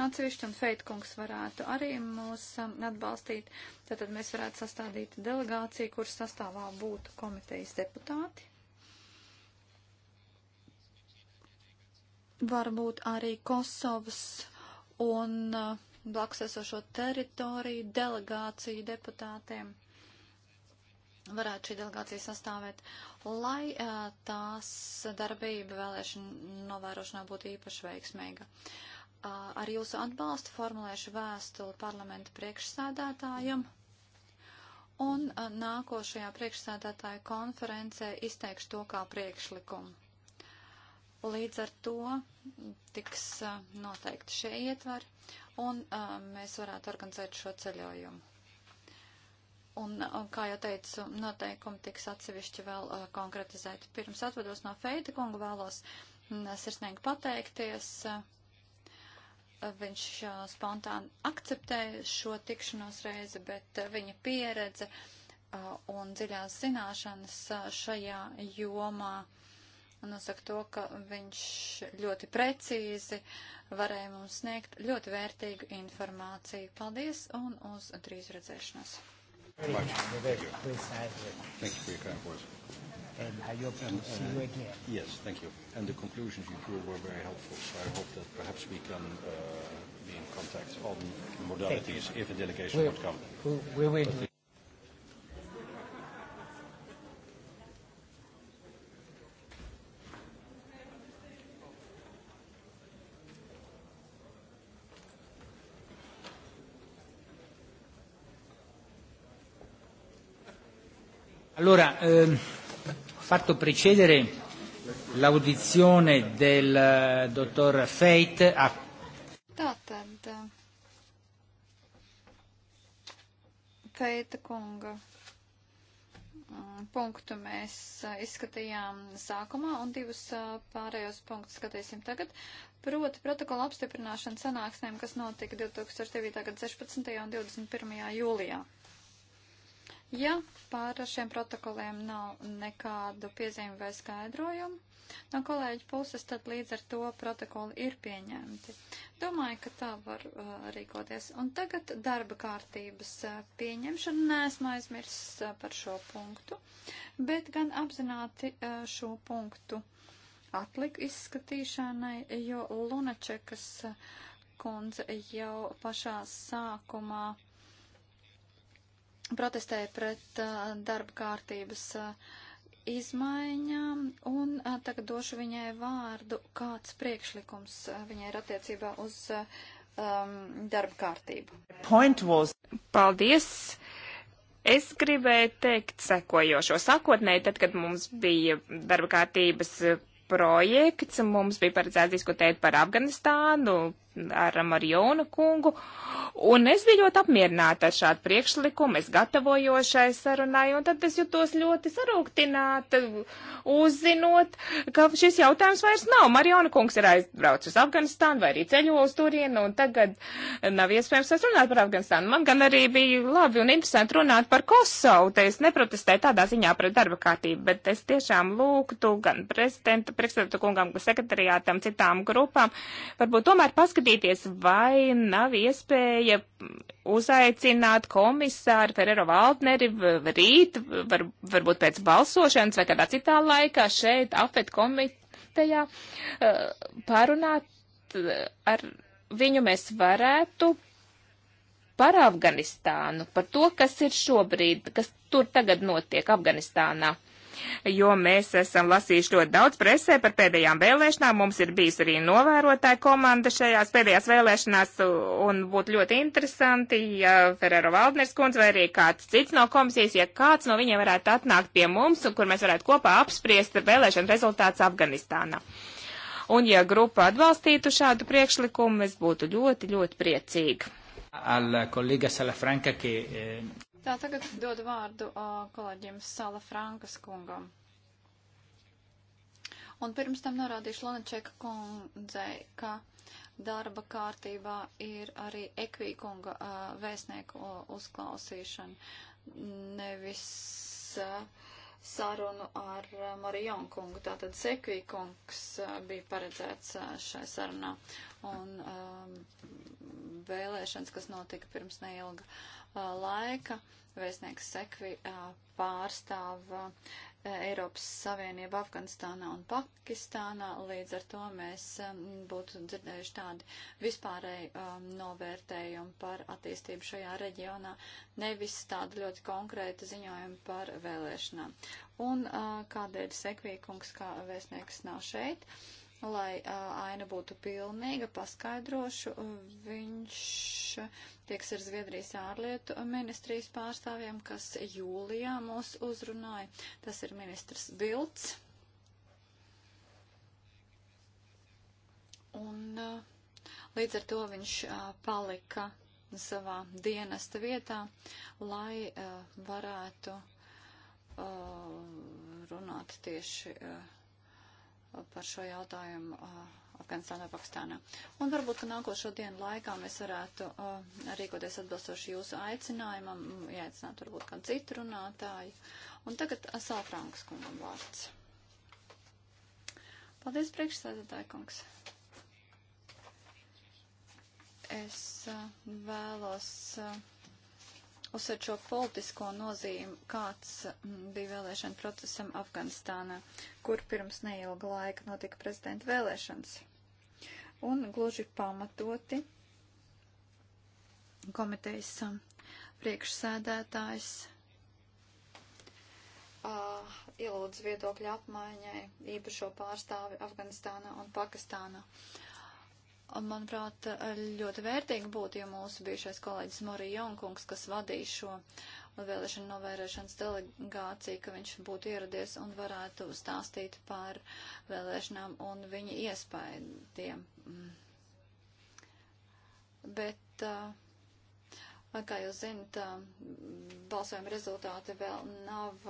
atsevišķi, un Feitkungs varētu arī mūs um, atbalstīt. Tātad mēs varētu sastādīt delegāciju, kuras sastāvā būtu komitejas deputāti. Varbūt arī Kosovas un uh, blakus esošo teritoriju delegāciju deputātiem varētu šī delegācija sastāvēt, lai uh, tās darbība vēlēšana novērošanā būtu īpaši veiksmīga. Uh, ar jūsu atbalstu formulēšu vēstuli parlamenta priekšsēdētājam. Un nākošajā priekšsēdētāja konferencē izteikšu to kā priekšlikumu. Līdz ar to tiks noteikti šie ietvari, un mēs varētu organizēt šo ceļojumu. Un, kā jau teicu, noteikumi tiks atsevišķi vēl konkretizēti. Pirms atvados no Feita kunga vēlos sirsnīgi pateikties. Uh, viņš spontāni akceptēja šo tikšanos reizi, bet viņa pieredze un dziļās zināšanas šajā jomā nosaka to, ka viņš ļoti precīzi varēja mums sniegt ļoti vērtīgu informāciju. Paldies un uz drīz redzēšanos! Thank you for your kind words and I hope to see you uh, again. Yes, thank you. And the conclusions you drew were very helpful, so I hope that perhaps we can uh, be in contact on modalities if a delegation we, would come. We, we will. But Allora, ehm, fatto precedere l'audizione del eh, dottor Fate a... Tātad, eh, Feita kunga eh, punktu mēs izskatījām sākumā un divus pārējos punktus skatīsim tagad. Proti protokola apstiprināšana sanāksmēm, kas notika 2009. gada 16. un 21. jūlijā. Ja par šiem protokoliem nav nekādu piezīmu vai skaidrojumu no kolēģa puses, tad līdz ar to protokoli ir pieņemti. Domāju, ka tā var uh, rīkoties. Un tagad darba kārtības uh, pieņemšana. Nesmu aizmirsis uh, par šo punktu, bet gan apzināti uh, šo punktu atliku izskatīšanai, jo Lunačekas uh, kundze jau pašā sākumā uh, protestēja pret uh, darba kārtības uh, izmaiņām, un uh, tagad došu viņai vārdu, kāds priekšlikums uh, viņai ir attiecībā uz uh, um, darba kārtību. Was... Paldies! Es gribēju teikt sekojošo. Sākotnēji, tad, kad mums bija darba kārtības projekts. Mums bija paredzēts diskutēt par Afganistānu ar Marjonu kungu, un es biju ļoti apmierināta ar šādu priekšlikumu. Es gatavojos šai sarunai, un tad es jutos ļoti sarūktināta, uzzinot, ka šis jautājums vairs nav. Marjona kungs ir aizbraucis uz Afganistānu vai arī ceļo uz turienu, un tagad nav iespējams vairs runāt par Afganistānu. Man gan arī bija labi un interesanti runāt par Kosovu, te es neprotestēju tādā ziņā pret darba kārtību, bet es tiešām lūgtu gan prezidenta priekšstādātu kungam, sekretariātam, citām grupām, varbūt tomēr paskatīties, vai nav iespēja uzaicināt komisāru Ferrero Valdneri rīt, var, varbūt pēc balsošanas vai kādā citā laikā šeit afet komitejā eh, pārunāt eh, ar viņu mēs varētu par Afganistānu, par to, kas ir šobrīd, kas tur tagad notiek Afganistānā jo mēs esam lasījuši ļoti daudz presē par pēdējām vēlēšanām. Mums ir bijis arī novērotāja komanda šajās pēdējās vēlēšanās, un būtu ļoti interesanti, ja Ferrero Valdners kundze vai arī kāds cits no komisijas, ja kāds no viņiem varētu atnākt pie mums, un kur mēs varētu kopā apspriest vēlēšanu rezultātus Afganistānā. Un ja grupa atbalstītu šādu priekšlikumu, es būtu ļoti, ļoti priecīga. Al collega Salafranca che eh... Tā tagad dodu vārdu uh, kolēģiem Sala Frankas kungam. Un pirms tam norādīšu Lanačeka kundzei, ka darba kārtībā ir arī ekvīkunga uh, vēstnieku uh, uzklausīšana, nevis uh, sarunu ar uh, Marijonu kungu. Tātad sekvīkungs uh, bija paredzēts uh, šai sarunā un um, vēlēšanas, kas notika pirms neilga laika vēstnieks Sekvi pārstāv Eiropas Savienību Afganistānā un Pakistānā. Līdz ar to mēs būtu dzirdējuši tādu vispārēju novērtējumu par attīstību šajā reģionā, nevis tādu ļoti konkrētu ziņojumu par vēlēšanām. Un kādēļ Sekvīkungs kā vēstnieks nav šeit? Uh, lai aina būtu pilnīga, paskaidrošu, viņš tieks ar Zviedrijas ārlietu ministrijas pārstāvjiem, kas jūlijā mūs uzrunāja. Tas ir ministrs Bilds. Un līdz ar to viņš palika savā dienesta vietā, lai varētu runāt tieši. Uh, par šo jautājumu uh, Afganistānā, Pakistānā. Un varbūt, ka nākošo dienu laikā mēs varētu uh, rīkoties atbilstoši jūsu aicinājumam, ieaicināt varbūt kādu citu runātāju. Un tagad Sāfrāngas kungam vārds. Paldies, priekšsēdētāji kungs. Es uh, vēlos. Uh, uzsver šo politisko nozīmi, kāds mm, bija vēlēšana procesam Afganistānā, kur pirms neilga laika notika prezidenta vēlēšanas. Un gluži pamatoti komitejas mm, priekšsēdētājs uh, ielūdz viedokļu apmaiņai īpašo pārstāvi Afganistānā un Pakistānā. Uh, Manuprāt, ļoti vērtīgi būtu, ja mūsu bijušais kolēģis Morija Jonkungs, kas vadīja šo vēlēšanu novērēšanas delegāciju, ka viņš būtu ieradies un varētu stāstīt par vēlēšanām un viņa iespējiem. Mm. Bet, kā jūs zinat, balsojuma rezultāti vēl nav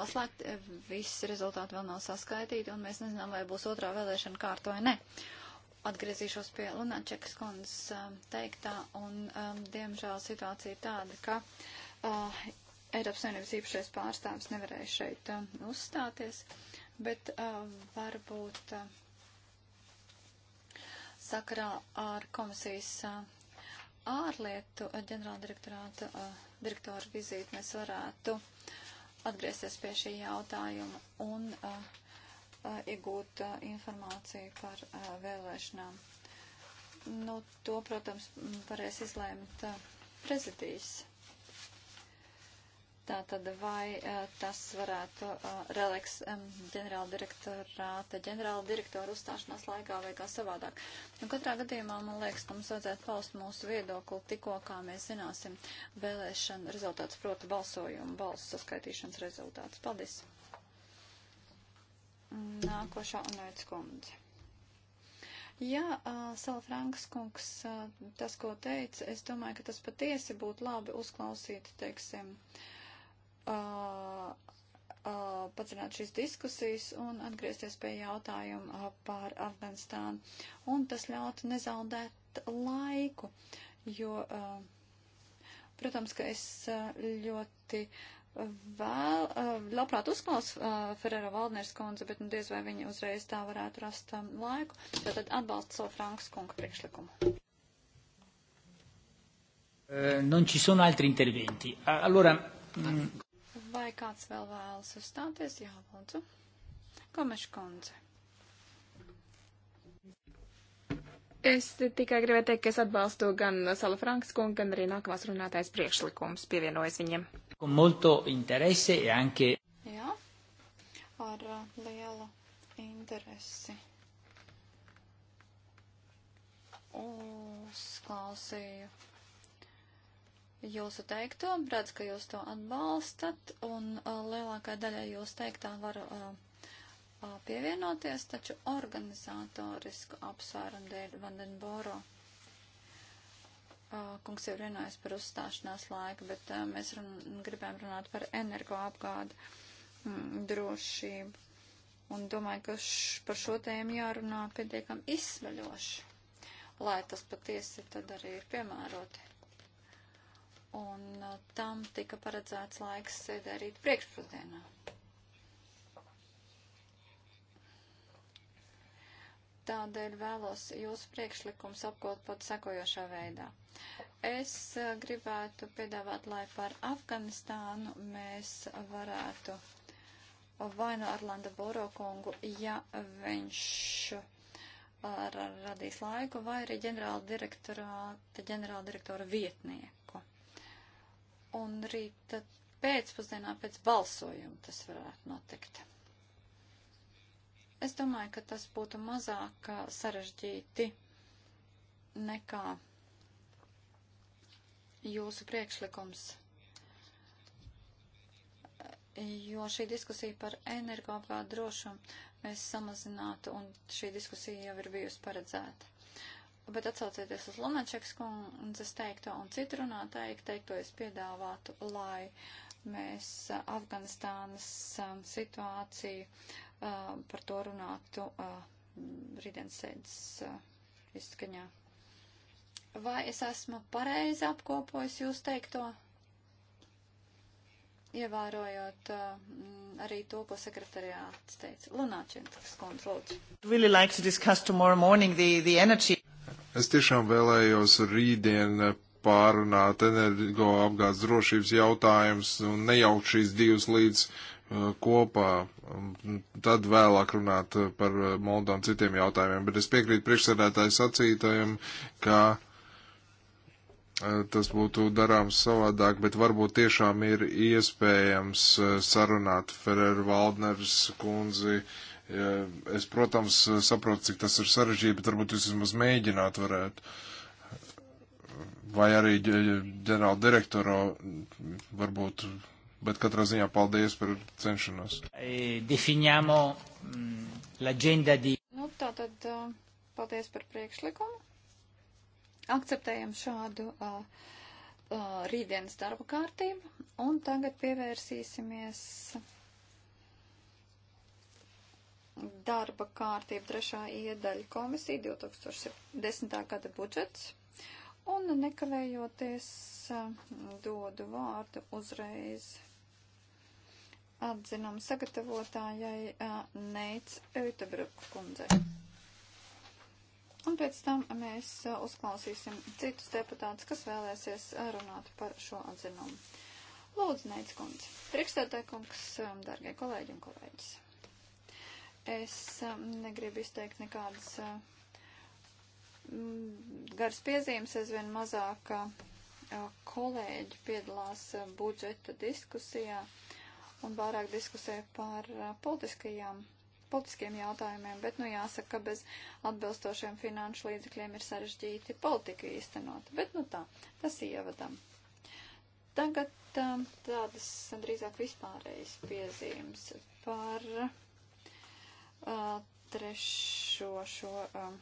noslēgti, visi rezultāti vēl nav saskaitīti, un mēs nezinām, vai būs otrā vēlēšana kārta vai ne. Uh, atgriezīšos pie Lunačekas kundzes um, teiktā, un um, diemžēl situācija ir tāda, ka uh, Eiropas Savienības īpašais pārstāvis nevarēja šeit uh, uzstāties, bet uh, varbūt uh, sakarā ar komisijas uh, ārlietu uh, ģenerāldirektorāta uh, direktora vizīti mēs varētu atgriezties pie šī jautājuma un uh, iegūt informāciju par vēlēšanām. Nu, to, protams, varēs izlēmt prezidijas. Tātad vai tas varētu releks ģenerāldirektorāta ģenerāldirektora uzstāšanās laikā vai kā savādāk. Nu, katrā gadījumā, man liekas, mums vajadzētu paust mūsu viedokli tikko, kā mēs zināsim vēlēšanu rezultātus, proti balsojumu, balsu saskaitīšanas rezultātus. Paldies! Nākošā un aic kundze. Jā, Sala Franks kungs, tas, ko teica, es domāju, ka tas patiesi būtu labi uzklausīt, teiksim, pacināt šīs diskusijas un atgriezties pie jautājuma par Afganistānu. Un tas ļautu nezaudēt laiku, jo, protams, ka es ļoti vēl, eh, labprāt uzklaus eh, Ferrero Valdners kundze, bet nu diez vai viņa uzreiz tā varētu rast um, laiku. Tātad atbalsta savu Frankas kunga priekšlikumu. Eh, non ci sono altri interventi. Allora... Mm. Vai kāds vēl vēlas uzstāties? Jā, lūdzu. Komeša kundze. Es tikai gribēju teikt, ka es atbalstu gan Sala Franks kungu, gan arī nākamās runātājs priekšlikums pievienojas viņiem. Con molto interesse e anche. Jā, ar uh, lielu interesi. Uzklausīju jūsu teikto, redzu, ka jūs to atbalstat, un uh, lielākai daļai jūs teiktā var uh, uh, pievienoties, taču organizatorisku apsvērumu dēļ Vandenboro kungs jau runājis par uzstāšanās laiku, bet uh, mēs run, gribējām runāt par energoapgādu mm, drošību. Un domāju, ka š, par šo tēmu jārunā pietiekam izsmeļoši, lai tas patiesi tad arī ir piemēroti. Un uh, tam tika paredzēts laiks sēdē rīt priekšpusdienā. Tādēļ vēlos jūsu priekšlikums apkopot sekojošā veidā Es eh, gribētu piedāvāt, lai par Afganistānu mēs varētu vai no nu Arlanda Borokongu, ja viņš eh, ar, radīs laiku, vai arī ģenerāla direktorāta, ģenerāla direktora vietnieku. Un rīt pēcpusdienā pēc balsojuma tas varētu notikt. Es domāju, ka tas būtu mazāk eh, sarežģīti nekā jūsu priekšlikums. Jo šī diskusija par energoapgādu drošumu es samazinātu, un šī diskusija jau ir bijusi paredzēta. Bet atsaucieties uz Lunačekas kundzes teikto un citu runātāju teikto, es piedāvātu, lai mēs Afganistānas um, situāciju uh, par to runātu uh, rītdienas sēdes uh, izskaņā vai es esmu pareizi apkopojis jūs teikto, ievērojot uh, mm, arī to, ko sekretariāts teica. Lunāčintas kundze, lūdzu. Really like the, the energy. es tiešām vēlējos rītdien pārunāt energo apgādes drošības jautājums un nejaukt šīs divas līdz uh, kopā, un tad vēlāk runāt par uh, Moldu un citiem jautājumiem. Bet es piekrītu priekšsēdētāju sacītajam, ka Eh, tas būtu darāms savādāk, bet varbūt tiešām ir iespējams eh, sarunāt Ferreru Valdneres kundzi. Eh, es, protams, saprotu, cik tas ir sarežģīti, bet varbūt jūs vismaz mēģināt varētu. Vai arī ģenerāla direktoro varbūt, bet katrā ziņā paldies par cenšanos. Definiamo mm, l'agenda di. Nu, tātad paldies par priekšlikumu akceptējam šādu uh, uh, rītdienas darba kārtību un tagad pievērsīsimies darba kārtība trešā iedaļa komisija 2010. gada budžets. Un nekavējoties uh, dodu vārdu uzreiz atzinumu sagatavotājai uh, Neits Eutebruku kundzei. Un pēc tam mēs uzklausīsim citus deputātus, kas vēlēsies runāt par šo atzinumu. Lūdzu, Neic kundze, priekšstādāja kungs, dargie kolēģi un kolēģis. Es negribu izteikt nekādas garas piezīmes, aizvien mazāk kolēģi piedalās budžeta diskusijā un vairāk diskusē par politiskajām politiskiem jautājumiem, bet, nu, jāsaka, ka bez atbilstošiem finanšu līdzekļiem ir sarežģīti politiku īstenot. Bet, nu, tā, tas ievadam. Tagad um, tādas drīzāk vispārējas piezīmes par uh, trešo šo um,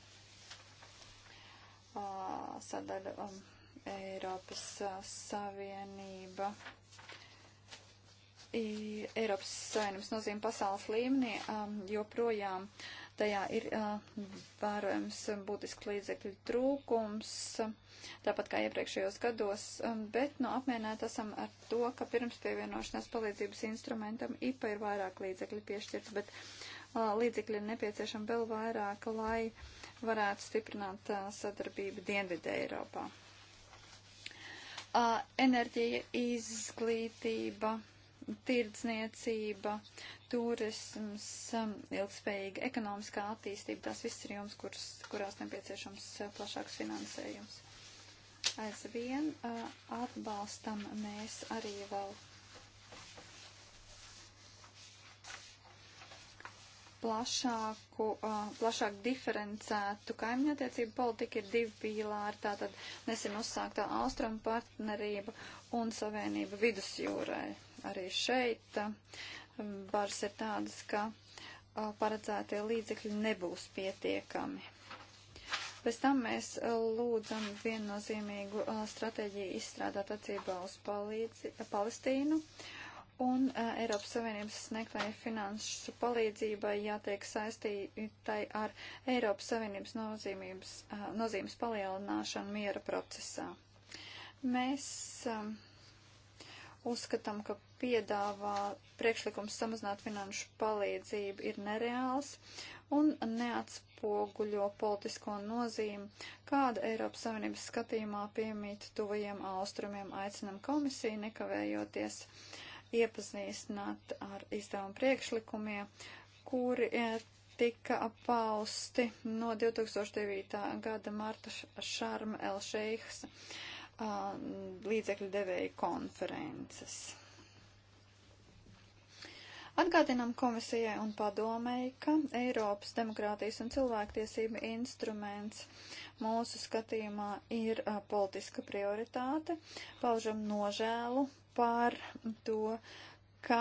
uh, sadaļu um, Eiropas uh, Savienība Eiropas Savienības nozīme pasaules līmenī um, joprojām tajā ir uh, vērojams būtiski līdzekļu trūkums, tāpat kā iepriekšējos gados, um, bet nu, apmienēt esam ar to, ka pirms pievienošanās palīdzības instrumentam IPA ir vairāk līdzekļu piešķirts, bet uh, līdzekļi ir nepieciešami vēl vairāk, lai varētu stiprināt uh, sadarbību Dienvidē Eiropā. Uh, enerģija, izglītība tirdzniecība, turisms, um, ilgspējīga ekonomiskā attīstība, tās viss ir joms, kuras, kurās nepieciešams uh, plašāks finansējums. Aizvien uh, atbalstam mēs arī vēl plašāku, uh, plašāk diferencētu kaimiņattiecību politiku ir divi pīlāri, tātad nesen uzsāktā austrumu partnerība un savienība vidusjūrai arī šeit bars uh, ir tādas, ka uh, paredzētie līdzekļi nebūs pietiekami. Pēc tam mēs uh, lūdzam viennozīmīgu stratēģiju izstrādāt attiecībā uz palīdzi, Palestīnu. Un uh, Eiropas Savienības sniegtai finanšu palīdzībai jātiek saistītai ar Eiropas Savienības nozīmības, uh, nozīmes palielināšanu miera procesā. Mēs uh, Uzskatām, ka piedāvā priekšlikums samazināt finanšu palīdzību ir nereāls un neatspoguļo politisko nozīmi, kāda Eiropas Savienības skatījumā piemīt tuvajiem austrumiem. Aicinam komisiju nekavējoties iepazīstināt ar izdevumu priekšlikumiem, kuri eh, tika pausti no 2009. gada Marta Šarma Elšeikas Um, līdzekļu devēju konferences. Atgādinām komisijai un padomēji, ka Eiropas demokrātijas un cilvēktiesība instruments mūsu skatījumā ir a, uh, politiska prioritāte. Paužam nožēlu par to, ka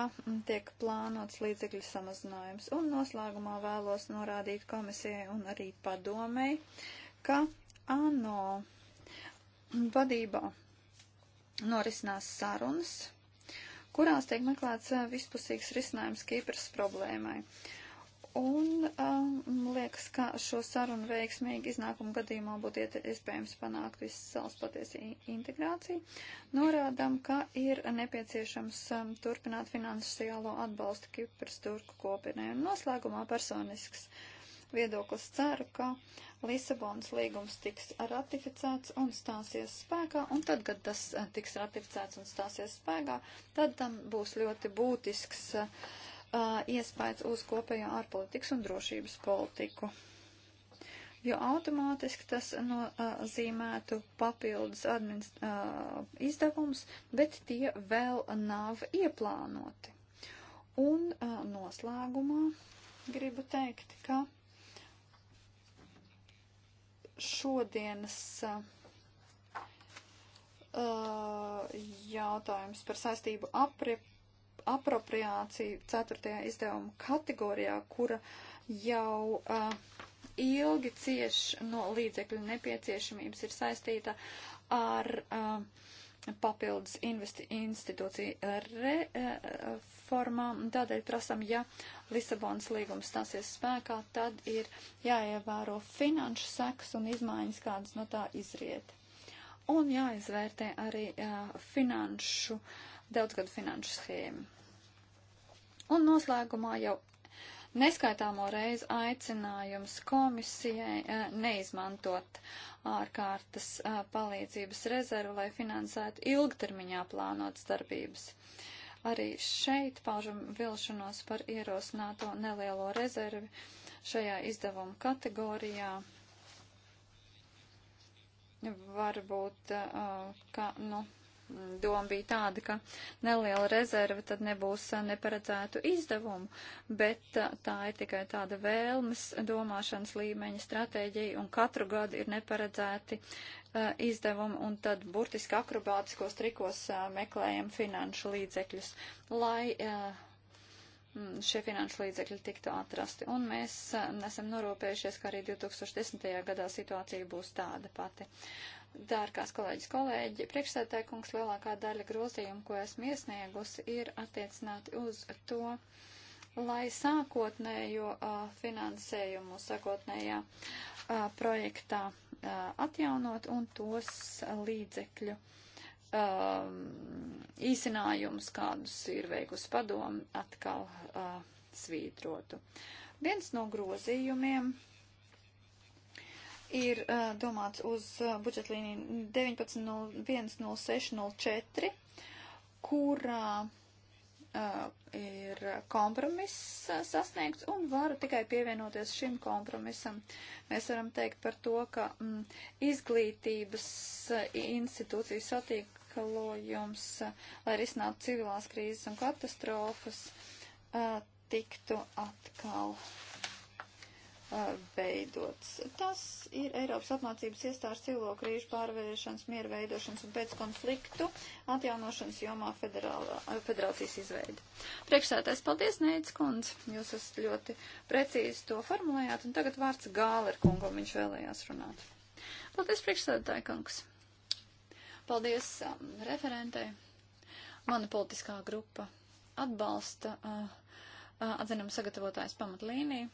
tiek plānots līdzekļu samazinājums. Un noslēgumā vēlos norādīt komisijai un arī padomēji, ka ANO vadībā norisinās sarunas, kurās tiek meklēts eh, vispusīgs risinājums Kīpras problēmai. Un um, liekas, ka šo sarunu veiksmīgu iznākumu gadījumā būtu iespējams panākt visas salas patiesi integrāciju. Norādām, ka ir nepieciešams um, turpināt finansiālo atbalstu Kipras turku kopienai. Un noslēgumā personisks viedoklis ceru, ka uh, Lisabonas līgums tiks ratificēts un stāsies spēkā, un tad, kad tas eh, tiks ratificēts un stāsies spēkā, tad tam būs ļoti būtisks uh, iespējas uz kopējo ārpolitikas un drošības politiku. Jo automātiski tas nozīmētu papildus administ, uh, izdevums, bet tie vēl nav ieplānoti. Un uh, noslēgumā gribu teikt, ka šodienas uh, jautājums par saistību apri, apropriāciju ceturtajā izdevuma kategorijā, kura jau uh, ilgi cieš no līdzekļu nepieciešamības ir saistīta ar uh, papildus investi, institūciju reformām. Tādēļ prasam, ja Lisabonas līgums stāsies spēkā, tad ir jāievēro finanšu seks un izmaiņas, kādas no tā izriet. Un jāizvērtē arī uh, finanšu, daudzgadu finanšu schēmu. Un noslēgumā jau neskaitāmo reizi aicinājums komisijai eh, neizmantot ārkārtas eh, palīdzības rezervu, lai finansētu ilgtermiņā plānotas darbības. Arī šeit paužam vilšanos par ierosināto nelielo rezervi šajā izdevuma kategorijā varbūt, eh, ka, nu, doma bija tāda, ka neliela rezerva tad nebūs eh, neparedzētu izdevumu, bet eh, tā ir tikai tāda vēlmes domāšanas līmeņa stratēģija un katru gadu ir neparedzēti uh, izdevumi un tad burtiski akrobātiskos trikos uh, meklējam finanšu līdzekļus, lai uh, šie finanšu līdzekļi tiktu atrasti. Un mēs esam norūpējušies, ka arī 2010. gadā situācija būs tāda pati. Dārgās kolēģis, kolēģi, priekšsētājkungs lielākā daļa grozījumu, ko esmu iesniegusi, ir attiecināti uz to, lai sākotnējo finansējumu sākotnējā a, projektā a, atjaunot un tos līdzekļu a, īsinājumus, kādus ir veikusi padomu, atkal svītrotu. Viens no grozījumiem ir uh, domāts uz uh, budžetlīniju 19.01.06.04, kurā uh, ir kompromiss uh, sasniegts un varu tikai pievienoties šim kompromisam. Mēs varam teikt par to, ka mm, izglītības uh, institūcijas attīklojums, uh, lai risinātu civilās krīzes un katastrofas, uh, tiktu atkal veidots. Tas ir Eiropas apmācības iestāžu civilo krīžu pārvēršanas, mieru veidošanas un pēckonfliktu atjaunošanas jomā federāla, federācijas izveida. Priekšsētājs, paldies, Neic kundz, jūs esat ļoti precīzi to formulējāt, un tagad vārds Gāler kungam viņš vēlējās runāt. Paldies, priekšsēdētāji kungs. Paldies um, referentei. Mana politiskā grupa atbalsta uh, uh atzinumu sagatavotājs pamatlīniju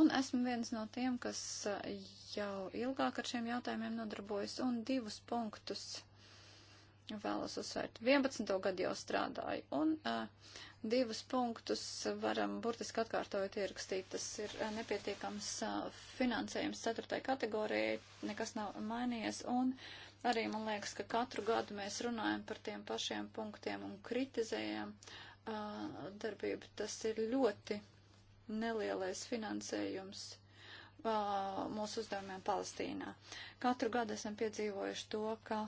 Un esmu viens no tiem, kas eh, jau ilgāk ar šiem jautājumiem nodarbojas un divus punktus vēlas uzsvērt. 11. gadu jau strādāju un uh, divus punktus varam burtiski atkārtojot ierakstīt. Tas ir uh, nepietiekams uh, finansējums 4. kategorijai, nekas nav mainījies un arī man liekas, ka katru gadu mēs runājam par tiem pašiem punktiem un kritizējam uh, darbību. Tas ir ļoti nelielais finansējums uh, mūsu uzdevumiem Palestīnā. Katru gadu esam piedzīvojuši to, ka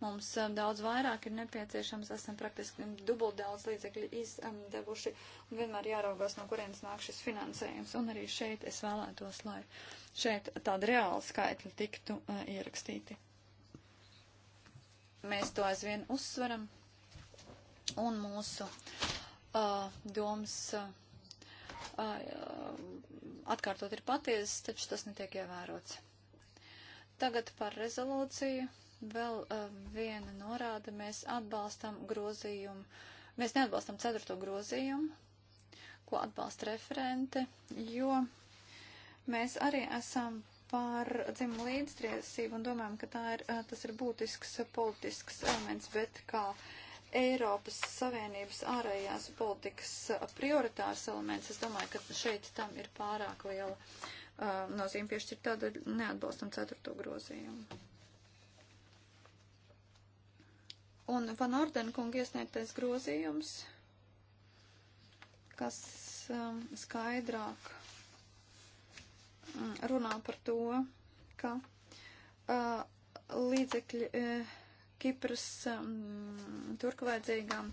mums um, daudz vairāk ir nepieciešams, esam praktiski dubult daudz līdzekļu izdevuši un vienmēr jāraugās, no kurienes nāk šis finansējums. Un arī šeit es vēlētos, lai šeit tāda reāla skaitļa tiktu uh, ierakstīti. Mēs to aizvien uzsveram un mūsu uh, domas. Uh, Um, atkārtot ir patiesas, taču tas netiek ievērots. Tagad par rezolūciju. Vēl uh, viena norāda. Mēs atbalstam grozījumu. Mēs neatbalstam ceturto grozījumu, ko atbalsta referente, jo mēs arī esam par dzimumu līdztiesību un domājam, ka tā ir, uh, tas ir būtisks uh, politisks elements, bet kā Eiropas Savienības ārējās politikas uh, prioritārs elements. Es domāju, ka šeit tam ir pārāk liela uh, nozīme piešķirt tādu neatbalstam ceturto grozījumu. Un Van Orden kunga iesniegtais grozījums, kas um, skaidrāk mm, runā par to, ka uh, līdzekļi. Uh, Kipras um, turku vajadzīgām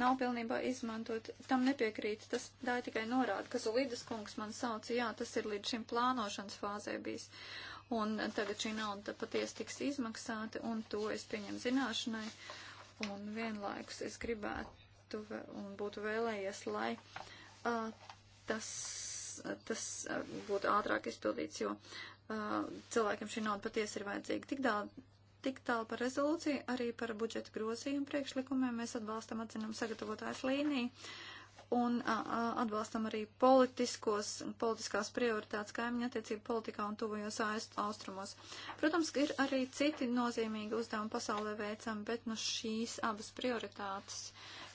nav pilnībā izmantot. Tam nepiekrīt. Tas tā ir tikai norāda, ka Zulīdas kungs man sauca, jā, tas ir līdz šim plānošanas fāzē bijis. Un tagad šī nauda patiesi tiks izmaksāta, un to es pieņemu zināšanai. Un vienlaikus es gribētu un būtu vēlējies, lai uh, tas, tas uh, būtu ātrāk izpildīts, jo uh, cilvēkiem šī nauda patiesi ir vajadzīga. Tik daudz Tik tālu par rezolūciju, arī par budžeta grozījumu priekšlikumiem. Mēs atbalstam atzinam sagatavotājs līniju un a, a, atbalstam arī politiskos, politiskās prioritātes kaimiņa attiecību politikā un tuvajos austrumos. Protams, ir arī citi nozīmīgi uzdevumi pasaulē veicam, bet nu šīs abas prioritātes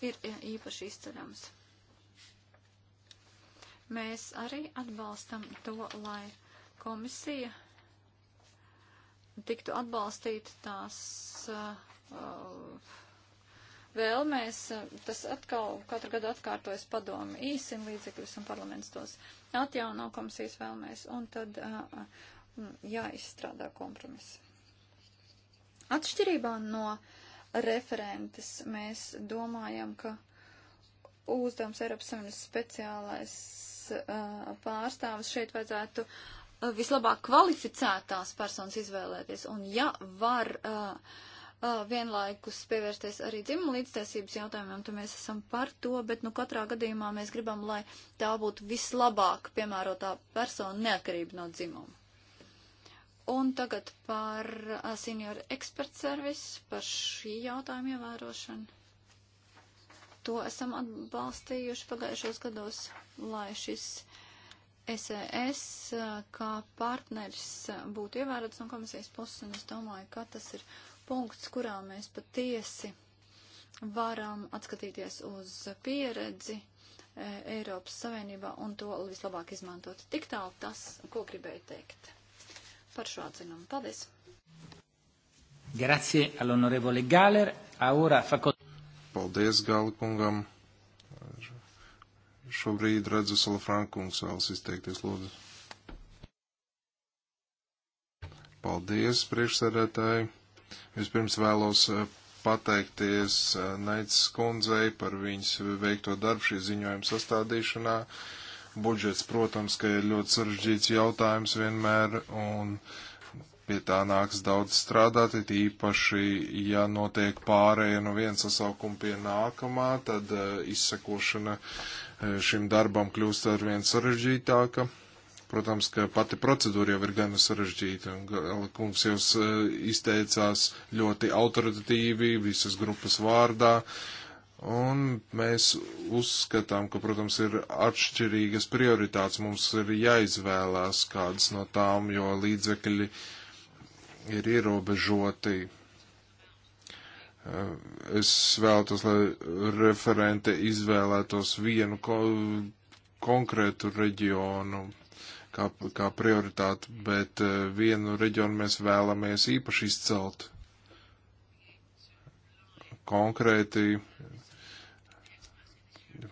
ir īpaši izceļams. Mēs arī atbalstam to, lai komisija tiktu atbalstīt tās uh, uh, vēlmēs. Tas atkal katru gadu atkārtojas padomu īsim līdzekļus un parlaments tos atjauno komisijas vēlmēs un tad uh, uh mm, jāizstrādā kompromis. Atšķirībā no referentes mēs domājam, ka uzdevums Eiropas Savienības speciālais uh, pārstāvis šeit vajadzētu uh, Uh, vislabāk kvalificētās personas izvēlēties. Un ja var uh, uh, vienlaikus pievērsties arī dzimuma līdztiesības jautājumiem, tad mēs esam par to, bet nu katrā gadījumā mēs gribam, lai tā būtu vislabāk piemērotā persona neatkarība no dzimuma. Un tagad par uh, senioru ekspertu servisu, par šī jautājuma ievērošanu. To esam atbalstījuši pagājušos gados, lai šis uh, SES e eh, kā partners eh, būtu ievērots no komisijas puses, un es domāju, ka tas ir punkts, kurā mēs patiesi varam atskatīties uz pieredzi eh, Eiropas Savienībā un to vislabāk izmantot. Tik tālu tas, ko gribēju teikt par šo atzinumu. Paldies! Grazie all'onorevole Galer. Ora fa... Paldies, Galkungam! šobrīd redzu Salafrankungs vēlas izteikties, lūdzu. Paldies, priekšsēdētāji. Vispirms vēlos eh, pateikties eh, Neicis kundzei par viņas veikto darbu šī ziņojuma sastādīšanā. Budžets, protams, ka ir ļoti sarežģīts jautājums vienmēr, un pie tā nāks daudz strādāt, it īpaši, ja notiek pārēja no viena sasaukuma pie nākamā, tad uh, izsekošana uh, šim darbam kļūst arvien sarežģītāka. Protams, ka pati procedūra jau ir gan sarežģīta. Kungs jau e, izteicās ļoti autoritatīvi visas grupas vārdā. Un mēs uzskatām, ka, protams, ir atšķirīgas prioritātes. Mums ir jāizvēlās kādas no tām, jo līdzekļi ir ierobežoti Eh, es vēlētos, lai referente izvēlētos vienu ko konkrētu reģionu kā, kā prioritāti, bet eh, vienu reģionu mēs vēlamies īpaši izcelt. Konkrēti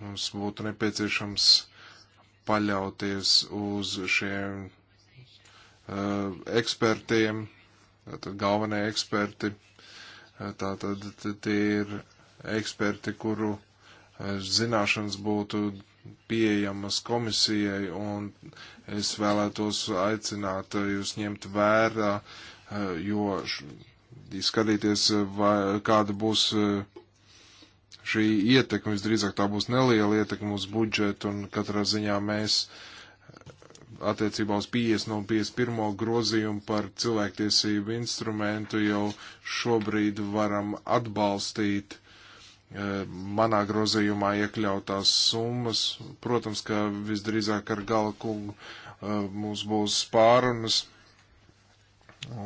mums būtu nepieciešams paļauties uz šiem uh, ekspertiem, tātad galvenie eksperti. Uh, Eh, tātad tie ir eksperti, kuru eh, zināšanas būtu pieejamas komisijai, un es vēlētos aicināt eh, jūs ņemt vērā, jo skatīties, vai, kāda būs šī ietekme, visdrīzāk tā būs neliela ietekme uz budžetu, un katrā ziņā mēs uh, attiecībā uz 50 no 51 grozījumu par cilvēktiesību instrumentu jau šobrīd varam atbalstīt e, manā grozījumā iekļautās summas. Protams, ka visdrīzāk ar gala kungu e, mums būs pārunas.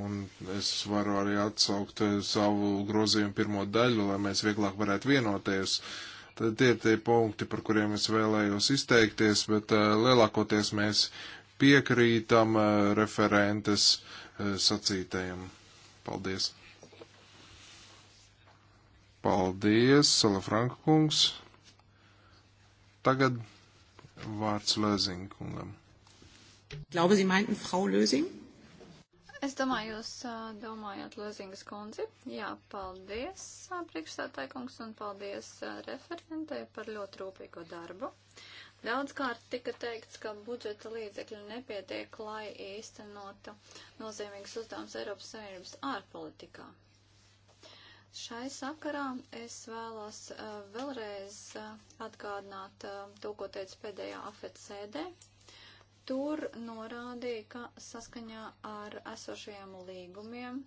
Un es varu arī atsaukt e, savu grozījumu pirmo daļu, lai mēs vieglāk varētu vienoties. Tad tie ir tie punkti, par kuriem es vēlējos izteikties, bet lielākoties mēs piekrītam eh, referentes eh, sacītajam. Paldies! Paldies, Salafranka kungs! Tagad vārds Lēzing kungam. Glaube, Sie meinten Frau Lösing? Es domāju, jūs domājat Lozingas kundzi. Jā, paldies priekšstādāja kungs un paldies referentei par ļoti rūpīgo darbu. Daudzkārt tika teikts, ka budžeta līdzekļi nepietiek, lai īstenotu nozīmīgas uzdevumus Eiropas Savienības ārpolitikā. Šai sakarā es vēlos uh, vēlreiz uh, atgādināt uh, to, ko teica pēdējā afetsēdē. Tur norādīja, ka saskaņā ar esošajiem līgumiem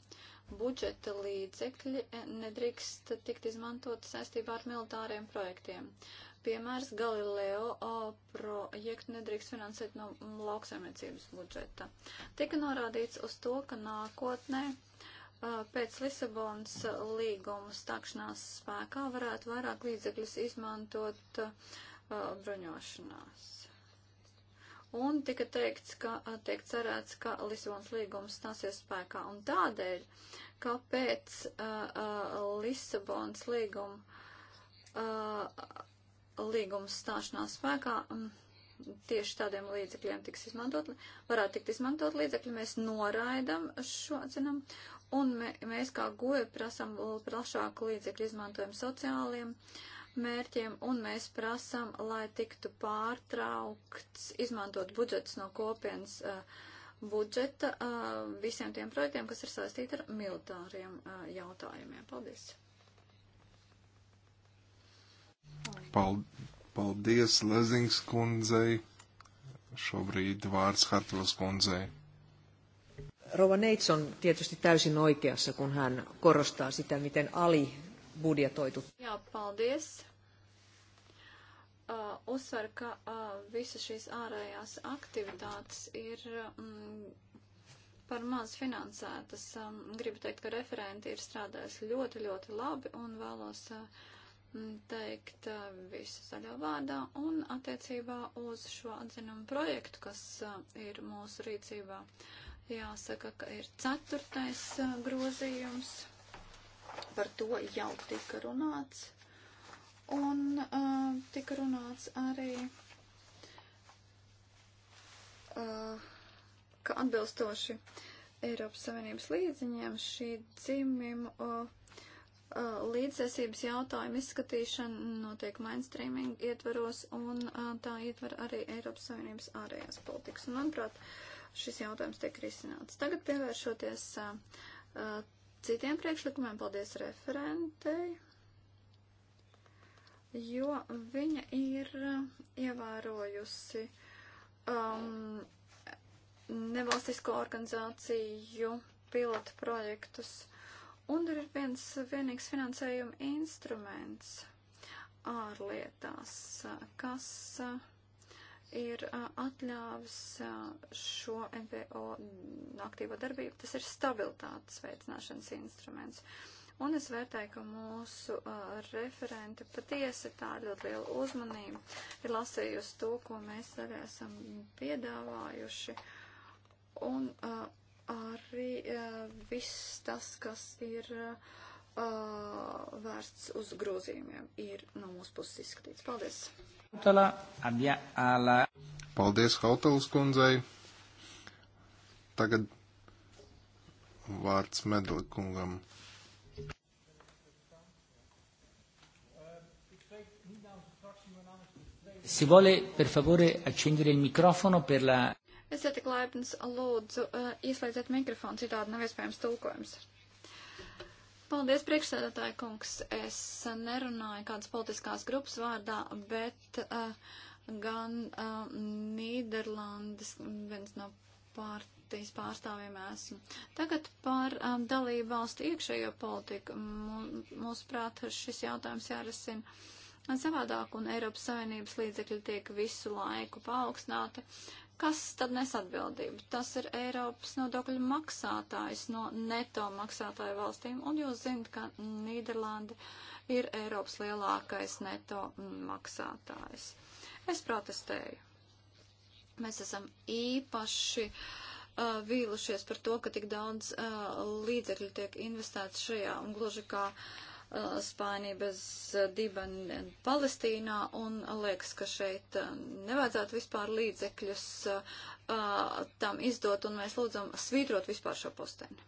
budžeta līdzekļi nedrīkst tikt izmantot saistībā ar militāriem projektiem. Uh, piemērs Galileo projektu nedrīkst finansēt no mm, lauksaimniecības budžeta. Tika norādīts uz to, ka nākotnē pēc Lisabonas līguma stākšanās spēkā varētu vairāk līdzekļus izmantot bruņošanās. Un tika teikts, ka tiek cerēts, ka Lisabonas līgums stāsies spēkā. Un tādēļ, ka pēc uh, uh, Lisabonas līguma uh, līgums stāšanās spēkā um, tieši tādiem līdzekļiem tiks izmantot, varētu tikt izmantot līdzekļi, mēs noraidam šo atzinam, un mēs kā goja prasam plašāku līdzekļu izmantojumu sociāliem mērķiem, un mēs prasam, lai tiktu pārtraukts izmantot budžets no kopienas uh, budžeta uh, visiem tiem projektiem, kas ir saistīti ar militāriem uh, jautājumiem. Paldies! Paldies Lezings kundzei. Šobrīd vārds Hartvelas kundzei. Rova Neits on tietysti täysin oikeassa, kun hän korostaa sitä, miten alibudjetoitu. Jā, paldies. Uh, uzsver, ka uh, visas šīs ārējās aktivitātes ir mm, par maz finansētas. Um, gribu teikt, ka referenti ir strādājusi ļoti, ļoti labi un vēlos uh, teikt visu zaļo vārdā un attiecībā uz šo atzinumu projektu, kas ir mūsu rīcībā. Jāsaka, ka ir ceturtais grozījums, par to jau tika runāts, un uh, tika runāts arī, uh, ka atbilstoši Eiropas Savienības līdziņiem šī dzimuma. Uh, līdzsēsības jautājumu izskatīšana notiek mainstreaming ietvaros un tā ietver arī Eiropas Savienības ārējās politikas. Un, manuprāt, šis jautājums tiek risināts. Tagad pievēršoties citiem priekšlikumiem, paldies referentei, jo viņa ir ievērojusi um, nevalstisko organizāciju pilotu projektus Un tur ir viens vienīgs finansējuma instruments ārlietās, kas uh, ir uh, atļāvis uh, šo NPO aktīvo darbību. Tas ir stabilitātes veicināšanas instruments. Un es vērtēju, ka mūsu uh, referente patiesi tā ar ļoti lielu uzmanību ir lasējusi to, ko mēs arī esam piedāvājuši. Un uh, arī eh, viss tas, kas ir eh, vērsts uz grozījumiem, ir no mūsu puses izskatīts. Paldies! Paldies Hautalas kundzei. Tagad vārds Medlikungam. Si vuole per favore accendere il microfono per la. Es ja tik laipns lūdzu uh, ieslēdziet mikrofonu, citādi nav iespējams tulkojums. Paldies, priekšsēdētāji kungs. Es nerunāju kādas politiskās grupas vārdā, bet uh, gan uh, Nīderlandes, viens no partijas pārstāvjiem esmu. Tagad par um, dalību valstu iekšējo politiku. Mūsuprāt, šis jautājums jārisina savādāk, un Eiropas Savienības līdzekļi tiek visu laiku paaugstināti. Uh, Kas tad nes atbildību? Tas ir Eiropas nodokļu maksātājs no neto maksātāju valstīm, un jūs zinat, ka Nīderlanda ir Eiropas lielākais neto maksātājs. Es protestēju. Mēs esam īpaši uh, vīlušies par to, ka tik daudz uh, līdzekļu tiek investēts šajā, un gluži kā uh, Uh, spainības uh, dibeni uh, Palestīnā un liekas, ka šeit nevajadzētu vispār līdzekļus tam izdot un mēs lūdzam svītrot vispār šo posteni.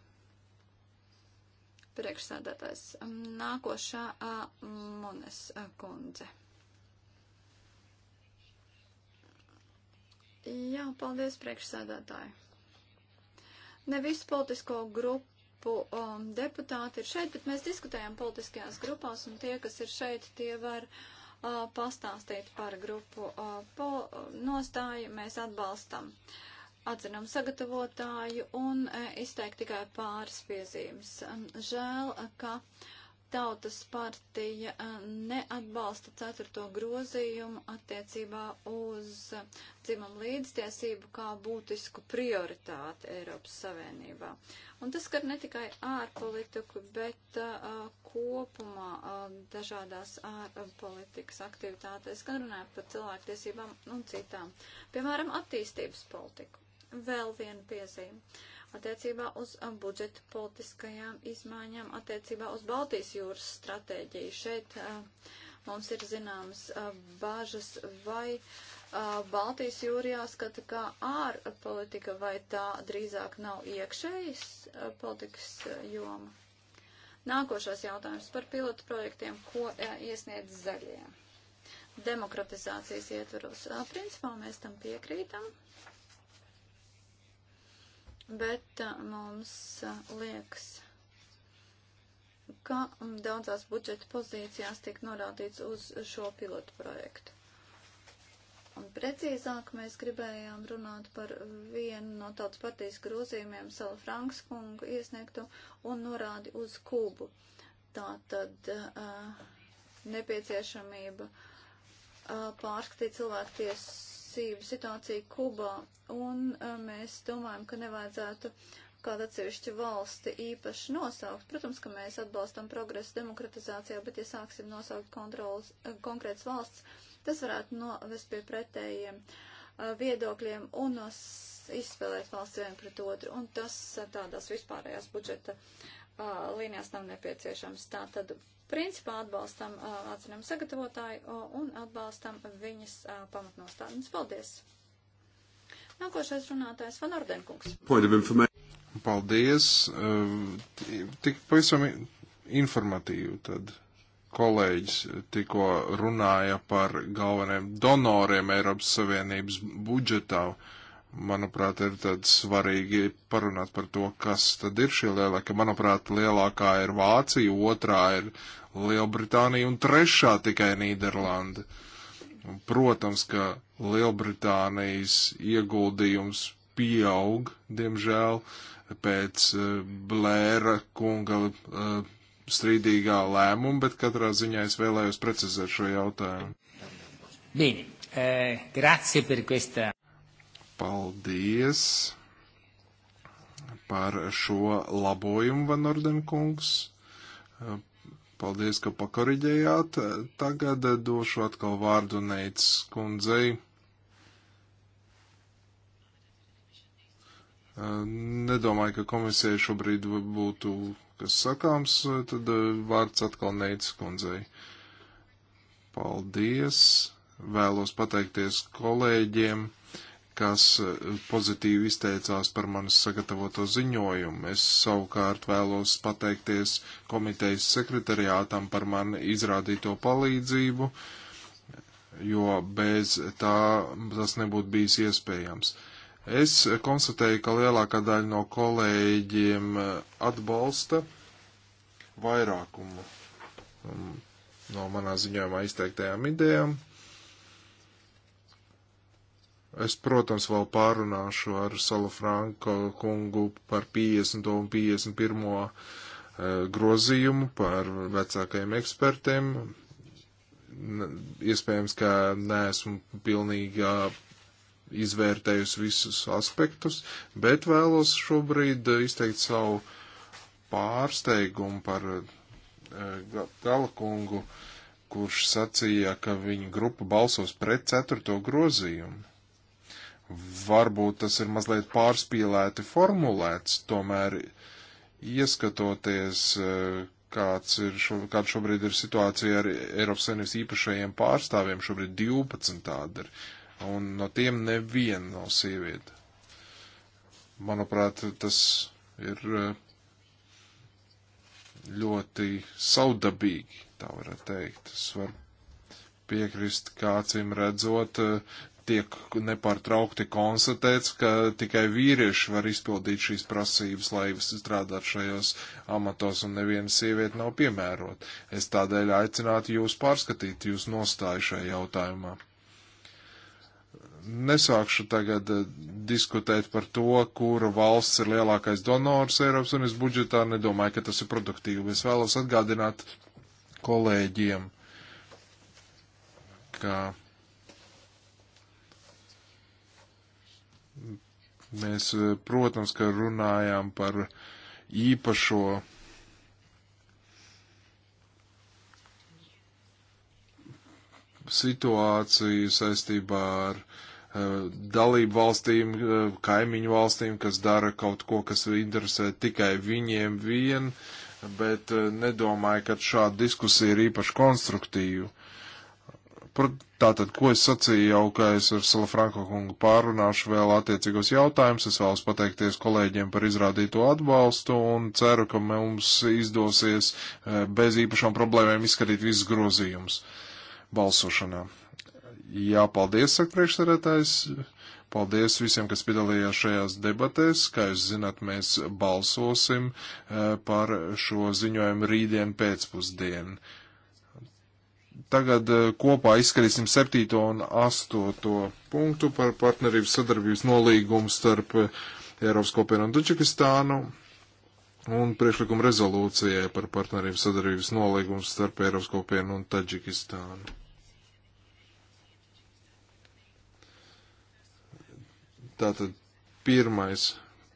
Priekšsēdētājs. Um, nākošā Mones kundze. Jā, paldies priekšsēdētāji. Ne visu politisko grupu grupu um, deputāti ir šeit, bet mēs diskutējam politiskajās grupās, un tie, kas ir šeit, tie var uh, pastāstīt par grupu uh, po, nostāju. Mēs atbalstam atzinam sagatavotāju un uh, izteikt tikai pāris piezīmes. Um, žēl, ka. Uh, Tautas partija eh, neatbalsta ceturto grozījumu attiecībā uz eh, dzimumu līdztiesību kā būtisku prioritāti Eiropas Savienībā. Un tas skar ne tikai ārpolitiku, bet uh, kopumā uh, dažādās ārpolitikas aktivitātēs, gan runājot par cilvēktiesībām un citām, piemēram, attīstības politiku. Vēl viena piezīme. Uh, attiecībā uz budžeta politiskajām izmaiņām, attiecībā uz Baltijas jūras stratēģiju. Šeit a, mums ir zināmas bāžas, vai a, Baltijas jūra jāskata kā ārpolitika, vai tā drīzāk nav iekšējas politikas joma. Nākošais jautājums par pilotu projektiem, ko a, iesniedz zaļie. Demokratizācijas ietvaros. Principā mēs tam piekrītam. Uh, bet uh, mums uh, liekas, ka daudzās budžeta pozīcijās tiek norādīts uz šo pilotu projektu. Un precīzāk mēs gribējām runāt par vienu no tautas partijas grozījumiem Sala Franks kungu iesniegto un norādi uz Kubu. Tā tad uh, nepieciešamība uh, pārskatīt cilvēktiesas tiesību situācija Kubā, un e, mēs domājam, ka nevajadzētu kādu atsevišķu valsti īpaši nosaukt. Protams, ka mēs atbalstam progresu demokratizācijā, bet ja sāksim nosaukt kontrols, e, konkrēts valsts, tas varētu novest pie pretējiem e, viedokļiem un nos izspēlēt valsts vienu pret otru, un tas tādās vispārējās budžeta uh, līnijās nav nepieciešams. Tā tad Principā atbalstam atzinam sagatavotāju un atbalstam viņas pamatnostādnes. Paldies! Nākošais runātājs Van Ordenkungs. Paldies! Tik pavisam informatīvi tad kolēģis tikko runāja par galveniem donoriem Eiropas Savienības budžetā. Uh, manuprāt, ir tad svarīgi parunāt par to, kas tad ir šī lielākā. Manuprāt, lielākā ir Vācija, otrā ir Lielbritānija un trešā tikai Nīderlanda. Protams, ka Lielbritānijas ieguldījums pieaug, diemžēl, pēc eh, Blēra kunga eh, strīdīgā lēmuma, bet katrā ziņā es vēlējos precizēt šo jautājumu. Bene, eh, grazie per questa. Paldies par šo labojumu, Van Ordenkungs. Paldies, ka pakoriģējāt. Tagad došu atkal vārdu Neits kundzei. Nedomāju, ka komisijai šobrīd būtu kas sakāms, tad vārds atkal neicis kundzei. Paldies! Vēlos pateikties kolēģiem kas eh, pozitīvi izteicās par manis sagatavoto ziņojumu. Es savukārt vēlos pateikties komitejas sekretariātam par man izrādīto palīdzību, jo bez tā tas nebūtu bijis iespējams. Es konstatēju, ka lielākā daļa no kolēģiem eh, atbalsta vairākumu um, no manā ziņojumā izteiktajām idejām. Es, protams, vēl pārunāšu ar Salafranko kungu par 50. un 51. Eh, grozījumu par vecākajiem ekspertiem. Iespējams, ka neesmu pilnīgā izvērtējusi visus aspektus, bet vēlos šobrīd izteikt savu pārsteigumu par Galakungu, kurš sacīja, ka viņa grupa balsos pret ceturto grozījumu. Varbūt tas ir mazliet pārspīlēti formulēts, tomēr ieskatoties, e, kāds ir šo, kāda šobrīd ir situācija ar Eiropas Savienības īpašajiem pārstāvjiem, šobrīd 12 tāda ir, un no tiem neviena nav no sieviete. Manuprāt, tas ir e, ļoti saudabīgi, tā varētu teikt. Es varu piekrist, kā acīm redzot, e, tiek nepārtraukti konstatēts, ka tikai vīrieši var izpildīt šīs prasības, lai strādātu šajos amatos, un neviena sieviete nav piemērot. Es tādēļ aicinātu jūs pārskatīt jūs nostāju šajā jautājumā. Nesākšu tagad eh, diskutēt par to, kura valsts ir lielākais donors Eiropas un es budžetā nedomāju, ka tas ir produktīvi. Es vēlos atgādināt kolēģiem, ka Mēs, eh, protams, ka runājām par īpašo situāciju saistībā ar uh, dalību valstīm, uh, kaimiņu valstīm, kas dara kaut ko, kas interesē tikai viņiem vien, bet uh, nedomāju, ka šāda diskusija ir īpaši konstruktīva. Tātad, ko es sacīju jau, ka es ar Salafranko kungu pārunāšu vēl attiecīgos jautājumus. Es vēlos pateikties kolēģiem par izrādīto atbalstu un ceru, ka mums izdosies eh, bez īpašām problēmām izskatīt visus grozījumus balsošanā. Jā, paldies, saka priekšsarētājs. Paldies visiem, kas piedalījās šajās debatēs. Kā jūs zināt, mēs balsosim eh, par šo ziņojumu rītdien pēcpusdienu. Tagad eh, kopā izskatīsim 7. un 8. punktu par partnerības sadarbības nolīgumu starp eh, Eiropas kopienu un Dučikistānu un priekšlikumu rezolūcijai par partnerības sadarbības nolīgumu starp Eiropas kopienu un Taģikistānu. Tātad pirmais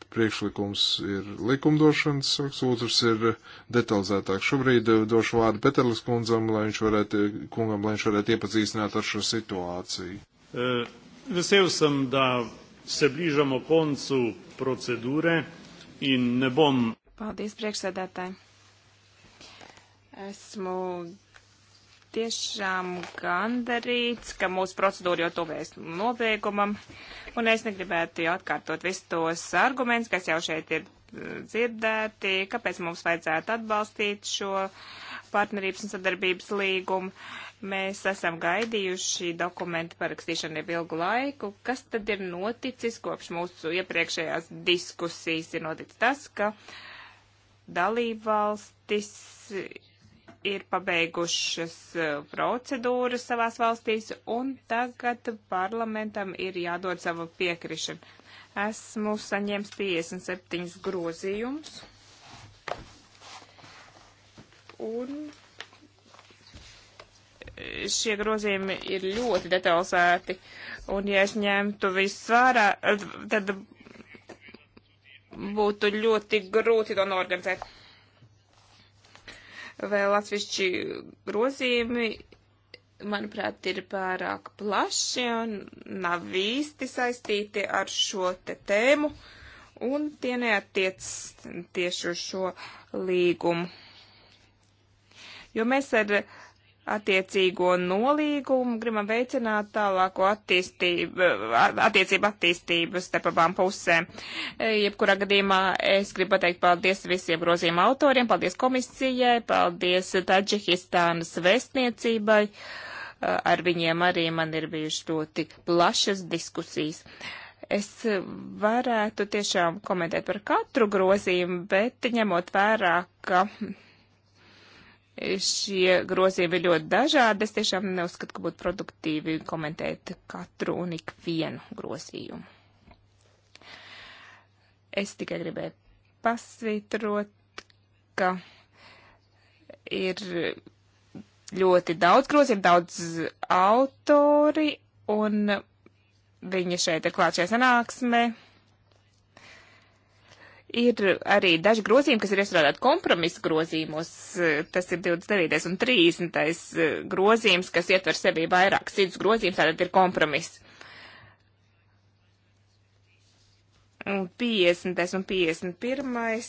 priekšlikums ir likumdošanas, otrs ir detalizētāks. Šobrīd eh, došu vārdu Peterlis kundzam, lai viņš varētu, kungam, lai viņš varētu iepazīstināt ar šo situāciju. Eh, vesel sem, da se bližamo koncu procedūre in ne bom. Paldies, priekšsēdētāji. Esmu tiešām gandarīts, ka mūsu procedūra jau tuvēs nobeigumam, un es negribētu jau atkārtot visus tos argumentus, kas jau šeit ir eh, dzirdēti, kāpēc mums vajadzētu atbalstīt šo partnerības un sadarbības līgumu. Mēs esam gaidījuši dokumentu parakstīšanu jau ilgu laiku. Kas tad ir noticis kopš mūsu iepriekšējās diskusijas? Ir noticis tas, ka dalībvalstis ir pabeigušas eh, procedūras savās valstīs, un tagad parlamentam ir jādod savu piekrišanu. Esmu saņēmis 57 grozījumus, un šie grozījumi ir ļoti detalizēti, un ja es ņemtu visu vērā, tad būtu ļoti grūti to norganizēt vēl atsevišķi grozījumi, manuprāt, ir pārāk plaši un nav īsti saistīti ar šo te tēmu, un tie neatiec tieši uz šo līgumu. Jo mēs ar uh, attiecīgo nolīgumu, gribam veicināt tālāko attīstību, attiecību attīstību starp abām pusēm. E, jebkurā gadījumā es gribu pateikt paldies visiem grozījuma autoriem, paldies komisijai, paldies Taģihistānas vēstniecībai. E, ar viņiem arī man ir bijušas ļoti plašas diskusijas. Es varētu tiešām komentēt par katru grozījumu, bet ņemot vērā, ka Šie grozījumi ir ļoti dažādi. Es tiešām neuzskatu, ka būtu produktīvi komentēt katru un ikvienu grozījumu. Es tikai gribēju pasvītrot, ka ir ļoti daudz grozījumu, daudz autori, un viņi šeit ir klāt šajā sanāksmē. Ir arī daži grozījumi, kas ir iestrādāti kompromisu grozīmos, tas ir 29. un 30. Eh, grozījums, kas ietver sevi vairāk citus grozījumus, tātad ir kompromiss. 50. un 51.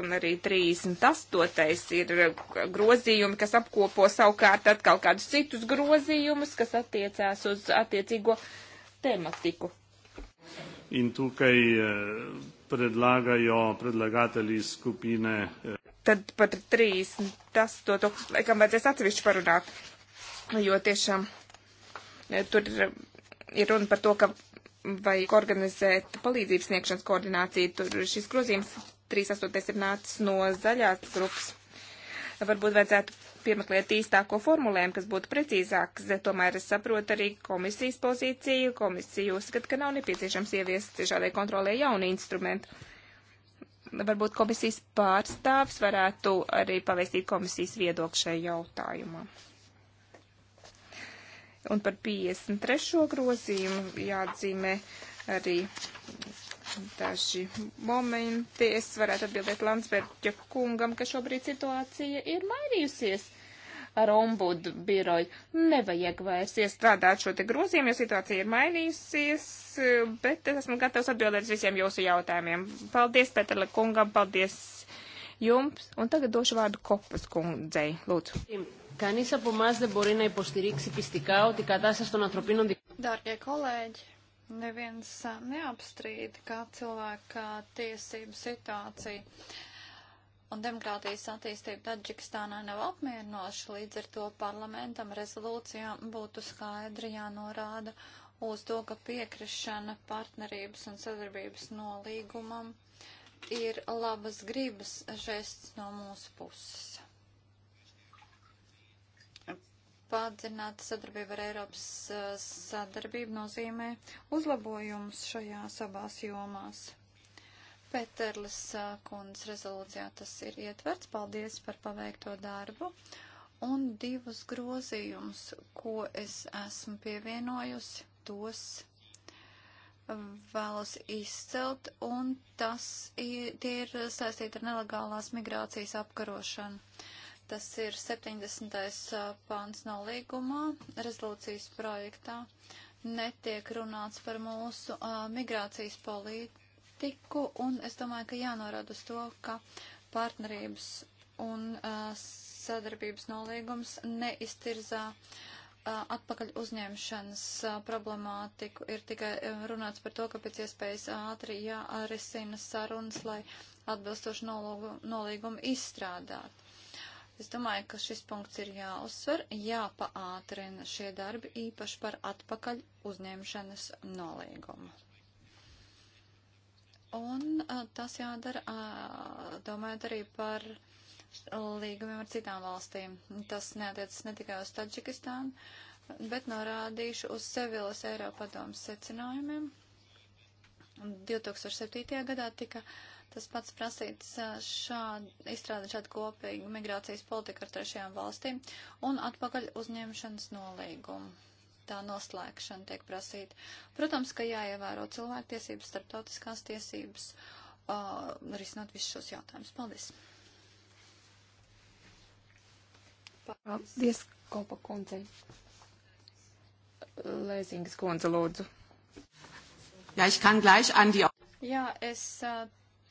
un arī 38. ir grozījumi, kas apkopo savukārt atkal kādus citus grozījumus, kas attiecās uz attiecīgo tematiku. Intu, kai, uh eh, predlagajo predlagatelji skupine. Eh, Tad par trīs, tas to, to laikam vajadzēs atsevišķi parunāt, jo tiešām eh, tur eh, ir runa par to, ka vajag organizēt palīdzības sniegšanas koordināciju. Tur šis grozījums 3.8. ir nācis no zaļās grupas. Varbūt vajadzētu piemeklēt īstāko formulējumu, kas būtu precīzāks. Tomēr es saprotu arī komisijas pozīciju. Komisija uzskata, ka nav nepieciešams ieviest šādai kontrolē jaunu instrumentu. Varbūt komisijas pārstāvs varētu arī pavēstīt komisijas viedokli šajā jautājumā. Un par 53. grozījumu jāatzīmē arī daži momenti. Es varētu atbildēt Landsbergja kungam, ka šobrīd situācija ir mainījusies ar ombudu biroju. Nevajag vairs iestrādāt šo te grozījumu, jo situācija ir mainīsies, bet es esmu gatavs atbildēt uz visiem jūsu jautājumiem. Paldies Petrle kungam, paldies jums, un tagad došu vārdu Kopas kundzei. Lūdzu. Κανείς από εμά δεν μπορεί να υποστηρίξει πιστικά ότι η κατάσταση των ανθρωπίνων δικαιωμάτων. Neviens uh, neapstrīd, kā cilvēka tiesību situācija un demokrātijas attīstība Tadžikistānā nav apmierinoša, līdz ar to parlamentam rezolūcijā būtu skaidri jānorāda uz to, ka piekrišana partnerības un sadarbības nolīgumam ir labas gribas žests no mūsu puses. Pādzināta sadarbība ar Eiropas uh, sadarbību nozīmē uzlabojums šajās abās jomās. Pēterlis kundas rezolūcijā tas ir ietverts. Paldies par paveikto darbu. Un divus grozījumus, ko es esmu pievienojusi, tos vēlos izcelt, un tas ir, tie ir saistīti ar nelegālās migrācijas apkarošanu. Tas ir 70. pāns no līgumā, rezolūcijas projektā. Netiek runāts par mūsu uh, migrācijas polī politiku, un es domāju, ka jānorāda uz to, ka partnerības un uh, sadarbības nolīgums neiztirzā uh, atpakaļ uzņemšanas uh, problemātiku. Ir tikai runāts par to, ka pēc iespējas ātri jārisina sarunas, lai atbilstoši nolūgu, nolīgumu izstrādāt. Es domāju, ka šis punkts ir jāuzsver, jāpaātrina šie darbi īpaši par atpakaļ uzņemšanas nolīgumu. Un uh, tas jādara, uh, domājot arī par līgumiem ar citām valstīm. Tas neatiecas ne tikai uz Taģikistānu, bet norādīšu uz Sevilas Eiropadomas secinājumiem. 2007. gadā tika tas pats prasīts šādi, izstrādāt šādu kopīgu migrācijas politiku ar trešajām valstīm un atpakaļ uzņemšanas nolīgumu tā noslēgšana tiek prasīta. Protams, ka jāievēro cilvēktiesības, starptautiskās tiesības, uh, risinot visus šos jautājumus. Paldies! Paldies, Kopa kundze. Lēzingas kundze, lūdzu. Jā, es kan gleich an die. Jā, es uh,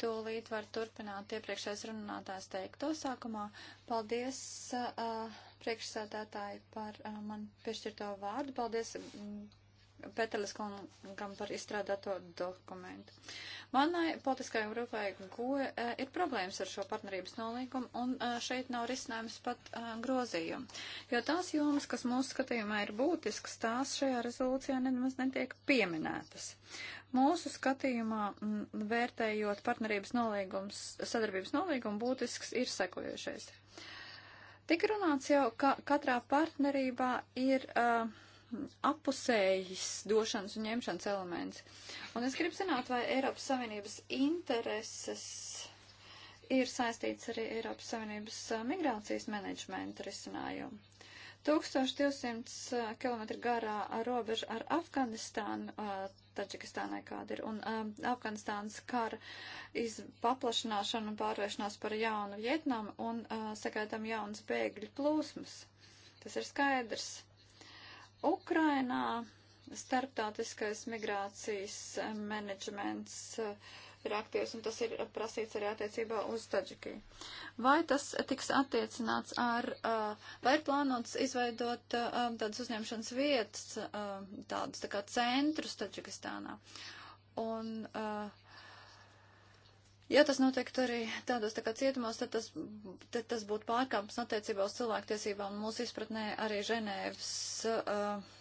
tūlīt varu turpināt iepriekšējais runātājs teikto sākumā. Paldies. Uh, priekšsādātāji par uh, man piešķirto vārdu. Paldies mm, Petelis kungam par izstrādāto dokumentu. Manai politiskajai grupai GOE uh, ir problēmas ar šo partnerības nolīgumu, un uh, šeit nav risinājums pat uh, grozījumu. Jo tās jomas, kas mūsu skatījumā ir būtiskas, tās šajā rezolūcijā nemaz netiek pieminētas. Mūsu skatījumā, m, mm, vērtējot partnerības nolīgums, sadarbības nolīgumu, būtisks ir sekojošais. Uh, Tik runāts jau, ka katrā partnerībā ir uh, apusējas došanas un ņemšanas elements. Un es gribu zināt, vai Eiropas Savienības intereses ir saistīts arī Eiropas Savienības uh, migrācijas menedžmenta risinājumu. 1200 uh, km garā robeža ar Afganistānu uh, Taģikistānai kāda ir. Un um, Afganistānas kara paplašināšana un pārvēršanās par jaunu Vietnamu un uh, sagaidām jaunas bēgļu plūsmas. Tas ir skaidrs. Ukrainā starptautiskais migrācijas eh, menedžments. Uh, ir aktīvs, un tas ir prasīts arī attiecībā uz Tadžikiju. Vai tas tiks attiecināts ar, uh, vai ir plānots izveidot uh, um, tādas uzņemšanas vietas, uh, tādas tā kā centrus Tadžikistānā? Un, Ja tas notiektu arī tādos tā kā cietumos, tad tas, tad tas būtu pārkāpums attiecībā uz cilvēktiesībām un mūsu izpratnē arī Ženēvas uh,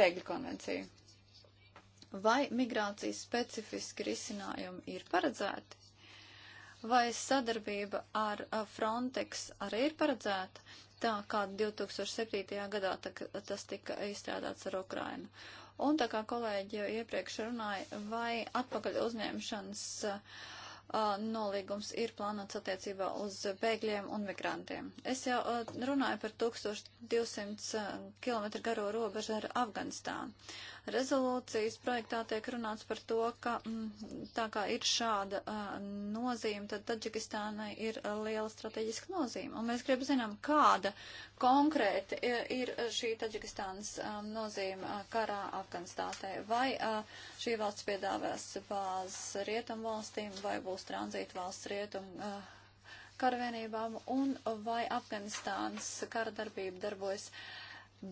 bēgļu konvenciju vai migrācijas specifiski risinājumi ir paredzēti, vai sadarbība ar Frontex arī ir paredzēta, tā kā 2007. gadā tā, tas tika izstrādāts ar Ukrainu. Un tā kā kolēģi jau iepriekš runāja, vai atpakaļ uzņemšanas uh, nolīgums ir plānots attiecībā uz bēgļiem un migrantiem. Es jau runāju par 1200 km garo robežu ar Afganistānu. Rezolūcijas projektā tiek runāts par to, ka m, mm, tā kā ir šāda uh, nozīme, tad Taģikistānai ir uh, liela strateģiska nozīme. Un mēs gribam zinām, kāda konkrēti ir šī Taģikistānas um, nozīme karā Afganistātē. Vai uh, šī valsts piedāvās bāzes rietumu valstīm, vai būs tranzīta valsts rietumu. Uh, karavienībām un vai Afganistānas kara darbība darbojas uh,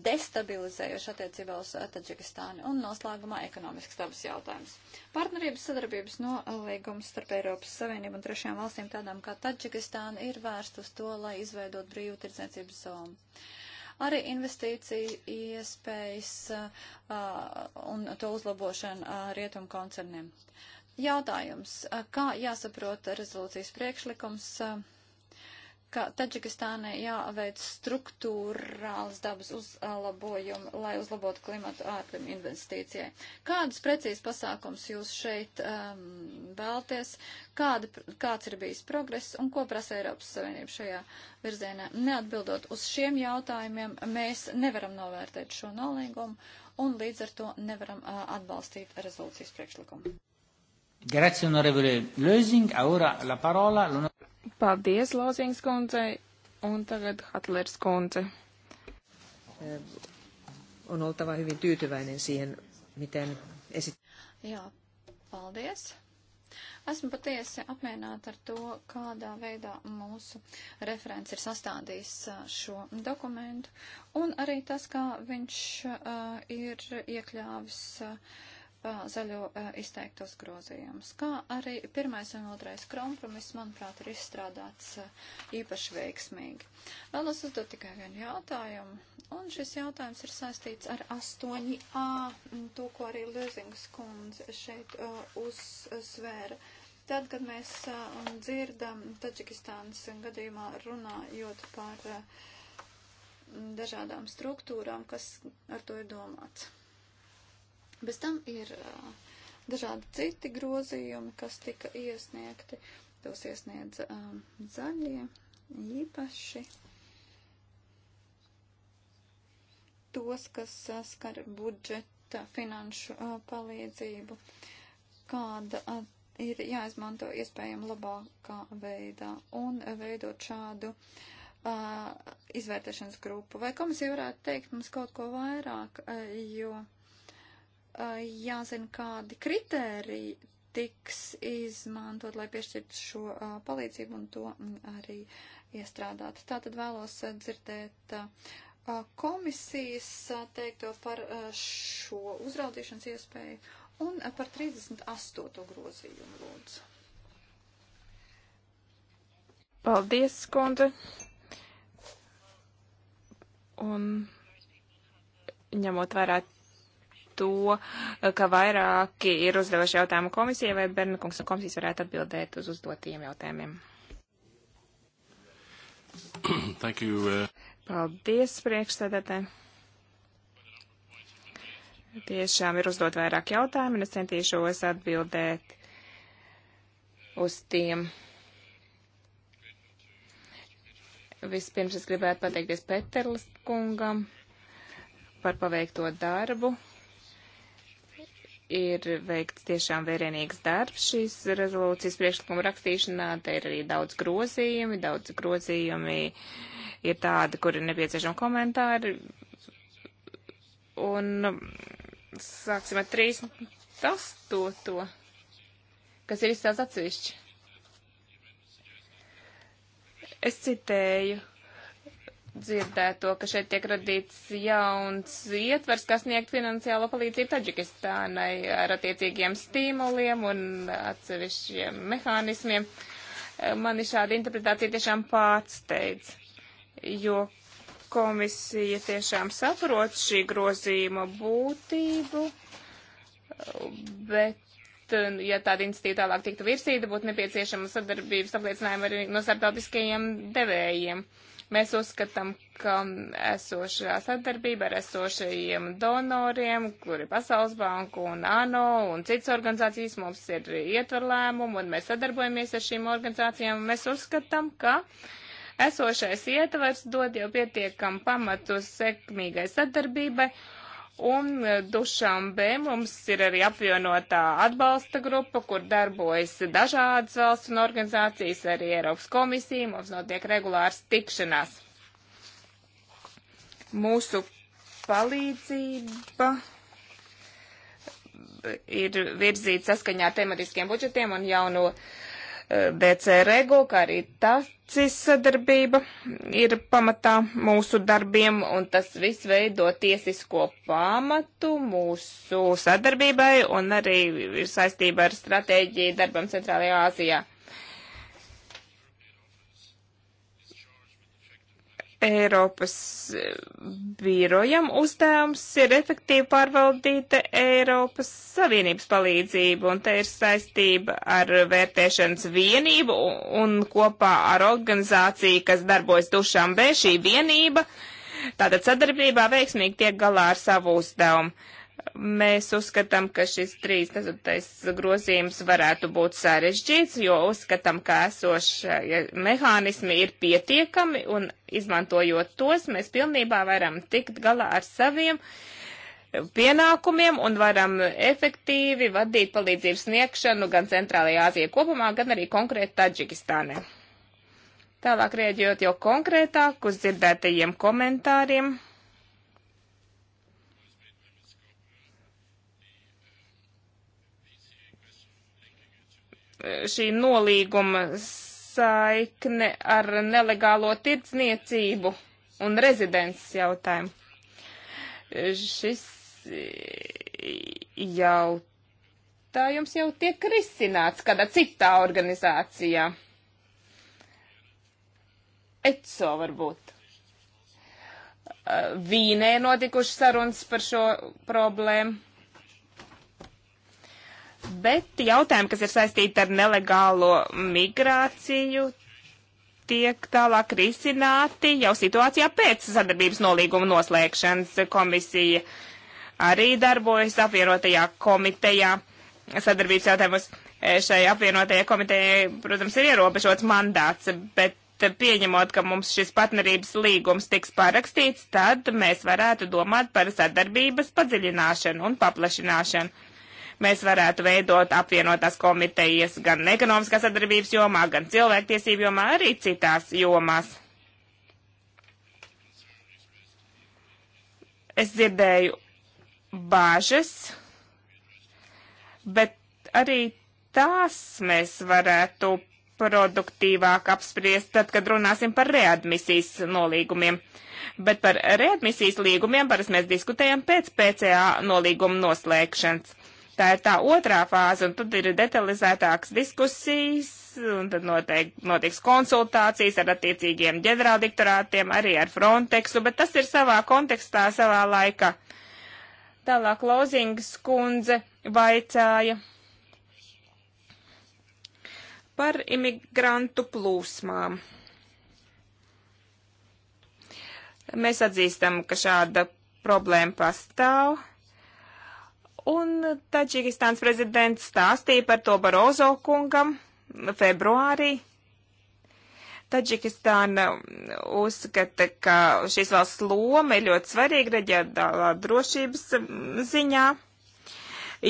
destabilizējoši attiecībā uz uh, Taģikistānu un noslēgumā ekonomisks dabas jautājums. Partnerības sadarbības nolīgums starp Eiropas Savienību un trešajām valstīm tādām kā Taģikistāna ir vērst uz to, lai izveidot brīvu tirdzniecības zonu. Arī investīcija iespējas uh, uh, un to uzlabošana uh, rietumu koncerniem. Jautājums, uh, kā jāsaprot rezolūcijas priekšlikums? Uh, ka Taģikistānai jāveic struktūrāls dabas uzlabojumi, lai uzlabotu klimatu ārpiem investīcijai. Kādus precīzi pasākums jūs šeit um, vēlties, kāda, kāds ir bijis progress un ko prasa Eiropas Savienība šajā virzienā? Neatbildot uz šiem jautājumiem, mēs nevaram novērtēt šo nolīgumu un līdz ar to nevaram uh, atbalstīt rezolūcijas priekšlikumu. Grazie onorevole Lösing, ora la parola. Paldies, Lozings kundzei, un tagad Hatlers kundze. Eh, on oltava hyvin tyytyväinen siihen, miten esit... Jā, paldies. Esmu patiesi apmierināta ar to, kādā veidā mūsu referents ir sastādījis eh, šo dokumentu, un arī tas, kā viņš uh, ir iekļāvis uh, zaļo izteiktos grozījumus. Kā arī pirmais un otrais kompromiss, manuprāt, ir izstrādāts īpaši veiksmīgi. Vēlos uzdot tikai vienu jautājumu, un šis jautājums ir saistīts ar 8a, to, ko arī Lēzings kundze šeit uh, uzsvēra. Tad, kad mēs uh, dzirdam Taģikistānas gadījumā runājot par uh, dažādām struktūrām, kas ar to ir domāts. Bez tam ir uh, dažādi citi grozījumi, kas tika iesniegti. Tos iesniedz um, zaļie īpaši. Tos, kas uh, skar budžeta finanšu uh, palīdzību, kāda uh, ir jāizmanto iespējami labākā veidā un veidot šādu uh, izvērtēšanas grupu. Vai komisija varētu teikt mums kaut ko vairāk, uh, jo jāzina, kādi kritēriji tiks izmantot, lai piešķirtu šo palīdzību un to mm, arī iestrādāt. Tātad vēlos dzirdēt komisijas teikto par šo uzraudzīšanas iespēju un par 38. grozījumu lūdzu. Paldies, kundze. Un ņemot vairāk to, ka vairāki ir uzdevuši jautājumu komisijai, vai Bernakungs un komisijas varētu atbildēt uz uzdotajiem jautājumiem. Thank you. Uh, Paldies, priekšsēdētāji. Tiešām ir uzdot vairāk jautājumu, un es centīšos atbildēt uz tiem. Vispirms es gribētu pateikties Peterlis kungam par paveikto darbu ir veikts tiešām vērienīgs darbs šīs rezolūcijas priekšlikuma rakstīšanā. Te ir arī daudz grozījumi, daudz grozījumi ir tādi, kur ir nepieciešami komentāri. Un um, sāksim ar 38, kas ir izstāsts atsevišķi. Es citēju dzirdēto, ka šeit tiek radīts jauns ietvers, kas sniegt finansiālo palīdzību Taģikistānai ar attiecīgiem stimuliem un atsevišķiem mehānismiem. Mani šāda interpretācija tiešām pārsteidz, jo komisija tiešām saprot šī grozījuma būtību, bet ja tāda institīva tālāk tiktu virsīta, būtu nepieciešama sadarbības apliecinājuma arī no starptautiskajiem devējiem. Uh, Mēs uzskatām, ka esošā sadarbība ar esošajiem donoriem, kuri Pasaules banku un ANO un citas organizācijas mums ir ietvarlēmumu un mēs sadarbojamies ar šīm organizācijām, mēs uzskatām, ka esošais ietvars dod jau pietiekam pamatus sekmīgai sadarbībai Un e, Dušambē mums ir arī apvienotā atbalsta grupa, kur darbojas dažādas valsts un organizācijas, arī Eiropas komisija. Mums notiek regulārs tikšanās. Mūsu palīdzība ir virzīta saskaņā tematiskiem budžetiem un jauno uh, DC Rego, kā arī tacis sadarbība ir pamatā mūsu darbiem, un tas viss veido tiesisko pamatu mūsu sadarbībai un arī ir saistība ar stratēģiju darbam Centrālajā Āzijā. Eiropas eh, birojam uzdevums ir efektīvi pārvaldīta Eiropas Savienības palīdzība, un te ir saistība ar vērtēšanas vienību un kopā ar organizāciju, kas darbojas dušām bē, šī vienība, tātad sadarbībā veiksmīgi tiek galā ar savu uzdevumu. Mēs uzskatām, ka šis 13. grozījums varētu būt sarežģīts, jo uzskatām, ka esošie mehānismi ir pietiekami un izmantojot tos, mēs pilnībā varam tikt galā ar saviem pienākumiem un varam efektīvi vadīt palīdzību sniegšanu gan Centrālajā Āzijā kopumā, gan arī konkrēti Taģikistānē. Tālāk rieģot jau konkrētāk uz dzirdētajiem komentāriem šī nolīguma saikne ar nelegālo tirdzniecību un rezidents jautājumu. Šis jautājums jau tiek risināts kādā citā organizācijā. ECO varbūt. Vīnē notikušas sarunas par šo problēmu Bet jautājumi, kas ir saistīti ar nelegālo migrāciju, tiek tālāk risināti jau situācijā pēc sadarbības nolīguma noslēgšanas komisija arī darbojas apvienotajā komitejā sadarbības jautājumus. E, šai apvienotajai komitejai, protams, ir ierobežots mandāts, bet pieņemot, ka mums šis partnerības līgums tiks parakstīts, tad mēs varētu domāt par sadarbības padziļināšanu un paplašināšanu mēs varētu veidot apvienotās komitejas gan ekonomiskās sadarbības jomā, gan cilvēktiesību jomā, arī citās jomās. Es dzirdēju bāžas, bet arī tās mēs varētu produktīvāk apspriest, tad, kad runāsim par readmisijas nolīgumiem. Bet par readmisijas līgumiem parasti mēs diskutējam pēc PCA nolīguma noslēgšanas. Tā ir tā otrā fāze, un tad ir detalizētāks diskusijas, un tad noteik, notiks konsultācijas ar attiecīgiem ģenerāldiktorātiem, arī ar Frontexu, bet tas ir savā kontekstā, savā laikā. Tālāk Lozingas kundze vaicāja par imigrantu plūsmām. Mēs atzīstam, ka šāda problēma pastāv Un Taģikistāns prezidents stāstīja par to Barozo kungam februārī. Taģikistāna uzskata, ka šīs valsts loma ir ļoti svarīga reģionālā drošības ziņā,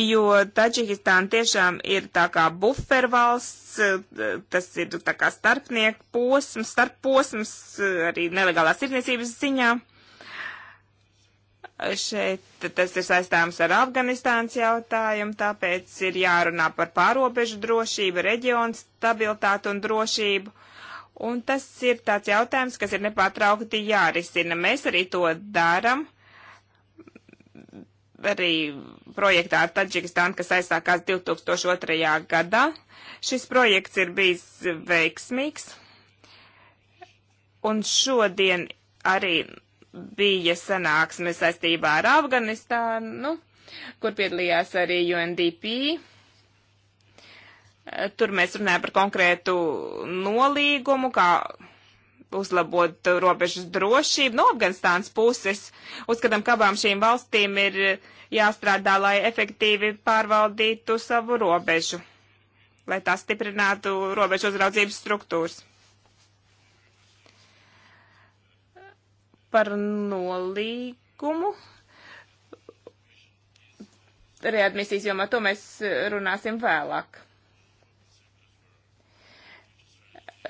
jo Taģikistāna tiešām ir tā kā bufervalsts, tas ir tā kā starpnieku posms, starp posms arī nelegālās tirdzniecības ziņā. Šeit tas ir saistāms ar Afganistānas jautājumu, tāpēc ir jārunā par pārobežu drošību, reģionu stabilitātu un drošību. Un tas ir tāds jautājums, kas ir nepārtraukti jārisina. Mēs arī to daram. Arī projektā ar Taģikistānu, kas aizsākās 2002. gadā. Šis projekts ir bijis veiksmīgs. Un šodien arī bija sanāksme saistībā ar Afganistānu, kur piedalījās arī UNDP. Tur mēs runājam par konkrētu nolīgumu, kā uzlabot robežas drošību no Afganistānas puses. Uzskatām, ka abām šīm valstīm ir jāstrādā, lai efektīvi pārvaldītu savu robežu, lai tā stiprinātu robežu uzraudzības struktūras. par nolīgumu readmisijas jomā. To mēs runāsim vēlāk.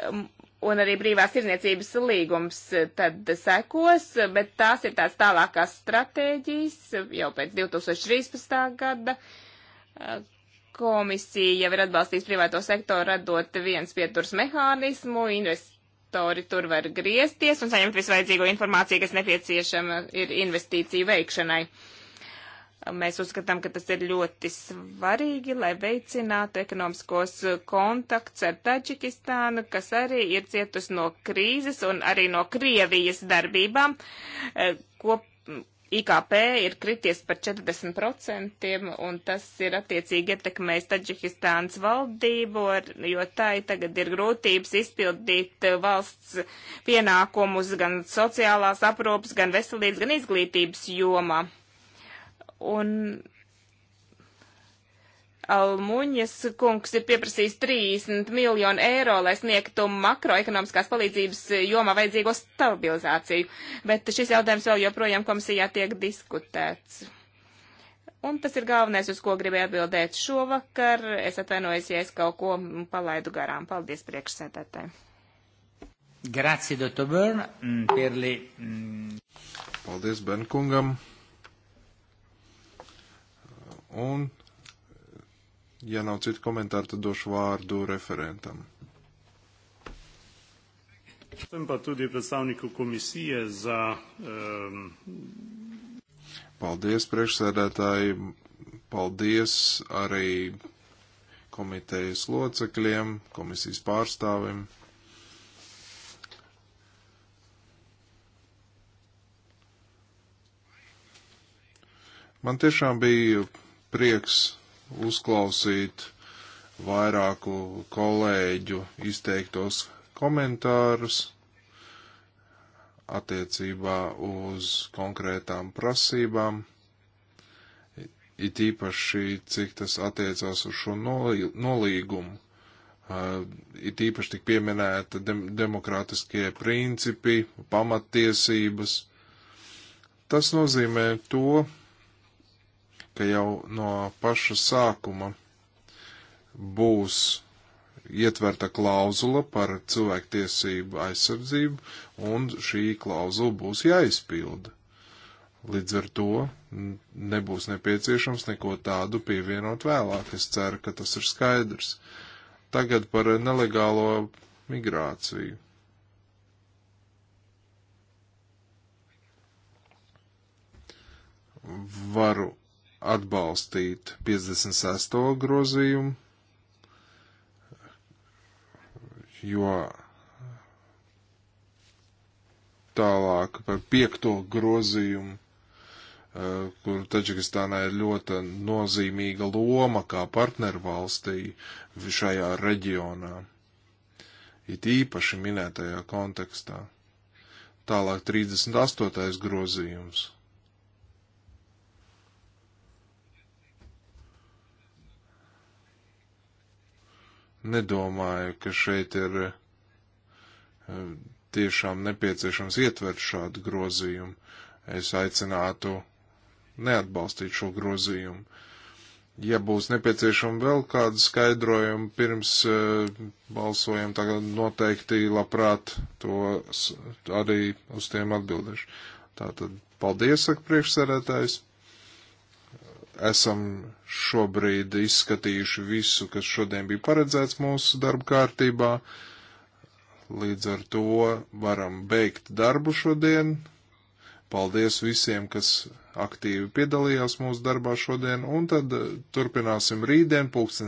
Um, un arī brīvās tirzniecības līgums tad sekos, bet tās ir tās tālākās stratēģijas jau pēc 2013. gada. Komisija jau ir atbalstījusi privāto sektoru radot viens pieturs mehānismu, invest, investori tur var griezties un saņemt visvajadzīgo informāciju, kas nepieciešama ir investīciju veikšanai. Mēs uzskatām, ka tas ir ļoti svarīgi, lai veicinātu ekonomiskos kontakts ar Taģikistānu, kas arī ir cietusi no krīzes un arī no Krievijas darbībām, eh, ko IKP ir krities par 40%, un tas ir attiecīgi ietekmējis Taģihistānas valdību, ar, jo tā tagad ir grūtības izpildīt valsts pienākumus gan sociālās aprūpas, gan veselības, gan izglītības jomā. Un Almuņas kungs ir pieprasījis 30 miljonu eiro, lai sniegtu makroekonomiskās palīdzības jomā vajadzīgo stabilizāciju, bet šis jautājums vēl joprojām komisijā tiek diskutēts. Un tas ir galvenais, uz ko gribēju atbildēt šovakar. Es atvainojos, ja es kaut ko palaidu garām. Paldies priekšsēdētāji. Grazie, doktor Bern, mm, per le... Mm. Paldies Benkungam. Un Ja nav citu komentāru, tad došu vārdu referentam. Sem pa tudi predstavniku komisije za. Um... Paldies, priekšsēdētāji. Paldies arī komitejas locekļiem, komisijas pārstāvim. Man tiešām bija prieks uzklausīt vairāku kolēģu izteiktos komentārus attiecībā uz konkrētām prasībām, it īpaši, cik tas attiecās uz šo nolīgumu. Uh, it īpaši tik pieminēta dem demokrātiskie principi, pamatiesības. Tas nozīmē to, ka jau no paša sākuma būs ietverta klauzula par cilvēktiesību aizsardzību, un šī klauzula būs jāizpilda. Līdz ar to nebūs nepieciešams neko tādu pievienot vēlāk. Es ceru, ka tas ir skaidrs. Tagad par nelegālo migrāciju. Varu atbalstīt 56. grozījumu, jo tālāk par 5. grozījumu, eh, kur Taģikistānai ir ļoti nozīmīga loma kā partnervalstī šajā reģionā, it īpaši minētajā kontekstā. Tālāk 38. grozījums nedomāju, ka šeit ir eh, tiešām nepieciešams ietvert šādu grozījumu. Es aicinātu neatbalstīt šo grozījumu. Ja būs nepieciešama vēl kāda skaidrojuma pirms uh, balsojam, tagad noteikti labprāt to arī uz tiem atbildēšu. Tātad paldies, saka priekšsarētājs esam šobrīd izskatījuši visu, kas šodien bija paredzēts mūsu darba kārtībā. Līdz ar to varam beigt darbu šodien. Paldies visiem, kas aktīvi piedalījās mūsu darbā šodien, un tad eh, turpināsim rītdien pulksten